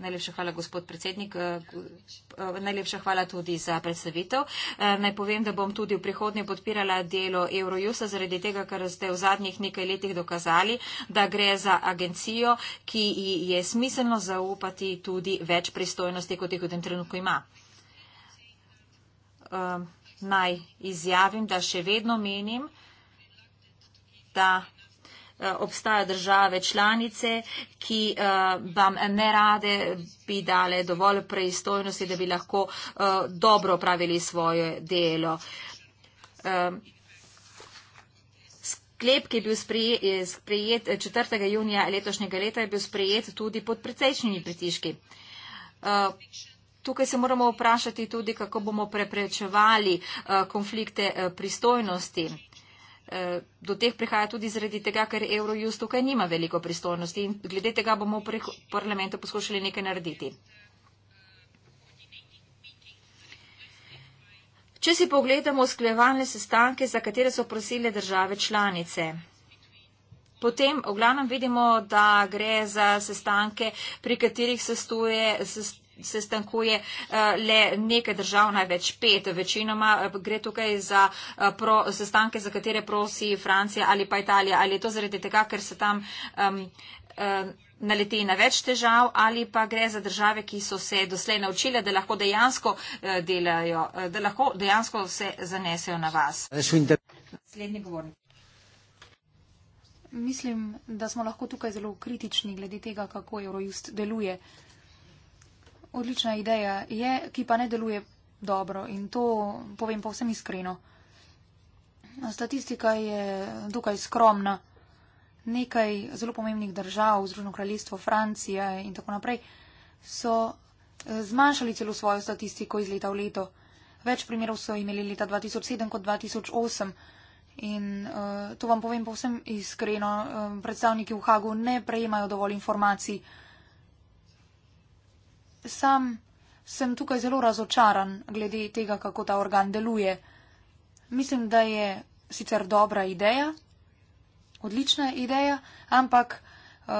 Najlepša hvala, gospod predsednik. Eh, eh, najlepša hvala tudi za predstavitev. Eh, naj povem, da bom tudi v prihodnje podpirala delo Eurojusa zaradi tega, kar ste v zadnjih nekaj letih dokazali, da gre za agencijo, ki je smiselno zaupati tudi več pristojnosti, kot jih v tem trenutku ima. Naj izjavim, da še vedno menim, da Eh, obstajajo države članice, ki uh, vam ne rade bi dale dovolj preistojnosti, da bi lahko uh, dobro opravili svoje delo. Um, Sklep, ki je bil sprejet, sprejet 4. junija letošnjega leta, je bil sprejet tudi pod precejšnjimi pritiški. Tukaj se moramo vprašati tudi, kako bomo preprečevali konflikte pristojnosti. Eh, do teh prihaja tudi zaradi tega, ker Eurojust tukaj nima veliko pristojnosti in glede tega bomo v parlamentu poskušali nekaj narediti. Če si pogledamo sklevalne sestanke, za katere so prosile države članice, potem v glavnem vidimo, da gre za sestanke, pri katerih sestuje. sestuje sestankuje eh, le nekaj držav, največ pet. Večinoma eh, gre tukaj za eh, pro, sestanke, za katere prosi Francija ali pa Italija. Ali je to zaradi tega, ker se tam. Um, naleti na več težav ali pa gre za države, ki so se doslej naučile, da lahko dejansko delajo, da lahko dejansko se zanesejo na vas. Mislim, da smo lahko tukaj zelo kritični glede tega, kako Eurojust deluje odlična ideja je, ki pa ne deluje dobro in to povem povsem iskreno. Statistika je dokaj skromna. Nekaj zelo pomembnih držav, Združeno kraljestvo, Francija in tako naprej, so eh, zmanjšali celo svojo statistiko iz leta v leto. Več primerov so imeli leta 2007 kot 2008 in uh, to vam povem povsem iskreno, uh, predstavniki v Hagu ne prejemajo dovolj informacij. Uh, sam sem tukaj zelo razočaran glede tega, kako ta organ deluje. Mislim, da je sicer dobra ideja, odlična ideja, ampak uh,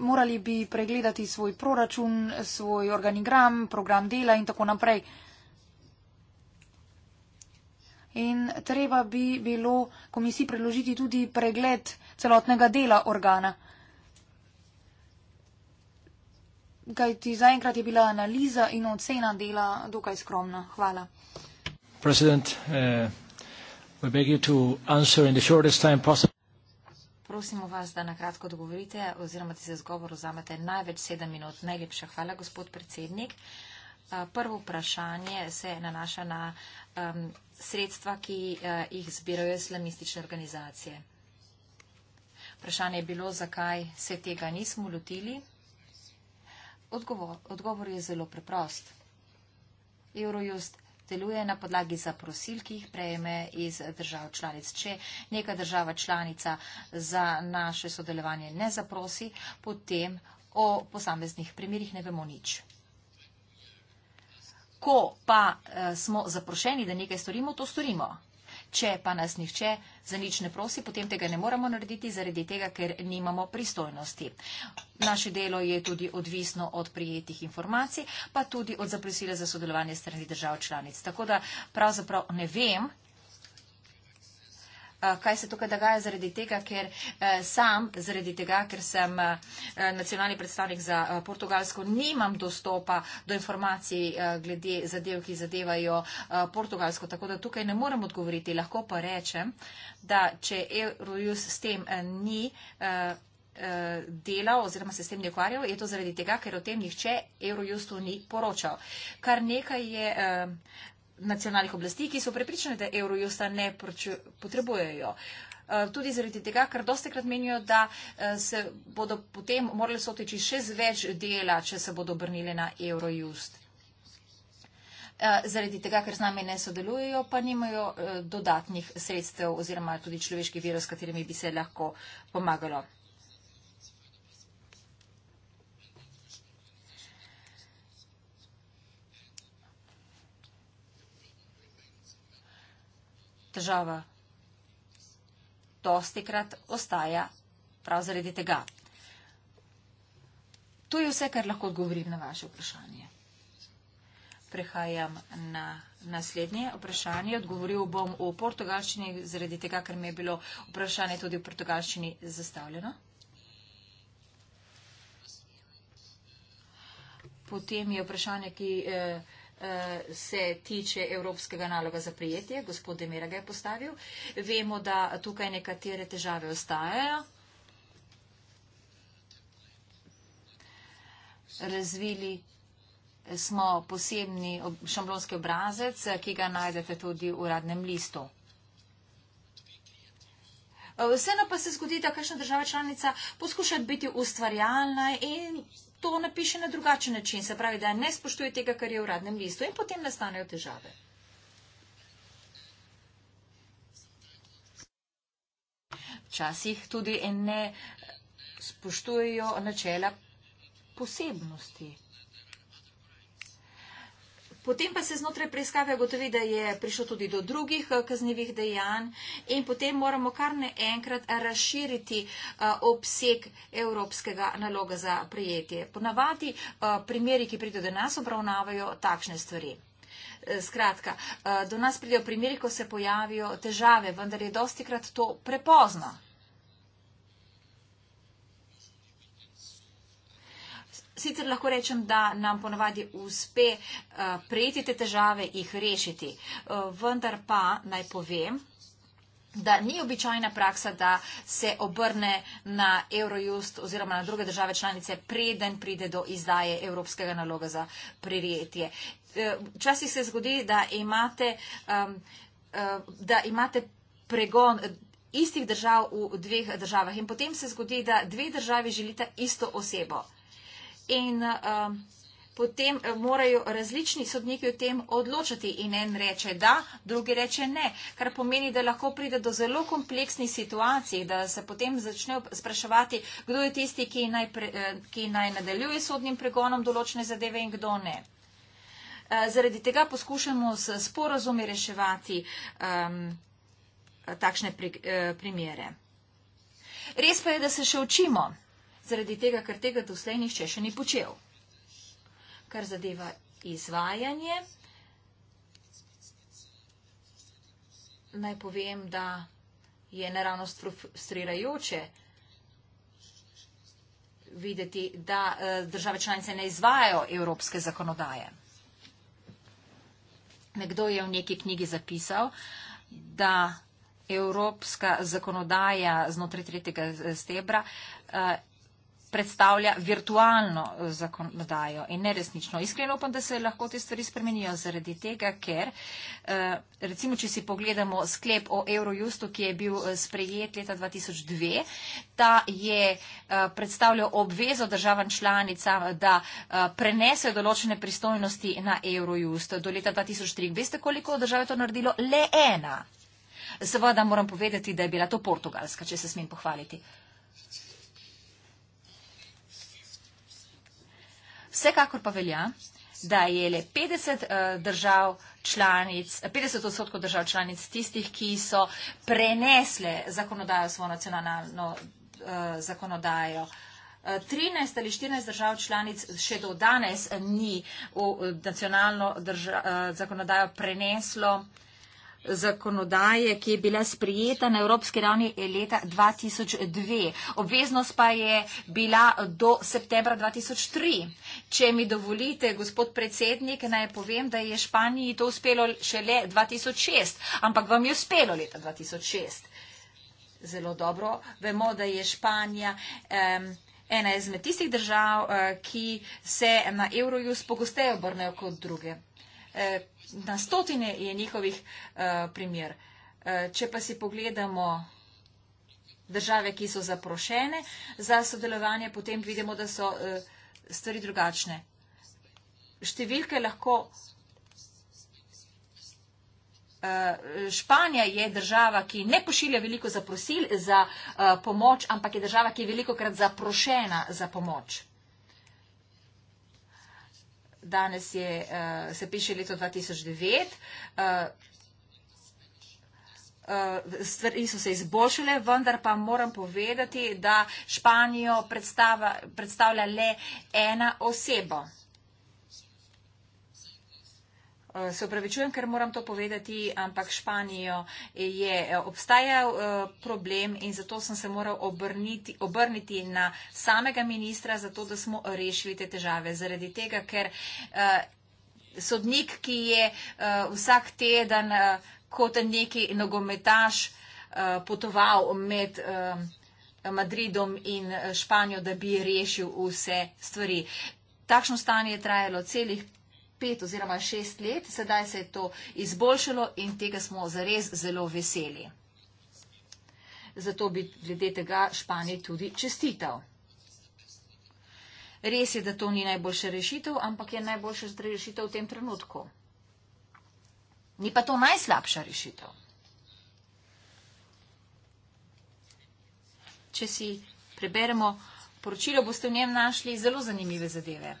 morali bi pregledati svoj proračun, svoj organigram, program dela in tako naprej. In treba bi bilo komisiji predložiti tudi pregled celotnega dela organa. Uh, kajti zaenkrat je bila analiza in ocena dela dokaj skromna. Hvala. Uh, Prosimo vas, da nakratko odgovorite oziroma da se zgovor vzamete največ sedem minut. Najlepša hvala, gospod predsednik. Eh, prvo vprašanje se nanaša na um, sredstva, ki uh, jih zbirajo islamistične organizacije. Vprašanje je bilo, zakaj se tega nismo lotili. Odgovor, odgovor je zelo preprost. Eurojust deluje na podlagi zaprosil, ki jih prejme iz držav članic. Če neka država članica za naše sodelovanje ne zaprosi, potem o posameznih primerjih ne vemo nič. Ko pa eh, smo zaprošeni, da nekaj storimo, to storimo. Če pa nas nihče za nič ne prosi, potem tega ne moremo narediti zaradi tega, ker nimamo pristojnosti. Naše delo je tudi odvisno od prijetih informacij, pa tudi od zaprosila za sodelovanje strani držav članic. Tako da pravzaprav ne vem, Eh, kaj se tukaj dogaja zaradi tega, ker eh, sam, zaradi tega, ker sem eh, nacionalni predstavnik za Portugalsko, nimam dostopa do informacij glede zadev, ki zadevajo Portugalsko. Tako da tukaj ne morem odgovoriti. Lahko pa rečem, da če Eurojus s tem ni delal oziroma se s tem ne ukvarjal, je to zaradi tega, ker o tem nihče Eurojustu ni poročal. Kar nekaj je nacionalnih oblasti, ki so prepričani, da Eurojusta ne potrebujejo. Eh, tudi zaradi tega, ker dostekrat menijo, da eh, se bodo potem morali soteči še z več dela, če se bodo obrnili na Eurojust. Eh, zaradi tega, ker z nami ne sodelujejo, pa nimajo dodatnih sredstev oziroma tudi človeških virov, s katerimi bi se lahko pomagalo. težava. Dosti krat ostaja prav zaradi tega. To je vse, kar lahko odgovorim na vaše vprašanje. Prehajam na naslednje vprašanje. Odgovoril bom o portugalščini, zaradi tega, ker mi je bilo vprašanje tudi v portugalščini zastavljeno. Potem je vprašanje, ki. Eh, Eh, se tiče evropskega naloga za prijetje. Gospod Demira ga je postavil. Vemo, da tukaj nekatere težave ostajajo. Razvili smo posebni šamblonski obrazec, ki ga najdete tudi v uradnem listu. Vseeno pa se zgodi, da kakšna država članica poskuša biti ustvarjalna in to napiše na drugačen način, se pravi, da ne spoštuje tega, kar je v radnem listu in potem nastanejo težave. Včasih tudi ne spoštujejo načela posebnosti. Potem pa se znotraj preiskave ugotovi, da je prišlo tudi do drugih eh, kaznjivih dejanj in potem moramo kar neenkrat razširiti eh, obseg evropskega naloga za prijetje. Ponavadi eh, primeri, ki pridejo do nas, obravnavajo takšne stvari. Skratka, do nas pridejo primeri, ko se pojavijo težave, vendar je dosti krat to prepozno. sicer lahko rečem, da nam ponovadi uspe uh, prejeti te težave, jih rešiti. Uh, vendar pa naj povem, da ni običajna praksa, da se obrne na Eurojust oziroma na druge države članice, preden pride do izdaje Evropskega naloga za prejetje. Eh, včasih uh, se zgodi, da imate, um, uh, da imate pregon istih držav v dveh državah in potem se zgodi, da dve državi želita isto osebo in um, potem eh, morajo različni sodniki o tem odločati in en reče da, drugi reče ne, kar pomeni, da lahko pride do zelo kompleksnih situacij, da se potem začnejo spraševati, kdo je tisti, ki naj, pre, eh, ki naj nadaljuje sodnim pregonom določene zadeve in kdo ne. Eh, zaradi tega poskušamo s sporozumi reševati um, takšne pri, uh, primere. Res pa je, da se še učimo zaradi tega, ker tega doslej nišče še ni počel. Kar zadeva izvajanje, naj povem, da je naravnost frustrirajoče videti, da e, države članice ne izvajajo evropske zakonodaje. Nekdo je v neki knjigi zapisal, da evropska zakonodaja znotraj tretjega e, stebra e, predstavlja virtualno eh, zakonodajo in neresnično. Iskreno upam, da se lahko te stvari spremenijo zaradi tega, ker eh, recimo, če si pogledamo sklep o Eurojustu, ki je bil eh, sprejet leta 2002, ta je predstavljal obvezo državam članicam, da prenesejo določene pristojnosti na Eurojust do leta 2003. Veste, koliko držav je to naredilo? Le ena. Seveda moram povedati, da je bila to Portugalska, če se smem pohvaliti. Vsekakor pa velja, da je le 50 eh, držav članic, 50 odstotkov držav članic tistih, ki so prenesle zakonodajo svojo nacionalno eh, zakonodajo. 13 eh, ali 14 držav članic še do danes ni v nacionalno zakonodajo preneslo uh, zakonodaje, ki je bila sprijeta na evropski ravni leta 2002. Obveznost pa je bila do septembra 2003. Če mi dovolite, gospod predsednik, naj povem, da je Španiji to uspelo šele 2006, ampak vam je uspelo leta 2006. Zelo dobro. Vemo, da je Španija. Um, Ena izmed tistih držav, eh, ki se na Eurojust pogosteje obrnejo kot druge Eh, na stotine je njihovih eh, primer. Eh, če pa si pogledamo države, ki so zaprošene za sodelovanje, potem vidimo, da so stvari drugačne. Številke lahko. Španija je država, ki ne pošilja veliko zaprosil za pomoč, ampak je država, ki je veliko krat zaprošena za pomoč danes je, uh, se piše leto 2009. Uh, uh, stvari so se izboljšile, vendar pa moram povedati, da Španijo predstava, predstavlja le ena osebo se upravičujem, ker moram to povedati, ampak Španijo je eh, obstajal eh, problem in zato sem se moral obrniti, obrniti na samega ministra, zato da smo rešili te težave. Zaradi tega, ker eh, sodnik, ki je vsak teden kot neki nogometaš potoval med. Madridom in Španijo, da bi rešil vse stvari. Takšno stanje je trajalo celih pet oziroma šest let, sedaj se je to izboljšalo in tega smo zares zelo veseli. Zato bi glede tega Španiji tudi čestital. Res je, da to ni najboljša rešitev, ampak je najboljša rešitev v tem trenutku. Ni pa to najslabša rešitev. Če si preberemo poročilo, boste v njem našli zelo zanimive zadeve.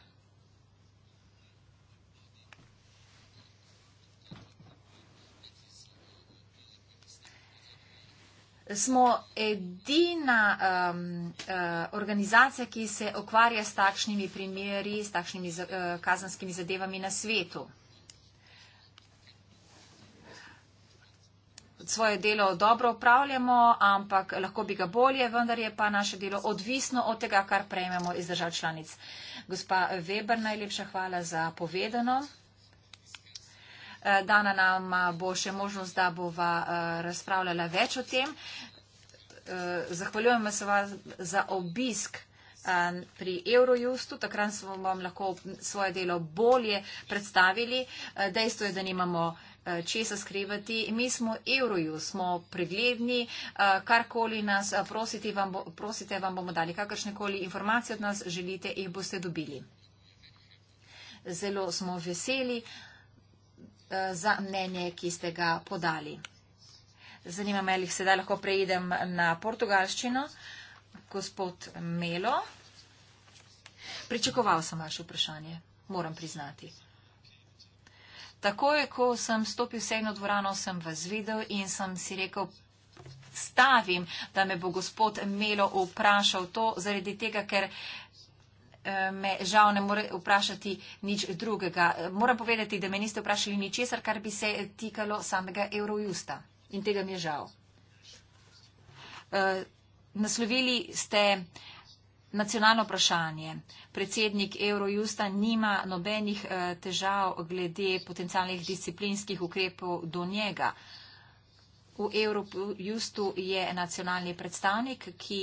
smo edina um, uh, organizacija, ki se okvarja s takšnimi primeri, s takšnimi uh, kazanskimi zadevami na svetu. Svoje delo dobro upravljamo, ampak lahko bi ga bolje, vendar je pa naše delo odvisno od tega, kar prejmemo iz držav članic. Gospa Weber, najlepša hvala za povedano dana nam bo še možnost, da bova eh, razpravljala več o tem. Eh, zahvaljujemo se vam za obisk eh, pri Eurojustu, takrat smo vam lahko svoje delo bolje predstavili. Dejstvo je, da nimamo česa skrivati. Mi smo Euroju, smo pregledni, karkoli nas prosite vam, prosite, vam bomo dali, kakršnekoli informacije od nas želite, jih boste dobili. Zelo smo veseli. Eh, za mnenje, ki ste ga podali. Zanima me, ali sedaj lahko preidem na portugalščino. Gospod Melo, pričakoval sem vaše vprašanje, moram priznati. Takoj, ko sem stopil v sejno dvorano, sem vas videl in sem si rekel, stavim, da me bo gospod Melo vprašal to zaradi tega, ker me žal ne more vprašati nič drugega. Moram povedati, da me niste vprašali ničesar, kar bi se tikalo samega Eurojusta. In tega mi je žal. Eh, naslovili ste nacionalno vprašanje. Predsednik Eurojusta nima nobenih eh, težav glede potencialnih disciplinskih ukrepov do njega. V Eurojustu je nacionalni predstavnik, ki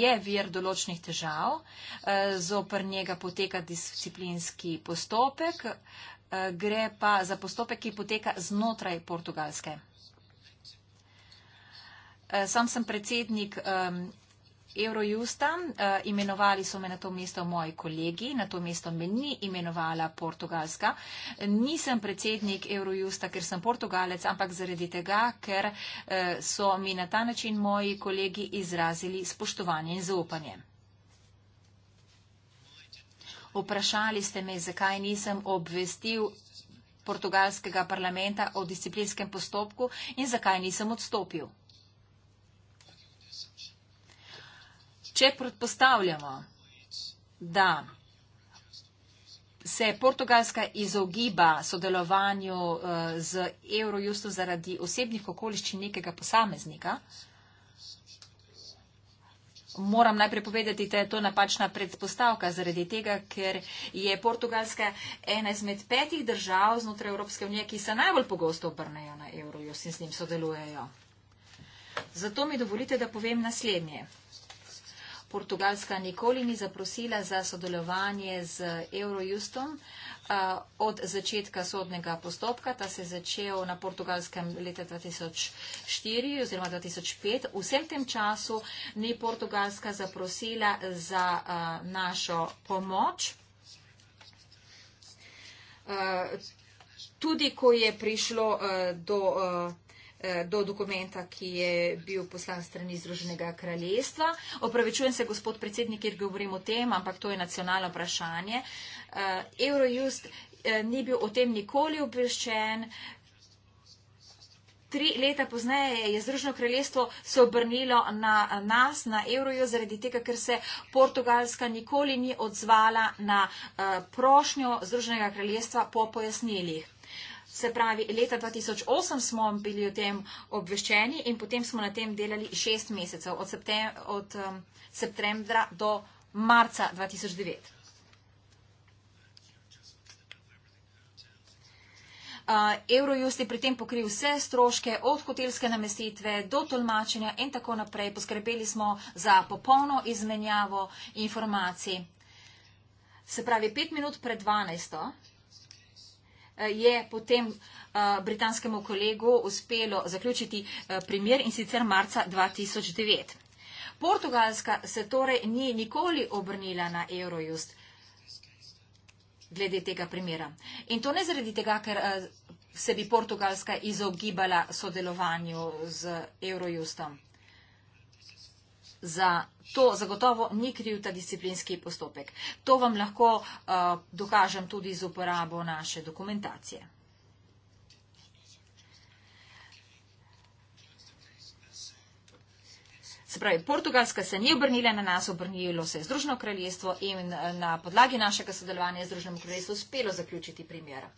je vir določnih težav. Eh, Zopr njega poteka disciplinski postopek, eh, gre pa za postopek, ki poteka znotraj Portugalske. Eh, sam sem predsednik Eurojusta. Eh, imenovali so me na to mesto moji kolegi, na to mesto me ni imenovala Portugalska. Nisem predsednik Eurojusta, ker sem Portugalec, ampak zaradi tega, ker eh, so mi na ta način moji kolegi izrazili spoštovanje in zaupanje. Vprašali ste me, zakaj nisem obvestil portugalskega parlamenta o disciplinskem postopku in zakaj nisem odstopil. Če predpostavljamo, da se Portugalska izogiba sodelovanju eh, z Eurojustom zaradi osebnih okoliščin nekega posameznika, Moram najprej povedati, da je to napačna predpostavka zaradi tega, ker je Portugalska ena izmed petih držav znotraj Evropske unije, ki se najbolj pogosto obrnejo na Eurojust in s njim sodelujejo. Zato mi dovolite, da povem naslednje. Portugalska nikoli ni zaprosila za sodelovanje z Eurojustom eh, od začetka sodnega postopka. Ta se je začel na portugalskem leta 2004 oziroma 2005. Vsem tem času ni Portugalska zaprosila za eh, našo pomoč. Eh, tudi ko je prišlo do Eh, do dokumenta, ki je bil poslan strani Združenega kraljestva. Opravičujem se, gospod predsednik, ker govorim o tem, ampak to je nacionalno vprašanje. Eh, Eurojust eh, ni bil o tem nikoli obveščen. Tri leta pozneje je Združeno kraljestvo se obrnilo na nas, na Euroju, zaradi tega, ker se Portugalska nikoli ni odzvala na prošnjo Združenega kraljestva po pojasnilih. Se pravi, leta 2008 smo bili o tem obveščeni in potem smo na tem delali šest mesecev, od, septem, od um, septembra do marca 2009. Uh, Eurojust je pri tem pokril vse stroške, od hotelske namestitve do tolmačenja in tako naprej. Poskrbeli smo za popolno izmenjavo informacij. Se pravi, pet minut pred dvanajsto je potem eh, britanskemu kolegu uspelo zaključiti eh, primer in sicer marca 2009. Portugalska se torej ni nikoli obrnila na Eurojust glede tega primera. In to ne zaradi tega, ker eh, se bi Portugalska izogibala sodelovanju z Eurojustom za to zagotovo ni kriv ta disciplinski postopek. To vam lahko uh, dokažem tudi z uporabo naše dokumentacije. Se pravi, Portugalska se ni obrnila na nas, obrnilo se je Združeno kraljestvo in eh, na podlagi našega sodelovanja je Združeno kraljestvo uspelo zaključiti primjera.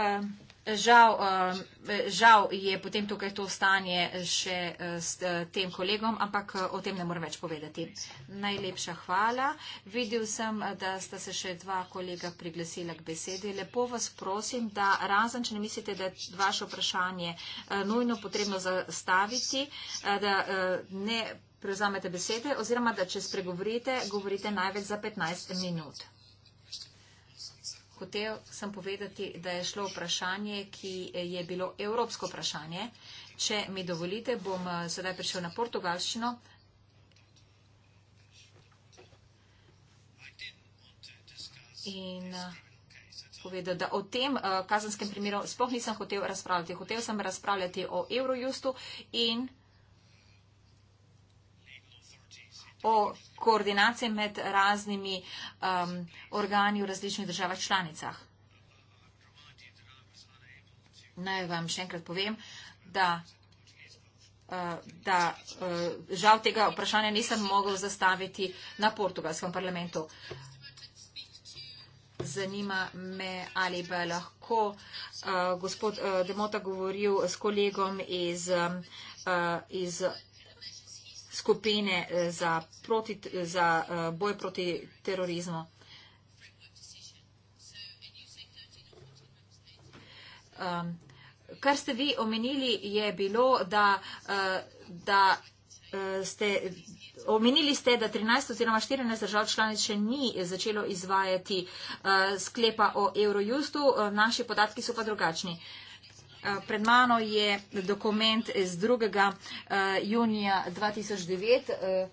Um. Žal, um, žal je potem tukaj to stanje še eh, s eh, tem kolegom, ampak eh, o tem ne morem več povedati. Najlepša hvala. Videl sem, da sta se še dva kolega priglasila k besedi. Lepo vas prosim, da razen, če ne mislite, da je vaše vprašanje nujno potrebno zastaviti, da ne prevzamete besede oziroma da če spregovorite, govorite največ za 15 minut hotel sem povedati, da je šlo vprašanje, ki je bilo evropsko vprašanje. Če mi dovolite, bom eh, sedaj prišel na portugalščino. In eh, povedal, da o tem eh, kazanskem primeru sploh nisem hotel razpravljati. Hotel sem razpravljati o Eurojustu in o koordinaciji med raznimi um, organi v različnih državah članicah. Naj vam še enkrat povem, da, uh, da uh, žal tega vprašanja nisem mogel zastaviti na portugalskem parlamentu. Zanima me, ali bi lahko uh, gospod Demota govoril s kolegom iz, um, iz skupine eh, za, proti, eh, za eh, boj proti terorizmu. Um, kar ste vi omenili, je bilo, da, da ste, omenili ste, da 13 oziroma 14 držav članic še ni začelo izvajati sklepa o Eurojustu, naši podatki so pa drugačni. Eh, pred mano je dokument z 2. Eh, junija 2009. Eh,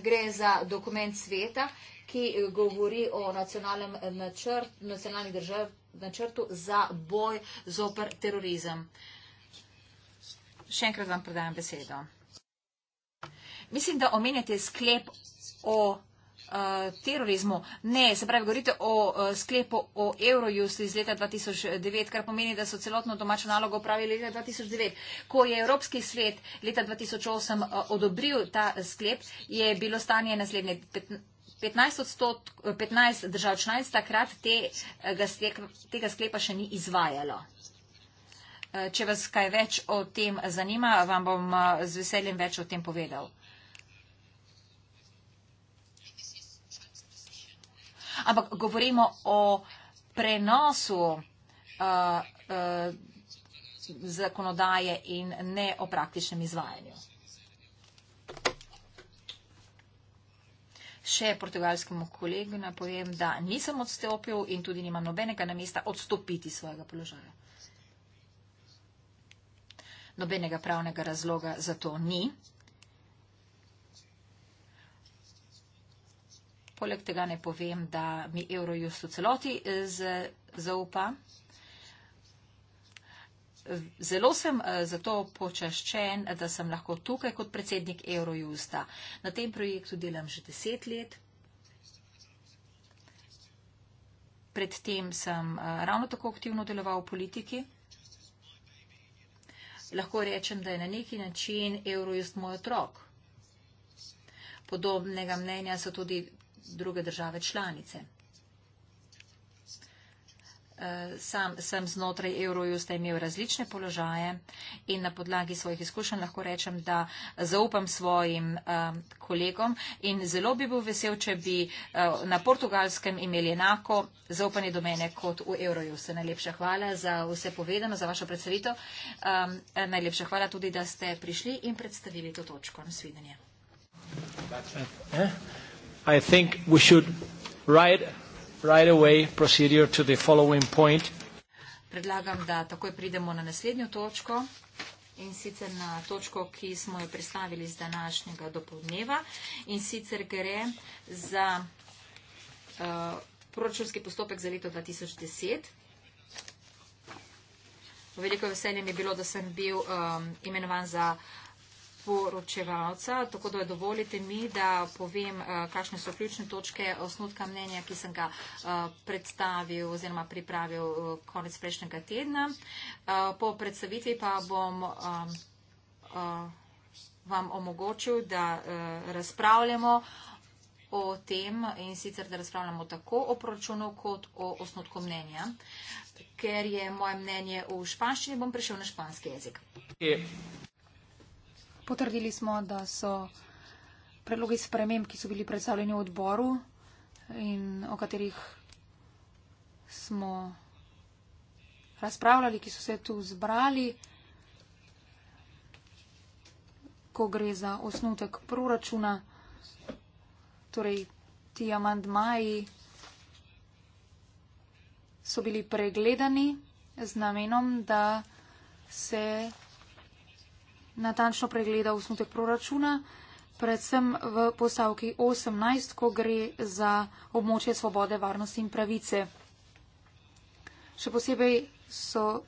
gre za dokument sveta, ki govori o nacionalnem načrt, nacionalni držav, načrtu za boj zoper terorizem. Še enkrat vam predajam besedo. Mislim, da omenjate sklep o Eh, terorizmu. Ne, se pravi, govorite o uh, sklepu o Eurojust iz leta 2009, kar pomeni, da so celotno domačo nalogo upravili leta 2009. Ko je Evropski svet leta 2008 uh, eh, odobril ta sklep, je bilo stanje naslednje. 15, odstot, 15 držav članic takrat tega, tega sklepa še ni izvajalo. Če vas kaj več o tem zanima, vam bom z veseljem več o tem povedal. ampak govorimo o prenosu uh, uh, zakonodaje in ne o praktičnem izvajanju. Še portugalskemu kolegu napovem, da nisem odstopil in tudi nimam nobenega namesta odstopiti svojega položaja. Nobenega pravnega razloga za to ni. Poleg tega ne povem, da mi Eurojust v celoti eh, zaupa. Zelo sem eh, zato počaščen, da sem lahko tukaj kot predsednik Eurojusta. Na tem projektu delam že deset let. Predtem sem eh, ravno tako aktivno deloval v politiki. Lahko rečem, da je na neki način Eurojust moj otrok. Podobnega mnenja so tudi druge države članice. Eh, sam sem znotraj Eurojusta imel različne položaje in na podlagi svojih izkušenj lahko rečem, da zaupam svojim eh, kolegom in zelo bi bil vesel, če bi eh, na portugalskem imeli enako zaupanje do mene kot v Eurojust. Najlepša hvala za vse povedano, za vašo predstavitev. Najlepša hvala tudi, da ste prišli in predstavili to točko. Nasvidenje. Eh? I think we should right, right away proceed to the following point. Predlagam, da takoj pridemo na naslednjo točko in sicer na točko, ki smo jo predstavili z današnjega dopoldneva in sicer gre za uh, proračunski postopek za leto 2010. Veliko veselje mi je bilo, da sem bil um, imenovan za uh, poročevalca, tako da dovolite mi, da povem, eh, kakšne so ključne točke osnutka mnenja, ki sem ga eh, predstavil oziroma pripravil eh, konec prejšnjega tedna. Po predstavitvi pa bom vam omogočil, da razpravljamo o tem in sicer, da razpravljamo tako o proračunu kot o osnutku mnenja. Ker je moje mnenje v španščini, bom prišel na španski jezik. Je. Potrdili smo, da so predlogi sprememb, ki so bili predstavljeni v odboru in o katerih smo razpravljali, ki so se tu zbrali, ko gre za osnutek proračuna, torej ti amandmaji so bili pregledani z namenom, da se natančno pregledal osnutek proračuna, predvsem v postavki 18, ko gre za območje svobode, varnosti in pravice. Še posebej so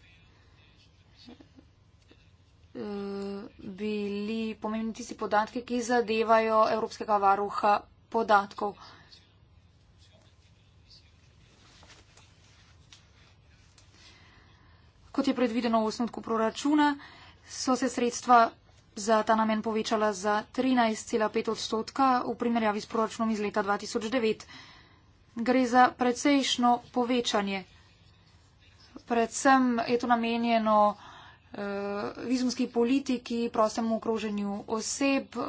eh, bili pomembni tisti podatki, ki zadevajo Evropskega varuha podatkov. Kot je predvideno v osnutku proračuna, so se sredstva za ta namen povečala za 13,5 odstotka v primerjavi s proračunom iz leta 2009. Gre za precejšno povečanje. Predvsem je to namenjeno eh, vizumski politiki, prostemu okroženju oseb, eh,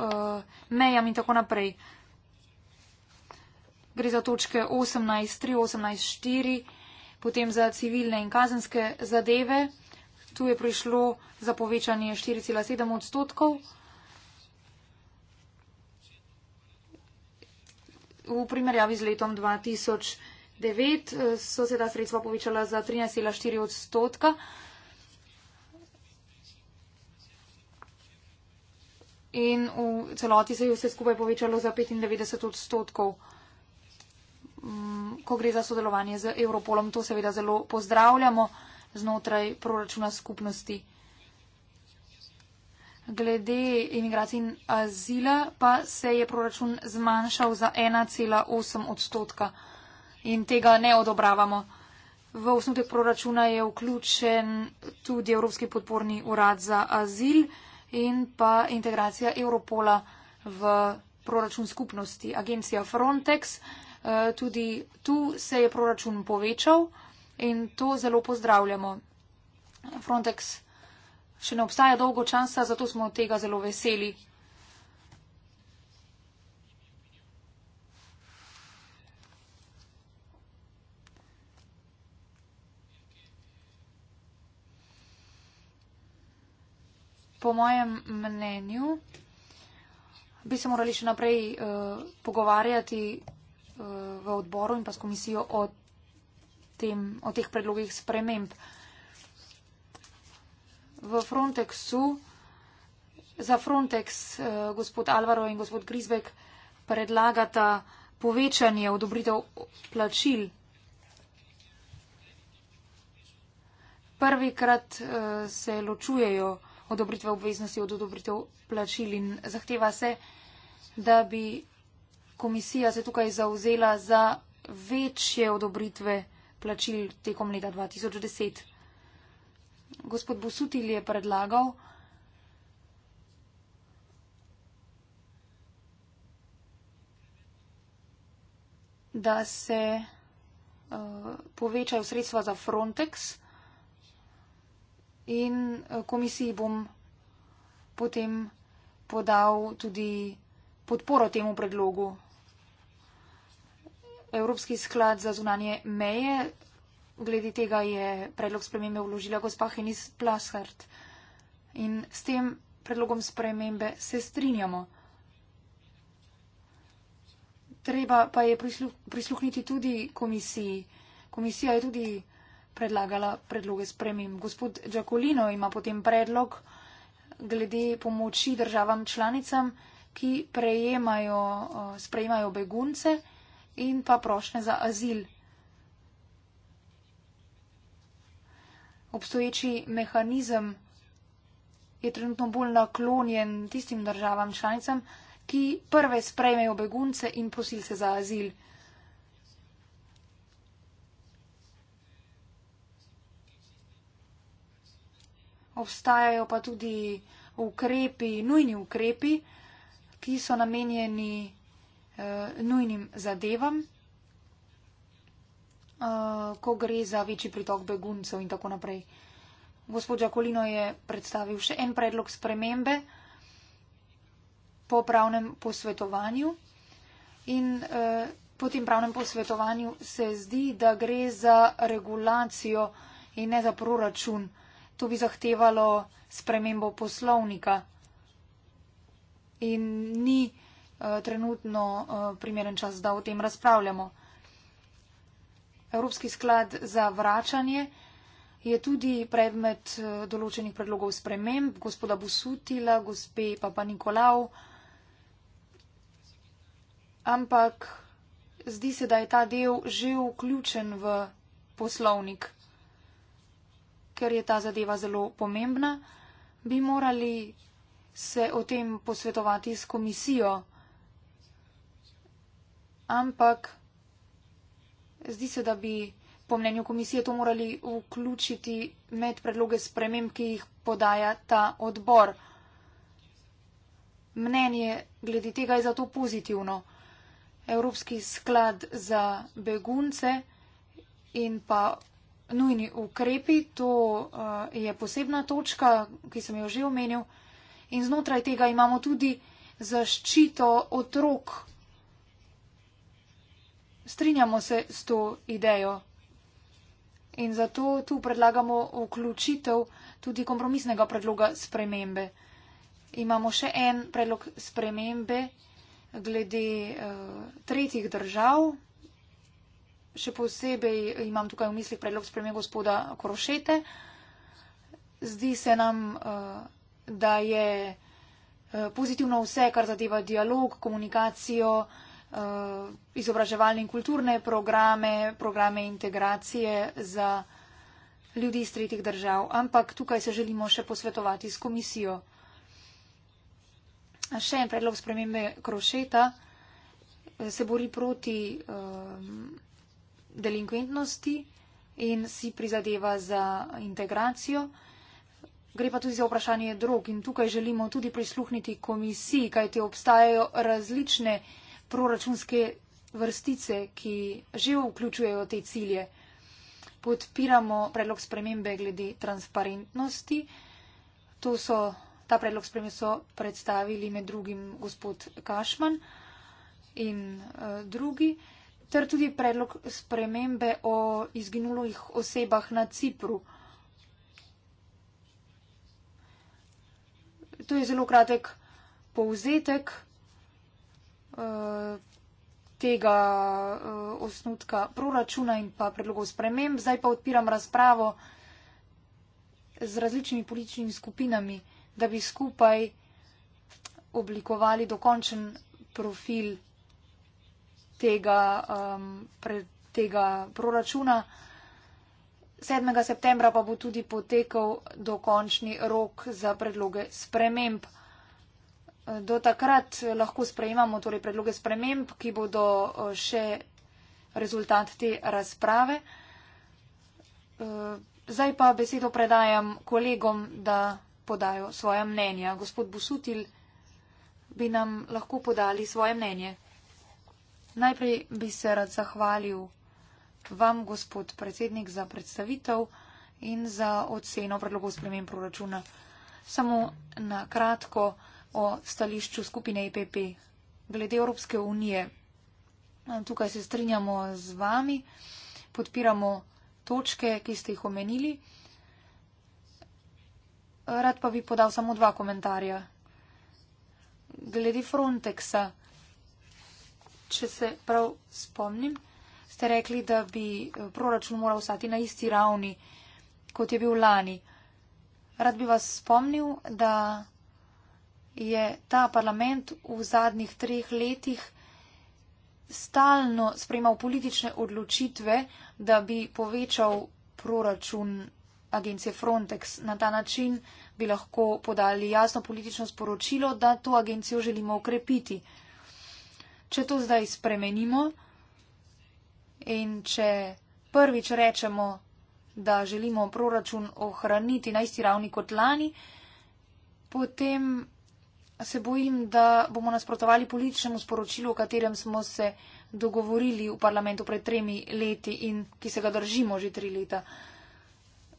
mejam in tako naprej. Gre za točke 18.3, 18.4, potem za civilne in kazenske zadeve tu je prišlo za povečanje 4,7 odstotkov. V primerjavi z letom 2009 eh, so se ta sredstva povečala za 13,4 odstotka. In v celoti se je vse skupaj povečalo za 95 odstotkov. Mm, ko gre za sodelovanje z Europolom, to seveda zelo pozdravljamo znotraj proračuna skupnosti. Glede imigracij in azila pa se je proračun zmanjšal za 1,8 odstotka in tega ne odobravamo. V osnutek proračuna je vključen tudi Evropski podporni urad za azil in pa integracija Europola v proračun skupnosti. Agencija Frontex, eh, tudi tu se je proračun povečal, in to zelo pozdravljamo. Frontex še ne obstaja dolgo časa, zato smo tega zelo veseli. Po mojem mnenju bi se morali še naprej uh, pogovarjati uh, v odboru in pa s komisijo o tem, o teh predlogih sprememb. V Frontexu, za Frontex, eh, gospod Alvaro in gospod Grisbek predlagata povečanje odobritev plačil. Prvikrat eh, se ločujejo odobritve obveznosti od odobritev plačil in zahteva se, da bi komisija se tukaj zauzela za večje odobritve plačil plačil tekom leta 2010. Gospod Busutil je predlagal, da se uh, povečajo sredstva za Frontex in eh, komisiji bom potem podal tudi podporo temu predlogu. Evropski sklad za zunanje meje. Glede tega je predlog spremembe vložila gospa Henis Plashart. In s tem predlogom spremembe se strinjamo. Treba pa je prisluhniti tudi komisiji. Komisija je tudi predlagala predloge sprememb. Gospod Giacolino ima potem predlog glede pomoči državam članicam, ki prejemajo, sprejemajo begunce in pa prošnje za azil. Obstoječi mehanizem je trenutno bolj naklonjen tistim državam članicam, ki prve sprejmejo begunce in prosilce za azil. Obstajajo pa tudi ukrepi, nujni ukrepi, ki so namenjeni eh, nujnim zadevam, eh, ko gre za večji pritok beguncev in tako naprej. Gospod Jakolino je predstavil še en predlog spremembe po pravnem posvetovanju in eh, po tem pravnem posvetovanju se zdi, da gre za regulacijo in ne za proračun. To bi zahtevalo spremembo poslovnika in ni. Eh, trenutno eh, primeren čas, da o tem razpravljamo. Evropski sklad za vračanje je tudi predmet eh, določenih predlogov sprememb gospoda Busutila, gospe Papa Nikolau, ampak zdi se, da je ta del že vključen v poslovnik, ker je ta zadeva zelo pomembna, bi morali se o tem posvetovati s komisijo ampak zdi se, da bi po mnenju komisije to morali vključiti med predloge sprememb, ki jih podaja ta odbor. Mnenje glede tega je zato pozitivno. Evropski sklad za begunce in pa nujni ukrepi, to eh, je posebna točka, ki sem jo že omenil. In znotraj tega imamo tudi zaščito otrok strinjamo se s to idejo. In zato tu predlagamo vključitev tudi kompromisnega predloga spremembe. Imamo še en predlog spremembe glede uh, tretjih držav. Še posebej imam tukaj v mislih predlog spremembe gospoda Korošete. Zdi se nam, uh, da je uh, pozitivno vse, kar zadeva dialog, komunikacijo, uh, Eh, izobraževalne in kulturne programe, programe integracije za ljudi iz tretjih držav. Ampak tukaj se želimo še posvetovati s komisijo. Še en predlog spremembe Krošeta eh, se bori proti um, delinkventnosti in si prizadeva za integracijo. Gre pa tudi za vprašanje drog in tukaj želimo tudi prisluhniti komisiji, kajti obstajajo različne uh, proračunske vrstice, ki že vključujejo te cilje. Podpiramo predlog spremembe glede transparentnosti. So, ta predlog spremembe so predstavili med drugim gospod Kašman in uh, drugi, ter tudi predlog spremembe o izginulih osebah na Cipru. To je zelo kratek povzetek. Eh, tega uh, osnutka proračuna in pa predlogov sprememb. Zdaj pa odpiram razpravo z različnimi političnimi skupinami, da bi skupaj oblikovali dokončen profil tega, um, pred, tega proračuna. 7. septembra pa bo tudi potekal dokončni rok za predloge sprememb do takrat lahko sprejemamo torej predloge sprememb, ki bodo eh, še rezultat te razprave. Eh, zdaj pa besedo predajam kolegom, da podajo svoje mnenja. Gospod Busutil, bi nam lahko podali svoje mnenje. Najprej bi se rad zahvalil vam, gospod predsednik, za predstavitev in za oceno predlogov spremem proračuna. Samo na kratko o stališču skupine EPP glede Evropske unije. Tukaj se strinjamo z vami, podpiramo točke, ki ste jih omenili. Rad pa bi podal samo dva komentarja. Glede Frontexa, če se prav spomnim, ste rekli, da bi proračun moral ostati na isti ravni, kot je bil lani. Rad bi vas spomnil, da je ta parlament v zadnjih treh letih stalno sprejemal politične odločitve, da bi povečal proračun agencije Frontex. Na ta način bi lahko podali jasno politično sporočilo, da to agencijo želimo ukrepiti. Če to zdaj spremenimo in če prvič rečemo, da želimo proračun ohraniti na isti ravni kot lani, potem se bojim, da bomo nasprotovali političnemu sporočilu, o katerem smo se dogovorili v parlamentu pred tremi leti in ki se ga držimo že tri leta.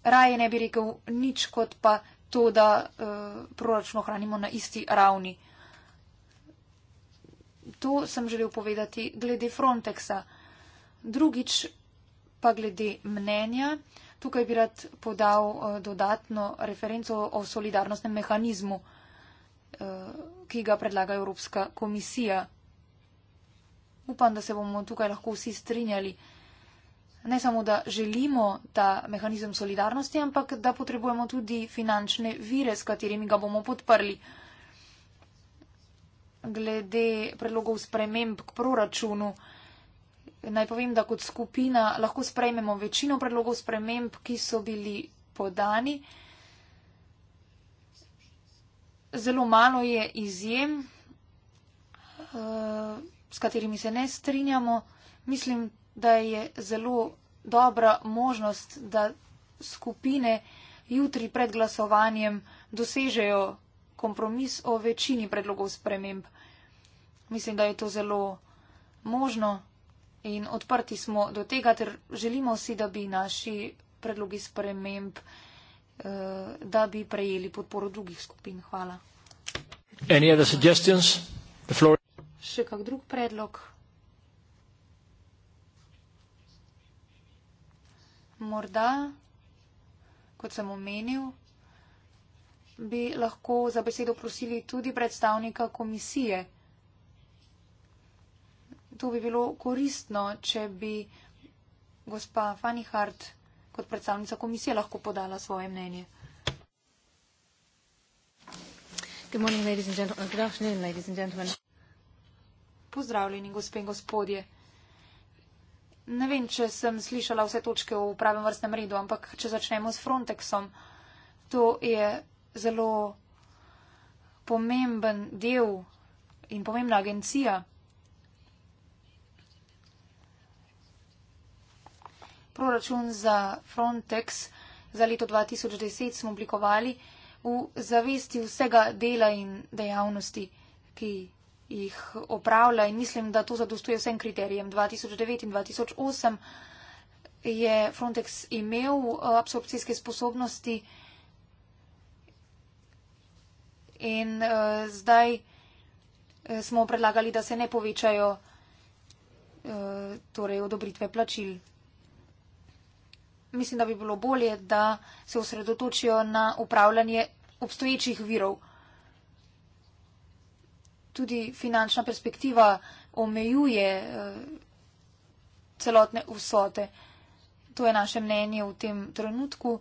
Raje ne bi rekel nič kot pa to, da uh, eh, proračuno hranimo na isti ravni. To sem želel povedati glede Frontexa. Drugič pa glede mnenja. Tukaj bi rad podal uh, dodatno referenco o solidarnostnem mehanizmu. Uh, Eh, ki ga predlaga Evropska komisija. Upam, da se bomo tukaj lahko vsi strinjali. Ne samo, da želimo ta mehanizem solidarnosti, ampak da potrebujemo tudi finančne vire, s katerimi ga bomo podprli. Glede predlogov sprememb k proračunu, naj povem, da kot skupina lahko sprejmemo večino predlogov sprememb, ki so bili podani. Uh, zelo malo je izjem, eh, s katerimi se ne strinjamo. Mislim, da je zelo dobra možnost, da skupine jutri pred glasovanjem dosežejo kompromis o večini predlogov sprememb. Mislim, da je to zelo možno in odprti smo do tega, ter želimo si, da bi naši predlogi sprememb uh, Eh, da bi prejeli podporo drugih skupin. Hvala. Še kak drug predlog? Morda, kot sem omenil, bi lahko za besedo prosili tudi predstavnika komisije. To bi bilo koristno, če bi gospa Fanny Hart kot predstavnica komisije lahko podala svoje mnenje. Morning, afternoon, Pozdravljeni, gospe in gospodje. Ne vem, če sem slišala vse točke v pravem vrstnem redu, ampak če začnemo s Frontexom, to je zelo pomemben del in pomembna agencija proračun za Frontex za leto 2010 smo oblikovali v zavesti vsega dela in dejavnosti, ki jih opravlja in mislim, da to zadostuje vsem kriterijem. 2009 in 2008 je Frontex imel uh, absorpcijske sposobnosti in uh, zdaj uh, smo predlagali, da se ne povečajo uh, torej odobritve plačil mislim, da bi bilo bolje, da se osredotočijo na upravljanje obstoječih virov. Tudi finančna perspektiva omejuje eh, celotne vsote. To je naše mnenje v tem trenutku.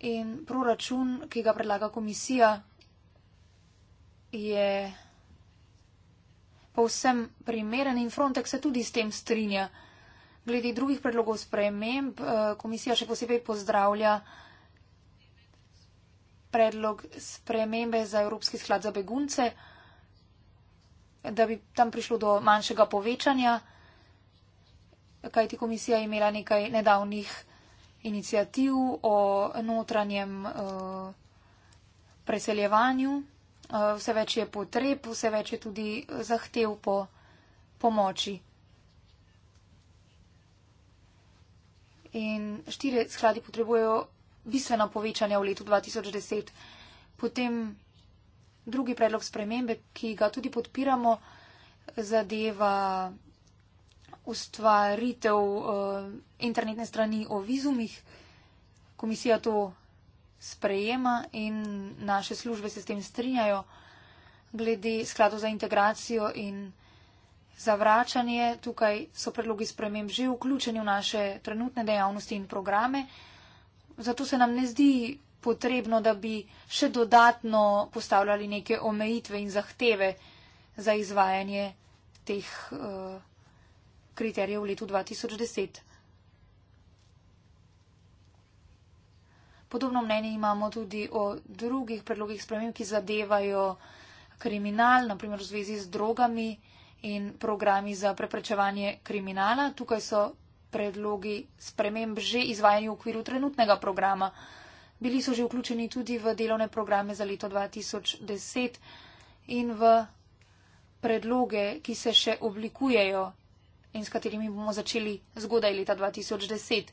In proračun, ki ga predlaga komisija, je povsem primeren in Frontex se tudi s tem strinja. Glede drugih predlogov sprememb, eh, komisija še posebej pozdravlja predlog spremembe za Evropski sklad za begunce, da bi tam prišlo do manjšega povečanja, kajti komisija je imela nekaj nedavnih inicijativ o notranjem eh, preseljevanju. Eh, vse več je potreb, vse več je tudi zahtev po pomoči. in štiri skladi potrebujejo bistveno povečanje v letu 2010. Potem drugi predlog spremembe, ki ga tudi podpiramo, zadeva ustvaritev uh, internetne strani o vizumih. Komisija to sprejema in naše službe se s tem strinjajo glede skladov za integracijo in zavračanje, tukaj so predlogi sprememb že vključeni v naše trenutne dejavnosti in programe. Zato se nam ne zdi potrebno, da bi še dodatno postavljali neke omejitve in zahteve za izvajanje teh uh, kriterijev v letu 2010. Podobno mnenje imamo tudi o drugih predlogih sprememb, ki zadevajo kriminal, naprimer v zvezi z drogami. Uh, in programi za preprečevanje kriminala. Tukaj so predlogi sprememb že izvajani v okviru trenutnega programa. Bili so že vključeni tudi v delovne programe za leto 2010 in v predloge, ki se še oblikujejo in s katerimi bomo začeli zgodaj leta 2010.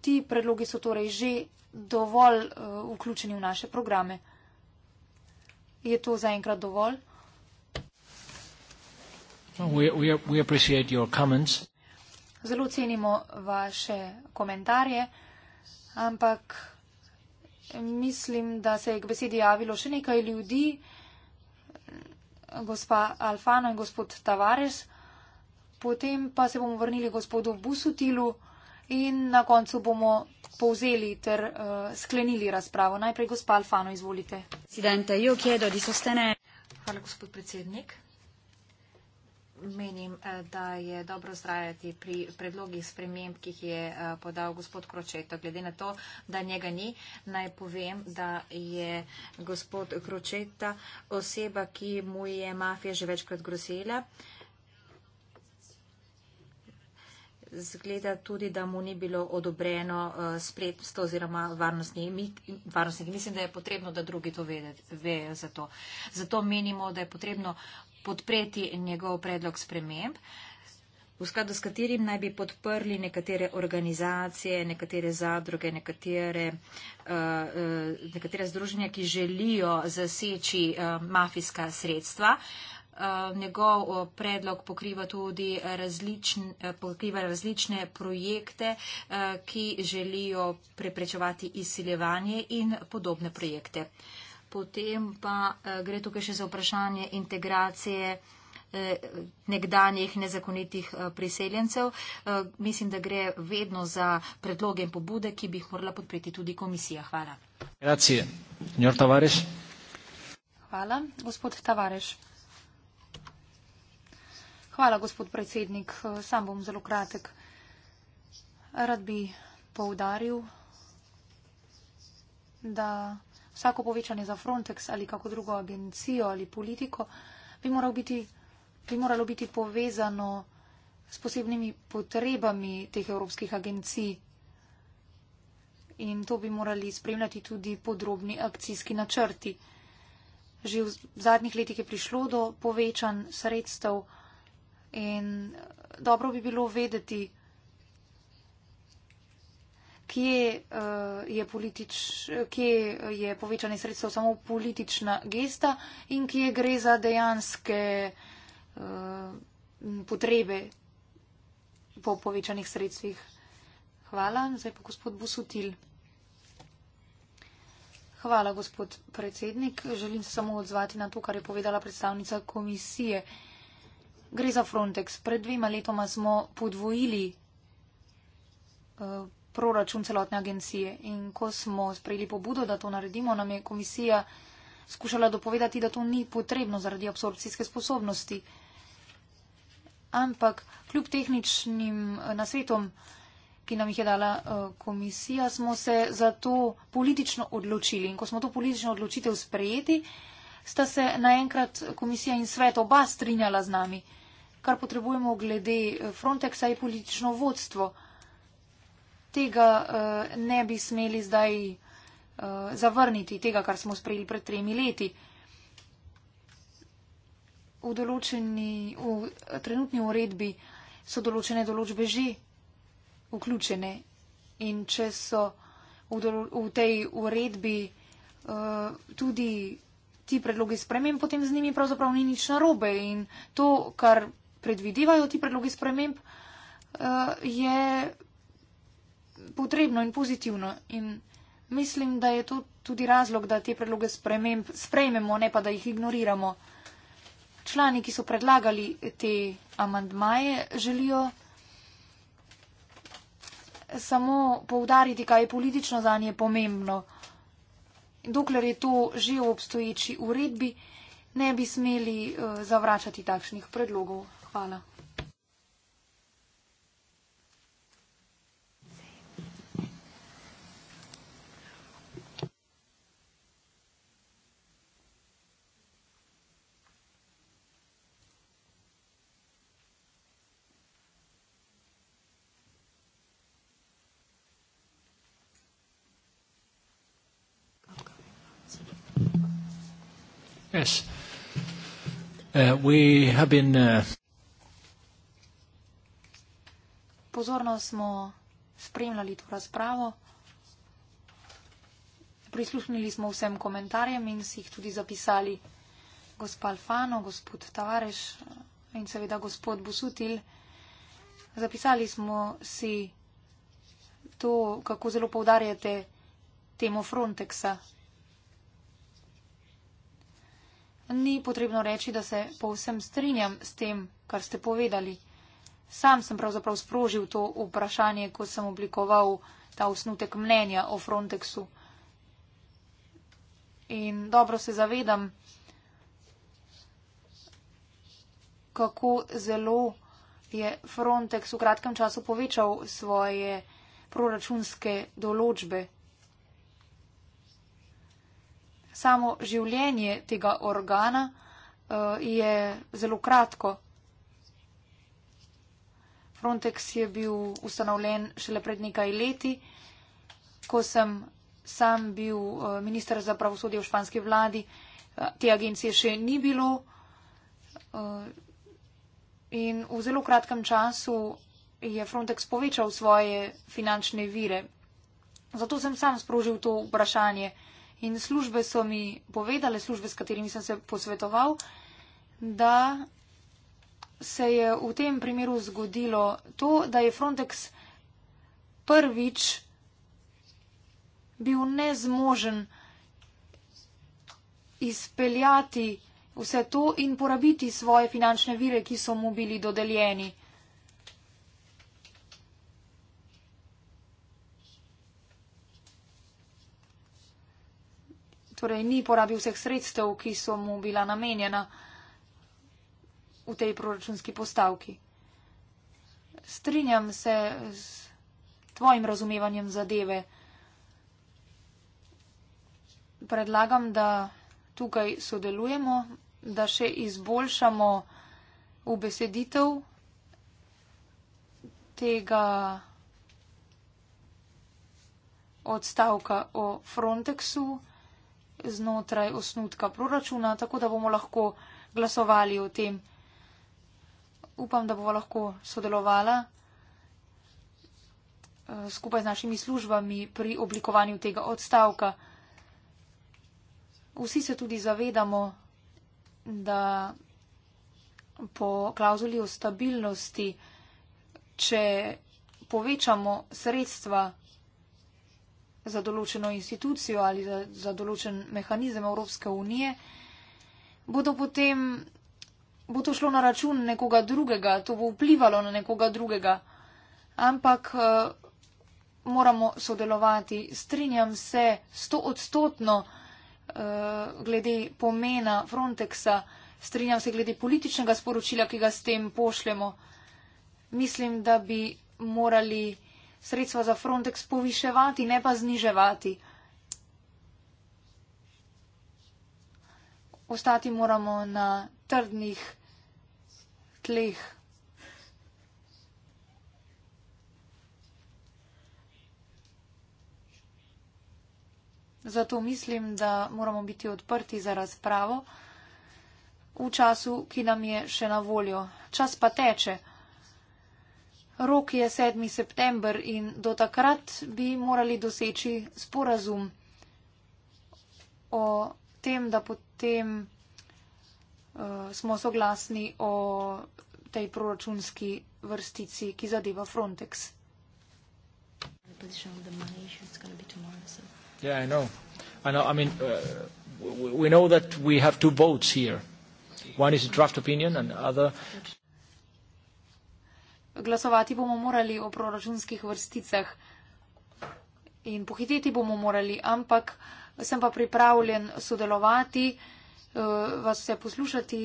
Ti predlogi so torej že dovolj uh, vključeni v naše programe. Je to zaenkrat dovolj? Zelo cenimo vaše komentarje, ampak mislim, da se je k besedi javilo še nekaj ljudi, gospa Alfano in gospod Tavares, potem pa se bomo vrnili gospodu Busutilu in na koncu bomo povzeli ter uh, sklenili razpravo. Najprej gospa Alfano, izvolite. Hvala, gospod predsednik menim, eh, da je dobro zdravljati pri predlogih sprememb, ki jih je eh, podal gospod Kročeto. Glede na to, da njega ni, naj povem, da je gospod Kročeta oseba, ki mu je mafija že večkrat grozila. Zgleda tudi, da mu ni bilo odobreno eh, spletstvo oziroma varnostniki. Mislim, da je potrebno, da drugi to vejo za to. Zato menimo, da je potrebno podpreti njegov predlog sprememb, v skladu s katerim naj bi podprli nekatere organizacije, nekatere zadruge, nekatere, uh, eh, uh, eh, nekatere združenja, ki želijo zaseči uh, mafijska sredstva. Njegov predlog pokriva tudi različn, pokriva različne projekte, ki želijo preprečevati izsiljevanje in podobne projekte potem pa eh, gre tukaj še za vprašanje integracije eh, nekdanjih nezakonitih eh, priseljencev. Mislim, da gre vedno za predloge in pobude, ki bi jih morala podpreti tudi komisija. Hvala. Hvala, gospod Tavareš. Hvala, gospod predsednik. Sam bom zelo kratek. Rad bi poudaril, da vsako povečanje za Frontex ali kako drugo agencijo ali politiko bi, moral biti, bi moralo biti povezano s posebnimi potrebami teh evropskih agencij. In to bi morali spremljati tudi podrobni akcijski načrti. Že v zadnjih letih je prišlo do povečanj sredstev in dobro bi bilo vedeti, kje, uh, je politič, kje je povečanje sredstev samo politična gesta in kje gre za dejanske uh, potrebe po povečanih sredstvih. Hvala. Zdaj pa gospod Busutil. Hvala, gospod predsednik. Želim se samo odzvati na to, kar je povedala predstavnica komisije. Gre za Frontex. Pred dvema letoma smo podvojili. Uh, proračun celotne agencije. In ko smo sprejeli pobudo, da to naredimo, nam je komisija skušala dopovedati, da to ni potrebno zaradi absorpcijske sposobnosti. Ampak kljub tehničnim eh, nasvetom, ki nam jih je dala eh, komisija, smo se za to politično odločili. In ko smo to politično odločitev sprejeti, sta se naenkrat komisija in svet oba strinjala z nami. Kar potrebujemo glede eh, Frontexa je politično vodstvo tega uh, ne bi smeli zdaj uh, zavrniti, tega, kar smo sprejeli pred tremi leti. V, določeni, v trenutni uredbi so določene določbe že vključene in če so v, dolo, v tej uredbi uh, tudi ti predlogi sprememb, potem z njimi pravzaprav ni nič narobe in to, kar predvidevajo ti predlogi sprememb, uh, je potrebno in pozitivno. In mislim, da je to tudi razlog, da te predloge sprejmemo, ne pa da jih ignoriramo. Člani, ki so predlagali te amandmaje, želijo samo poudariti, kaj je politično za nje pomembno. Dokler je to že v obstoječi uredbi, ne bi smeli eh, zavračati takšnih predlogov. Hvala. Yes. Uh, we have been. Uh, Pozorno smo spremljali to razpravo. Prisluhnili smo vsem komentarjem in si jih tudi zapisali. Gospa Alfano, gospod Tavares eh, in seveda gospod Busutil. Zapisali smo si to, kako zelo poudarjate temo Frontexa. Ni potrebno reči, da se povsem strinjam s tem, kar ste povedali. Sam sem pravzaprav sprožil to vprašanje, ko sem oblikoval ta osnutek mnenja o Frontexu. In dobro se zavedam, kako zelo je Frontex v kratkem času povečal svoje proračunske določbe samo življenje tega organa uh, je zelo kratko. Frontex je bil ustanovljen šele pred nekaj leti, ko sem sam bil uh, minister za pravosodje v španski vladi. Eh, te agencije še ni bilo in v zelo kratkem času je Frontex povečal svoje finančne vire. Zato sem sam sprožil to vprašanje. In službe so mi povedale, službe, s katerimi sem se posvetoval, da se je v tem primeru zgodilo to, da je Frontex prvič bil nezmožen izpeljati vse to in porabiti svoje finančne vire, ki so mu bili dodeljeni. Torej, ni porabil vseh sredstev, ki so mu bila namenjena v tej proračunski postavki. Strinjam se z tvojim razumevanjem zadeve. Predlagam, da tukaj sodelujemo, da še izboljšamo ubeseditev tega odstavka o Frontexu znotraj osnutka proračuna, tako da bomo lahko glasovali o tem. Upam, da bomo lahko sodelovala eh, skupaj z našimi službami pri oblikovanju tega odstavka. Vsi se tudi zavedamo, da po klauzuli o stabilnosti, če povečamo sredstva, za določeno institucijo ali za, za določen mehanizem Evropske unije, bodo potem, bo to šlo na račun nekoga drugega, to bo vplivalo na nekoga drugega. Ampak uh, moramo sodelovati, strinjam se stoodstotno uh, glede pomena Frontexa, strinjam se glede političnega sporočila, ki ga s tem pošljemo. Mislim, da bi morali sredstva za Frontex poviševati, ne pa zniževati. Ostati moramo na trdnih tleh. Zato mislim, da moramo biti odprti za razpravo v času, ki nam je še na voljo. Čas pa teče. Rok je 7. september in do takrat bi morali doseči sporazum o tem, da potem uh, smo soglasni o tej proračunski vrstici, ki zadeva Frontex. Yeah, I know. I know. I mean, uh, we know that we have two votes here. One is draft opinion and other glasovati bomo morali o proračunskih vrsticah in pohiteti bomo morali, ampak sem pa pripravljen sodelovati, eh, vas vse poslušati,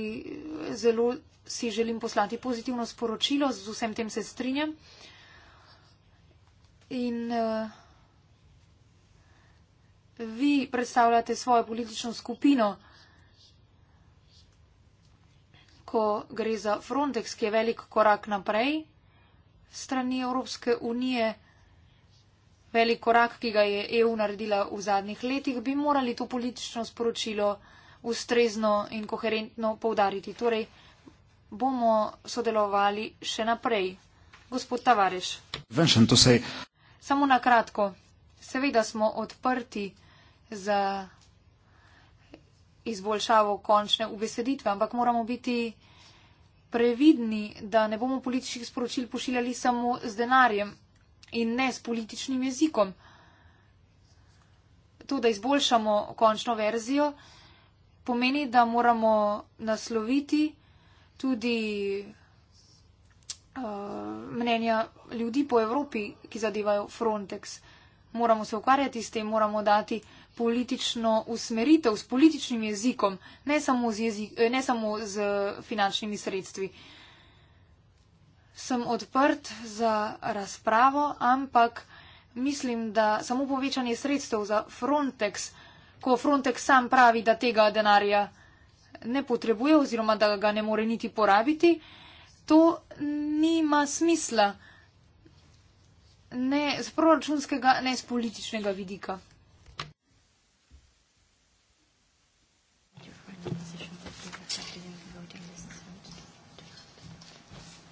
zelo si želim poslati pozitivno sporočilo, z vsem tem se strinjam. In uh, vi predstavljate svojo politično skupino, ko gre za Frontex, ki je velik korak naprej strani Evropske unije. Velik korak, ki ga je EU naredila v zadnjih letih, bi morali to politično sporočilo ustrezno in koherentno povdariti. Torej, bomo sodelovali še naprej. Gospod Tavareš. Samo na kratko. Seveda smo odprti za izboljšavo končne ubeseditve, ampak moramo biti previdni, da ne bomo političnih sporočil pošiljali samo z denarjem in ne s političnim jezikom. To, da izboljšamo končno verzijo, pomeni, da moramo nasloviti tudi uh, mnenja ljudi po Evropi, ki zadevajo Frontex. Moramo se ukvarjati s tem, moramo dati politično usmeritev, s političnim jezikom, ne samo z, jezik, eh, ne samo z finančnimi sredstvi. Sem odprt za razpravo, ampak mislim, da samo povečanje sredstev za Frontex, ko Frontex sam pravi, da tega denarja ne potrebuje oziroma da ga ne more niti porabiti, to nima smisla ne z proračunskega, ne z političnega vidika.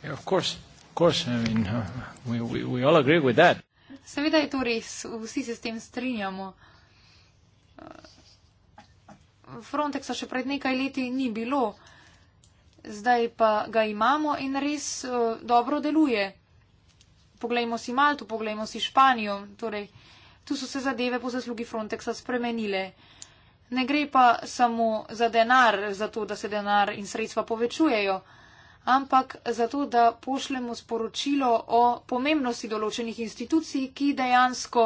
Yeah, of course, of course. I mean, uh, we, we, we all agree with that. Seveda je to res, vsi se s tem strinjamo. Uh, Frontexa še pred nekaj leti ni bilo, zdaj pa ga imamo in res uh, dobro deluje. Poglejmo si Malto, poglejmo si Španijo. Torej, tu so se zadeve po zaslugi Frontexa spremenile. Ne gre pa samo za denar, za to, da se denar in sredstva povečujejo ampak zato, da pošljemo sporočilo o pomembnosti določenih institucij, ki dejansko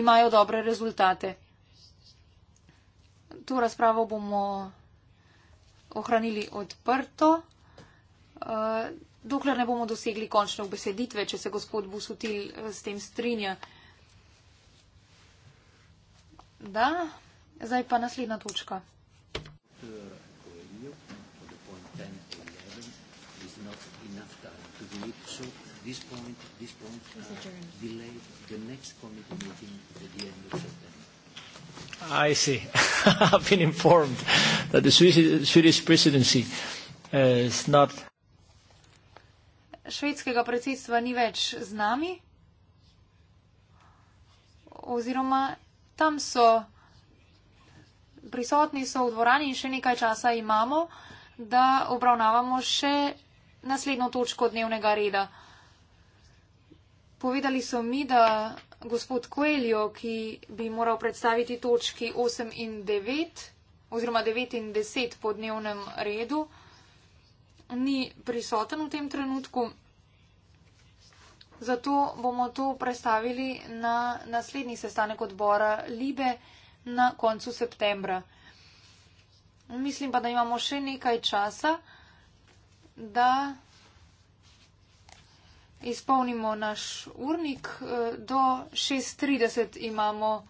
imajo dobre rezultate. Tu razpravo bomo ohranili odprto, eh, dokler ne bomo dosegli končne obeseditve, če se gospod Busutil eh, s tem strinja. Da, zdaj pa naslednja točka. Yeah. meet. So this point, this point, uh, delay the next committee meeting at the end of September. I see. I've been informed that the Swiss, Swedish presidency uh, is not. Švedskega predsedstva ni več z nami, oziroma tam so prisotni, so v dvorani in še nekaj časa imamo, da obravnavamo še naslednjo točko dnevnega reda. Povedali so mi, da gospod Koeljo, ki bi moral predstaviti točki 8 in 9 oziroma 9 in 10 po dnevnem redu, ni prisoten v tem trenutku. Zato bomo to predstavili na naslednji sestanek odbora Libe na koncu septembra. Mislim pa, da imamo še nekaj časa da izpolnimo naš urnik. E, do 6.30 imamo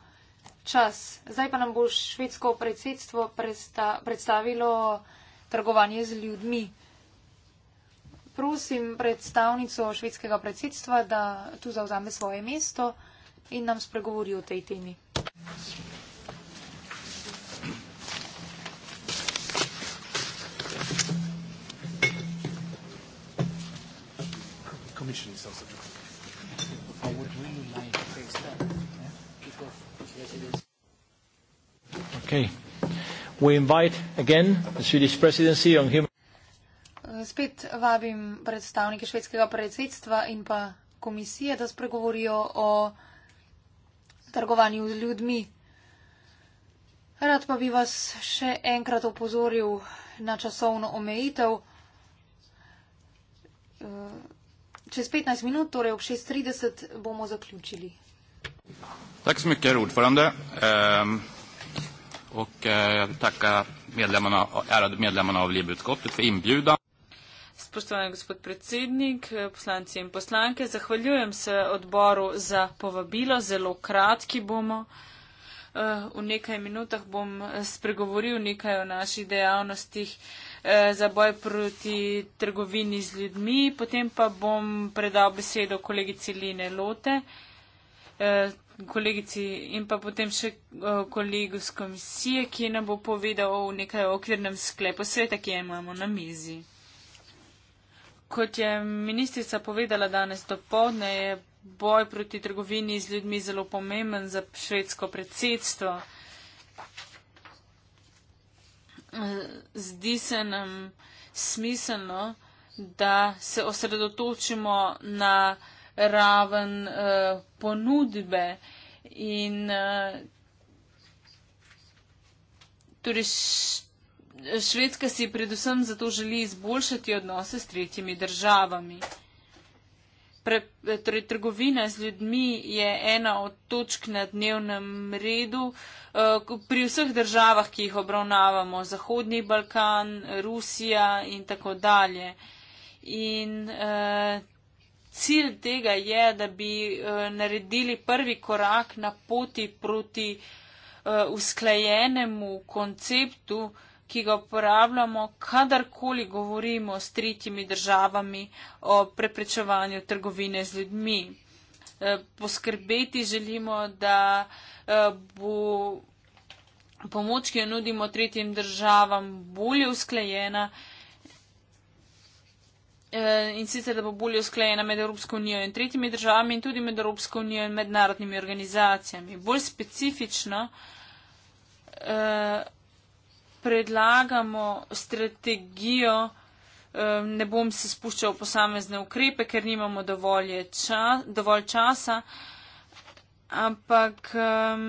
čas. Zdaj pa nam bo švedsko predsedstvo predsta predstavilo trgovanje z ljudmi. Prosim predstavnico švedskega predsedstva, da tu zauzame svoje mesto in nam spregovori o tej temi. commission is also to come. I would really like to face that. Okay. We invite again the Swedish presidency on human Spet vabim predstavnike švedskega predsedstva in pa komisije, da spregovorijo o trgovanju z ljudmi. Rad pa bi vas še enkrat opozoril na časovno omejitev. Uh, Čez 15 minut, torej ob 6.30, bomo zaključili. Tak så mycket, herr ordförande. Eh, och eh, jag vill tacka medlemmarna, ärade medlemmarna av LIB-utskottet för inbjudan. Spoštovani gospod predsednik, eh, poslanci in poslanke, zahvaljujem se odboru za povabilo, zelo kratki bomo. Eh, v nekaj minutah bom eh, spregovoril nekaj o naših dejavnostih. Eh, za boj proti trgovini z ljudmi. Potem pa bom predal besedo kolegici Line Lote eh, kolegici in pa potem še eh, kolegu z komisije, ki nam bo povedal o nekaj okvirnem sklepu sveta, ki je imamo na mizi. Kot je ministrica povedala danes do povdne, je boj proti trgovini z ljudmi zelo pomemben za švedsko predsedstvo zdi se nam smiselno, da se osredotočimo na raven eh, ponudbe in eh, tudi torej Švedska si predvsem zato želi izboljšati odnose s tretjimi državami. Pre, eh, torej, trgovina z ljudmi je ena od točk na dnevnem redu eh, pri vseh državah, ki jih obravnavamo, Zahodni Balkan, Rusija in tako dalje. In eh, cilj tega je, da bi naredili prvi korak na poti proti usklajenemu konceptu, ki ga uporabljamo, kadarkoli govorimo s tretjimi državami o preprečevanju trgovine z ljudmi. E, poskrbeti želimo, da e, bo pomoč, ki jo nudimo tretjim državam, bolje usklajena e, in sicer, da bo bolje usklajena med Evropsko unijo in tretjimi državami in tudi med Evropsko unijo in mednarodnimi organizacijami. Bolj specifično, predlagamo strategijo, ne bom se spuščal v posamezne ukrepe, ker nimamo dovolj, ča, dovolj časa, ampak um,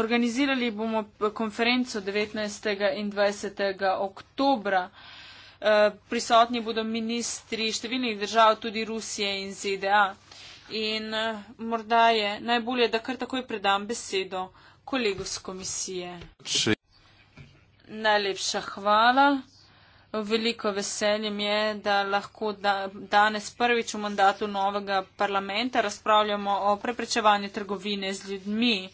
organizirali bomo konferenco 19. in 20. oktobra. E, prisotni bodo ministri številnih držav, tudi Rusije in ZDA. In e, morda je najbolje, da kar takoj predam besedo kolegu z komisije. Če... Najlepša hvala. Veliko veseljem je, da lahko da, danes prvič v mandatu novega parlamenta razpravljamo o preprečevanju trgovine z ljudmi.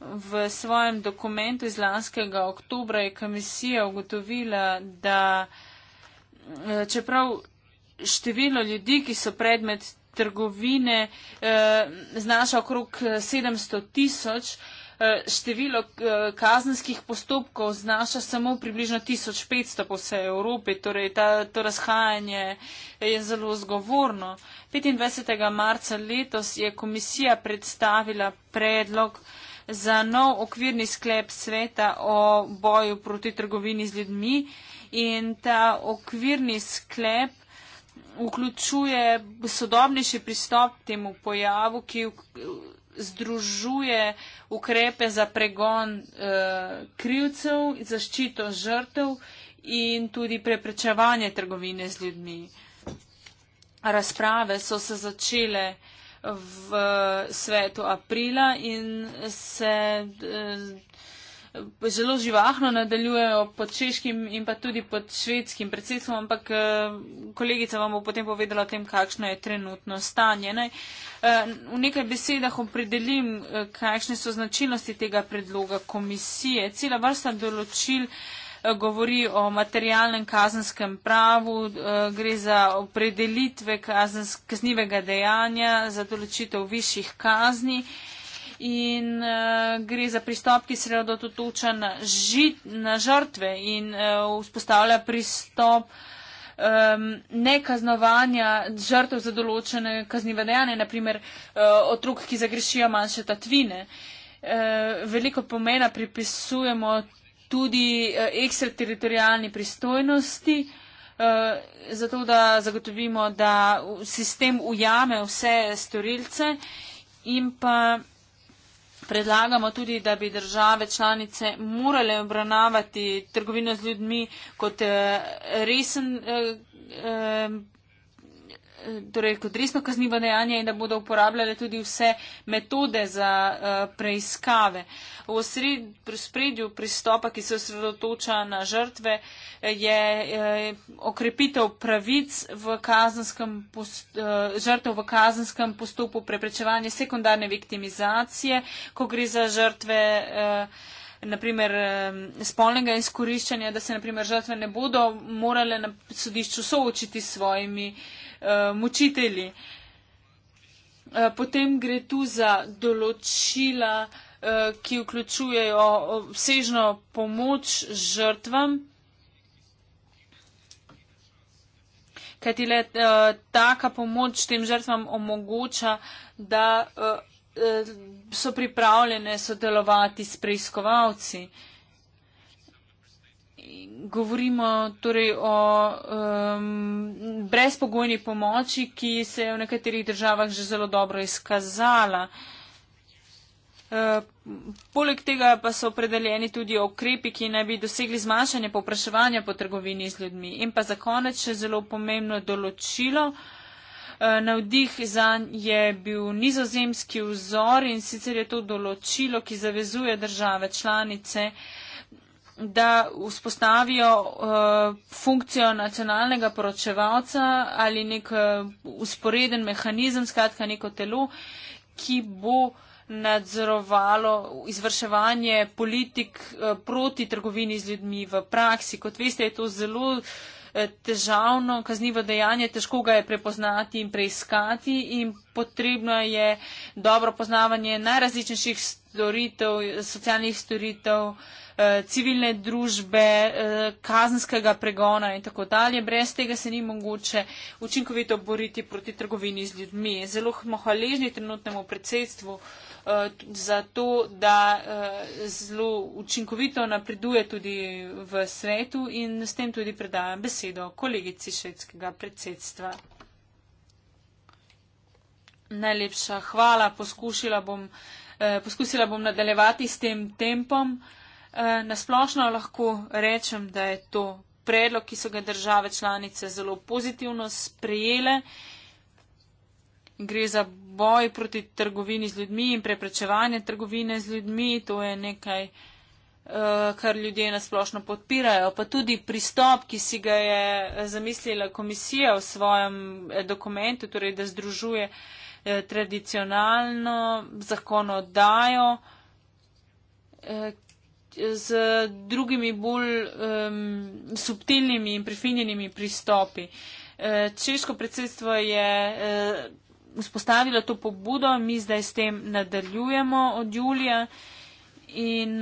V svojem dokumentu iz lanskega oktobra je komisija ugotovila, da eh, čeprav število ljudi, ki so predmet trgovine, eh, znaša okrog 700 eh, tisoč, Eh, število eh, kazenskih postopkov znaša samo približno 1500 po vsej Evropi, torej ta, to razhajanje je zelo zgovorno. 25. marca letos je komisija predstavila predlog za nov okvirni sklep sveta o boju proti trgovini z ljudmi in ta okvirni sklep vključuje sodobnejši pristop temu pojavu, ki vključuje združuje ukrepe za pregon uh, krivcev, zaščito žrtev in tudi preprečevanje trgovine z ljudmi. Razprave so se začele v svetu aprila in se. Uh, zelo živahno nadaljujejo pod češkim in pa tudi pod švedskim predsedstvom, ampak eh, kolegica vam bo potem povedala o tem, kakšno je trenutno stanje. Ne? Eh, v nekaj besedah opredelim, eh, kakšne so značilnosti tega predloga komisije. Cela vrsta določil govori o materialnem kazenskem pravu, gre za opredelitve kaznivega dejanja, za določitev višjih kazni in uh, gre za pristop, ki se redotoča na, na žrtve in uh, vzpostavlja pristop um, nekaznovanja žrtev za določene kaznive dejanja, naprimer uh, eh, otrok, ki zagrešijo manjše tatvine. Uh, veliko pomena pripisujemo tudi uh, ekstrateritorijalni pristojnosti. Uh, zato, da zagotovimo, da sistem ujame vse storilce in pa Predlagamo tudi, da bi države članice morale obravnavati trgovino z ljudmi kot eh, resen eh, eh, torej kot resno kaznivo dejanje in da bodo uporabljale tudi vse metode za uh, preiskave. V spredju pristopa, ki se osredotoča na žrtve, je uh, okrepitev pravic v kazenskem, post, uh, žrtev v kazenskem postopku preprečevanje sekundarne viktimizacije, ko gre za žrtve. Uh, naprimer spolnega izkoriščanja, da se naprimer žrtve ne bodo morale na sodišču soočiti s svojimi uh, Eh, mučitelji. Eh, potem gre tu za določila, eh, ki vključujejo vsežno pomoč žrtvam, kajti le taka pomoč tem žrtvam omogoča, da so pripravljene sodelovati s preiskovalci govorimo torej o um, brezpogojni pomoči, ki se je v nekaterih državah že zelo dobro izkazala. Uh, poleg tega pa so opredeljeni tudi okrepi, ki naj bi dosegli zmanjšanje povpraševanja po trgovini z ljudmi. In pa za konec še zelo pomembno določilo. Uh, Na vdih za je bil nizozemski vzor in sicer je to določilo, ki zavezuje države članice, da vzpostavijo uh, funkcijo nacionalnega poročevalca ali nek uh, usporeden mehanizem, skratka neko telo, ki bo nadzorovalo izvrševanje politik uh, proti trgovini z ljudmi v praksi. Kot veste, je to zelo težavno, kaznivo dejanje, težko ga je prepoznati in preiskati in potrebno je dobro poznavanje najrazličnejših stvari storitev, socialnih storitev, eh, civilne družbe, eh, kazenskega pregona in tako dalje. Brez tega se ni mogoče učinkovito boriti proti trgovini z ljudmi. Zelo smo hvaležni trenutnemu predsedstvu eh, za to, da zelo učinkovito napreduje tudi v svetu in s tem tudi predajam besedo kolegici švedskega predsedstva. Najlepša hvala, poskušila bom uh, Eh, poskusila bom nadaljevati s tem tempom. Eh, nasplošno lahko rečem, da je to predlog, ki so ga države članice zelo pozitivno sprejele. Gre za boj proti trgovini z ljudmi in preprečevanje trgovine z ljudmi. To je nekaj, eh, kar ljudje nasplošno podpirajo. Pa tudi pristop, ki si ga je zamislila komisija v svojem dokumentu, torej da združuje Eh, tradicionalno zakonodajo eh, z drugimi bolj um, subtilnimi in prefinjenimi pristopi. Eh, češko predsedstvo je vzpostavilo to pobudo, mi zdaj s tem nadaljujemo od julija in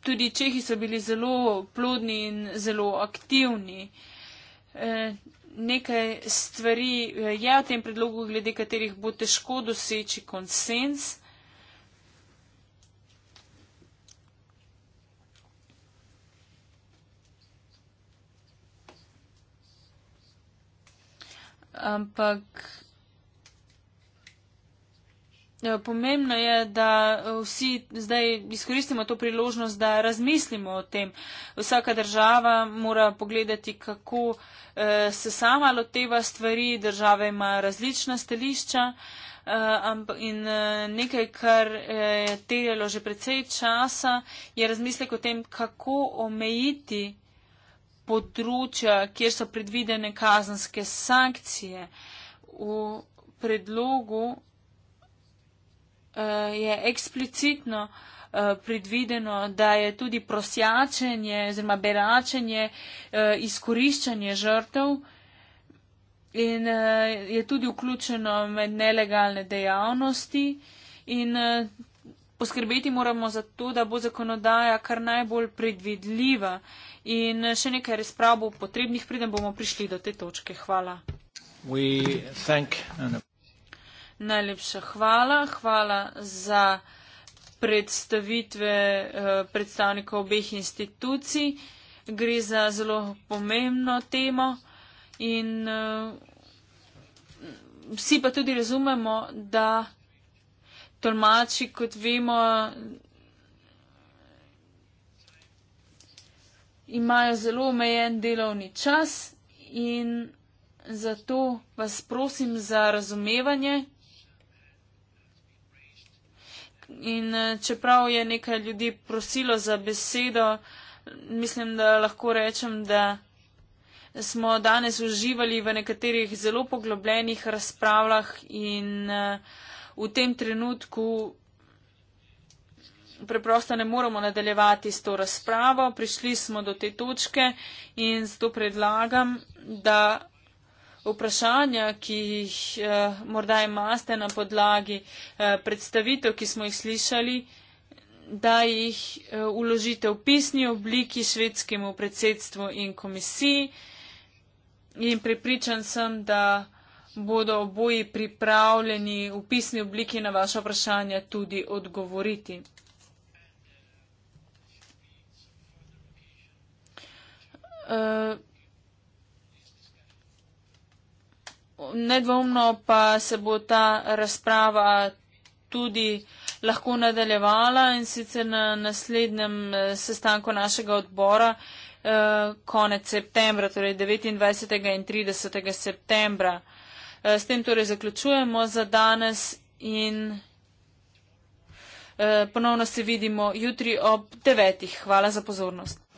tudi Čehi so bili zelo plodni in zelo aktivni nekaj stvari eh, je v tem predlogu, glede katerih bo težko doseči konsens. Ampak Eh, pomembno je, da vsi zdaj izkoristimo to priložnost, da razmislimo o tem. Vsaka država mora pogledati, kako eh, se sama loteva stvari, država ima različna stališča. Eh, in nekaj, kar je terjalo že precej časa, je razmislek o tem, kako omejiti področja, kjer so predvidene kazanske sankcije. V predlogu Eh, je eksplicitno eh, predvideno, da je tudi prosjačenje oziroma beračenje eh, izkoriščanje žrtev in je tudi vključeno med nelegalne dejavnosti in poskrbeti moramo za to, da bo zakonodaja kar najbolj predvidljiva in še nekaj razprav bo potrebnih, preden bomo prišli do te točke. Hvala. We thank Anna. Najlepša hvala. Hvala za predstavitve eh, predstavnikov obeh institucij. Gre za zelo pomembno temo in eh, vsi pa tudi razumemo, da tolmači, kot vemo, imajo zelo omejen delovni čas in zato vas prosim za razumevanje. In eh, čeprav je nekaj ljudi prosilo za besedo, mislim, da lahko rečem, da smo danes uživali v nekaterih zelo poglobljenih razpravljah in eh, v tem trenutku preprosto ne moremo nadaljevati s to razpravo. Prišli smo do te točke in zato predlagam, da vprašanja, ki jih uh, morda imate na podlagi uh, predstavitev, ki smo jih slišali, da jih uh, eh, uložite v pisni obliki švedskemu predsedstvu in komisiji. In pripričan sem, da bodo oboji pripravljeni v pisni obliki na vaše vprašanje tudi odgovoriti. Uh, nedvomno pa se bo ta razprava tudi lahko nadaljevala in sicer na naslednjem eh, sestanku našega odbora eh, konec septembra, torej 29. in 30. septembra. Eh, s tem torej zaključujemo za danes in ponovno se vidimo jutri ob 9. Hvala za pozornost.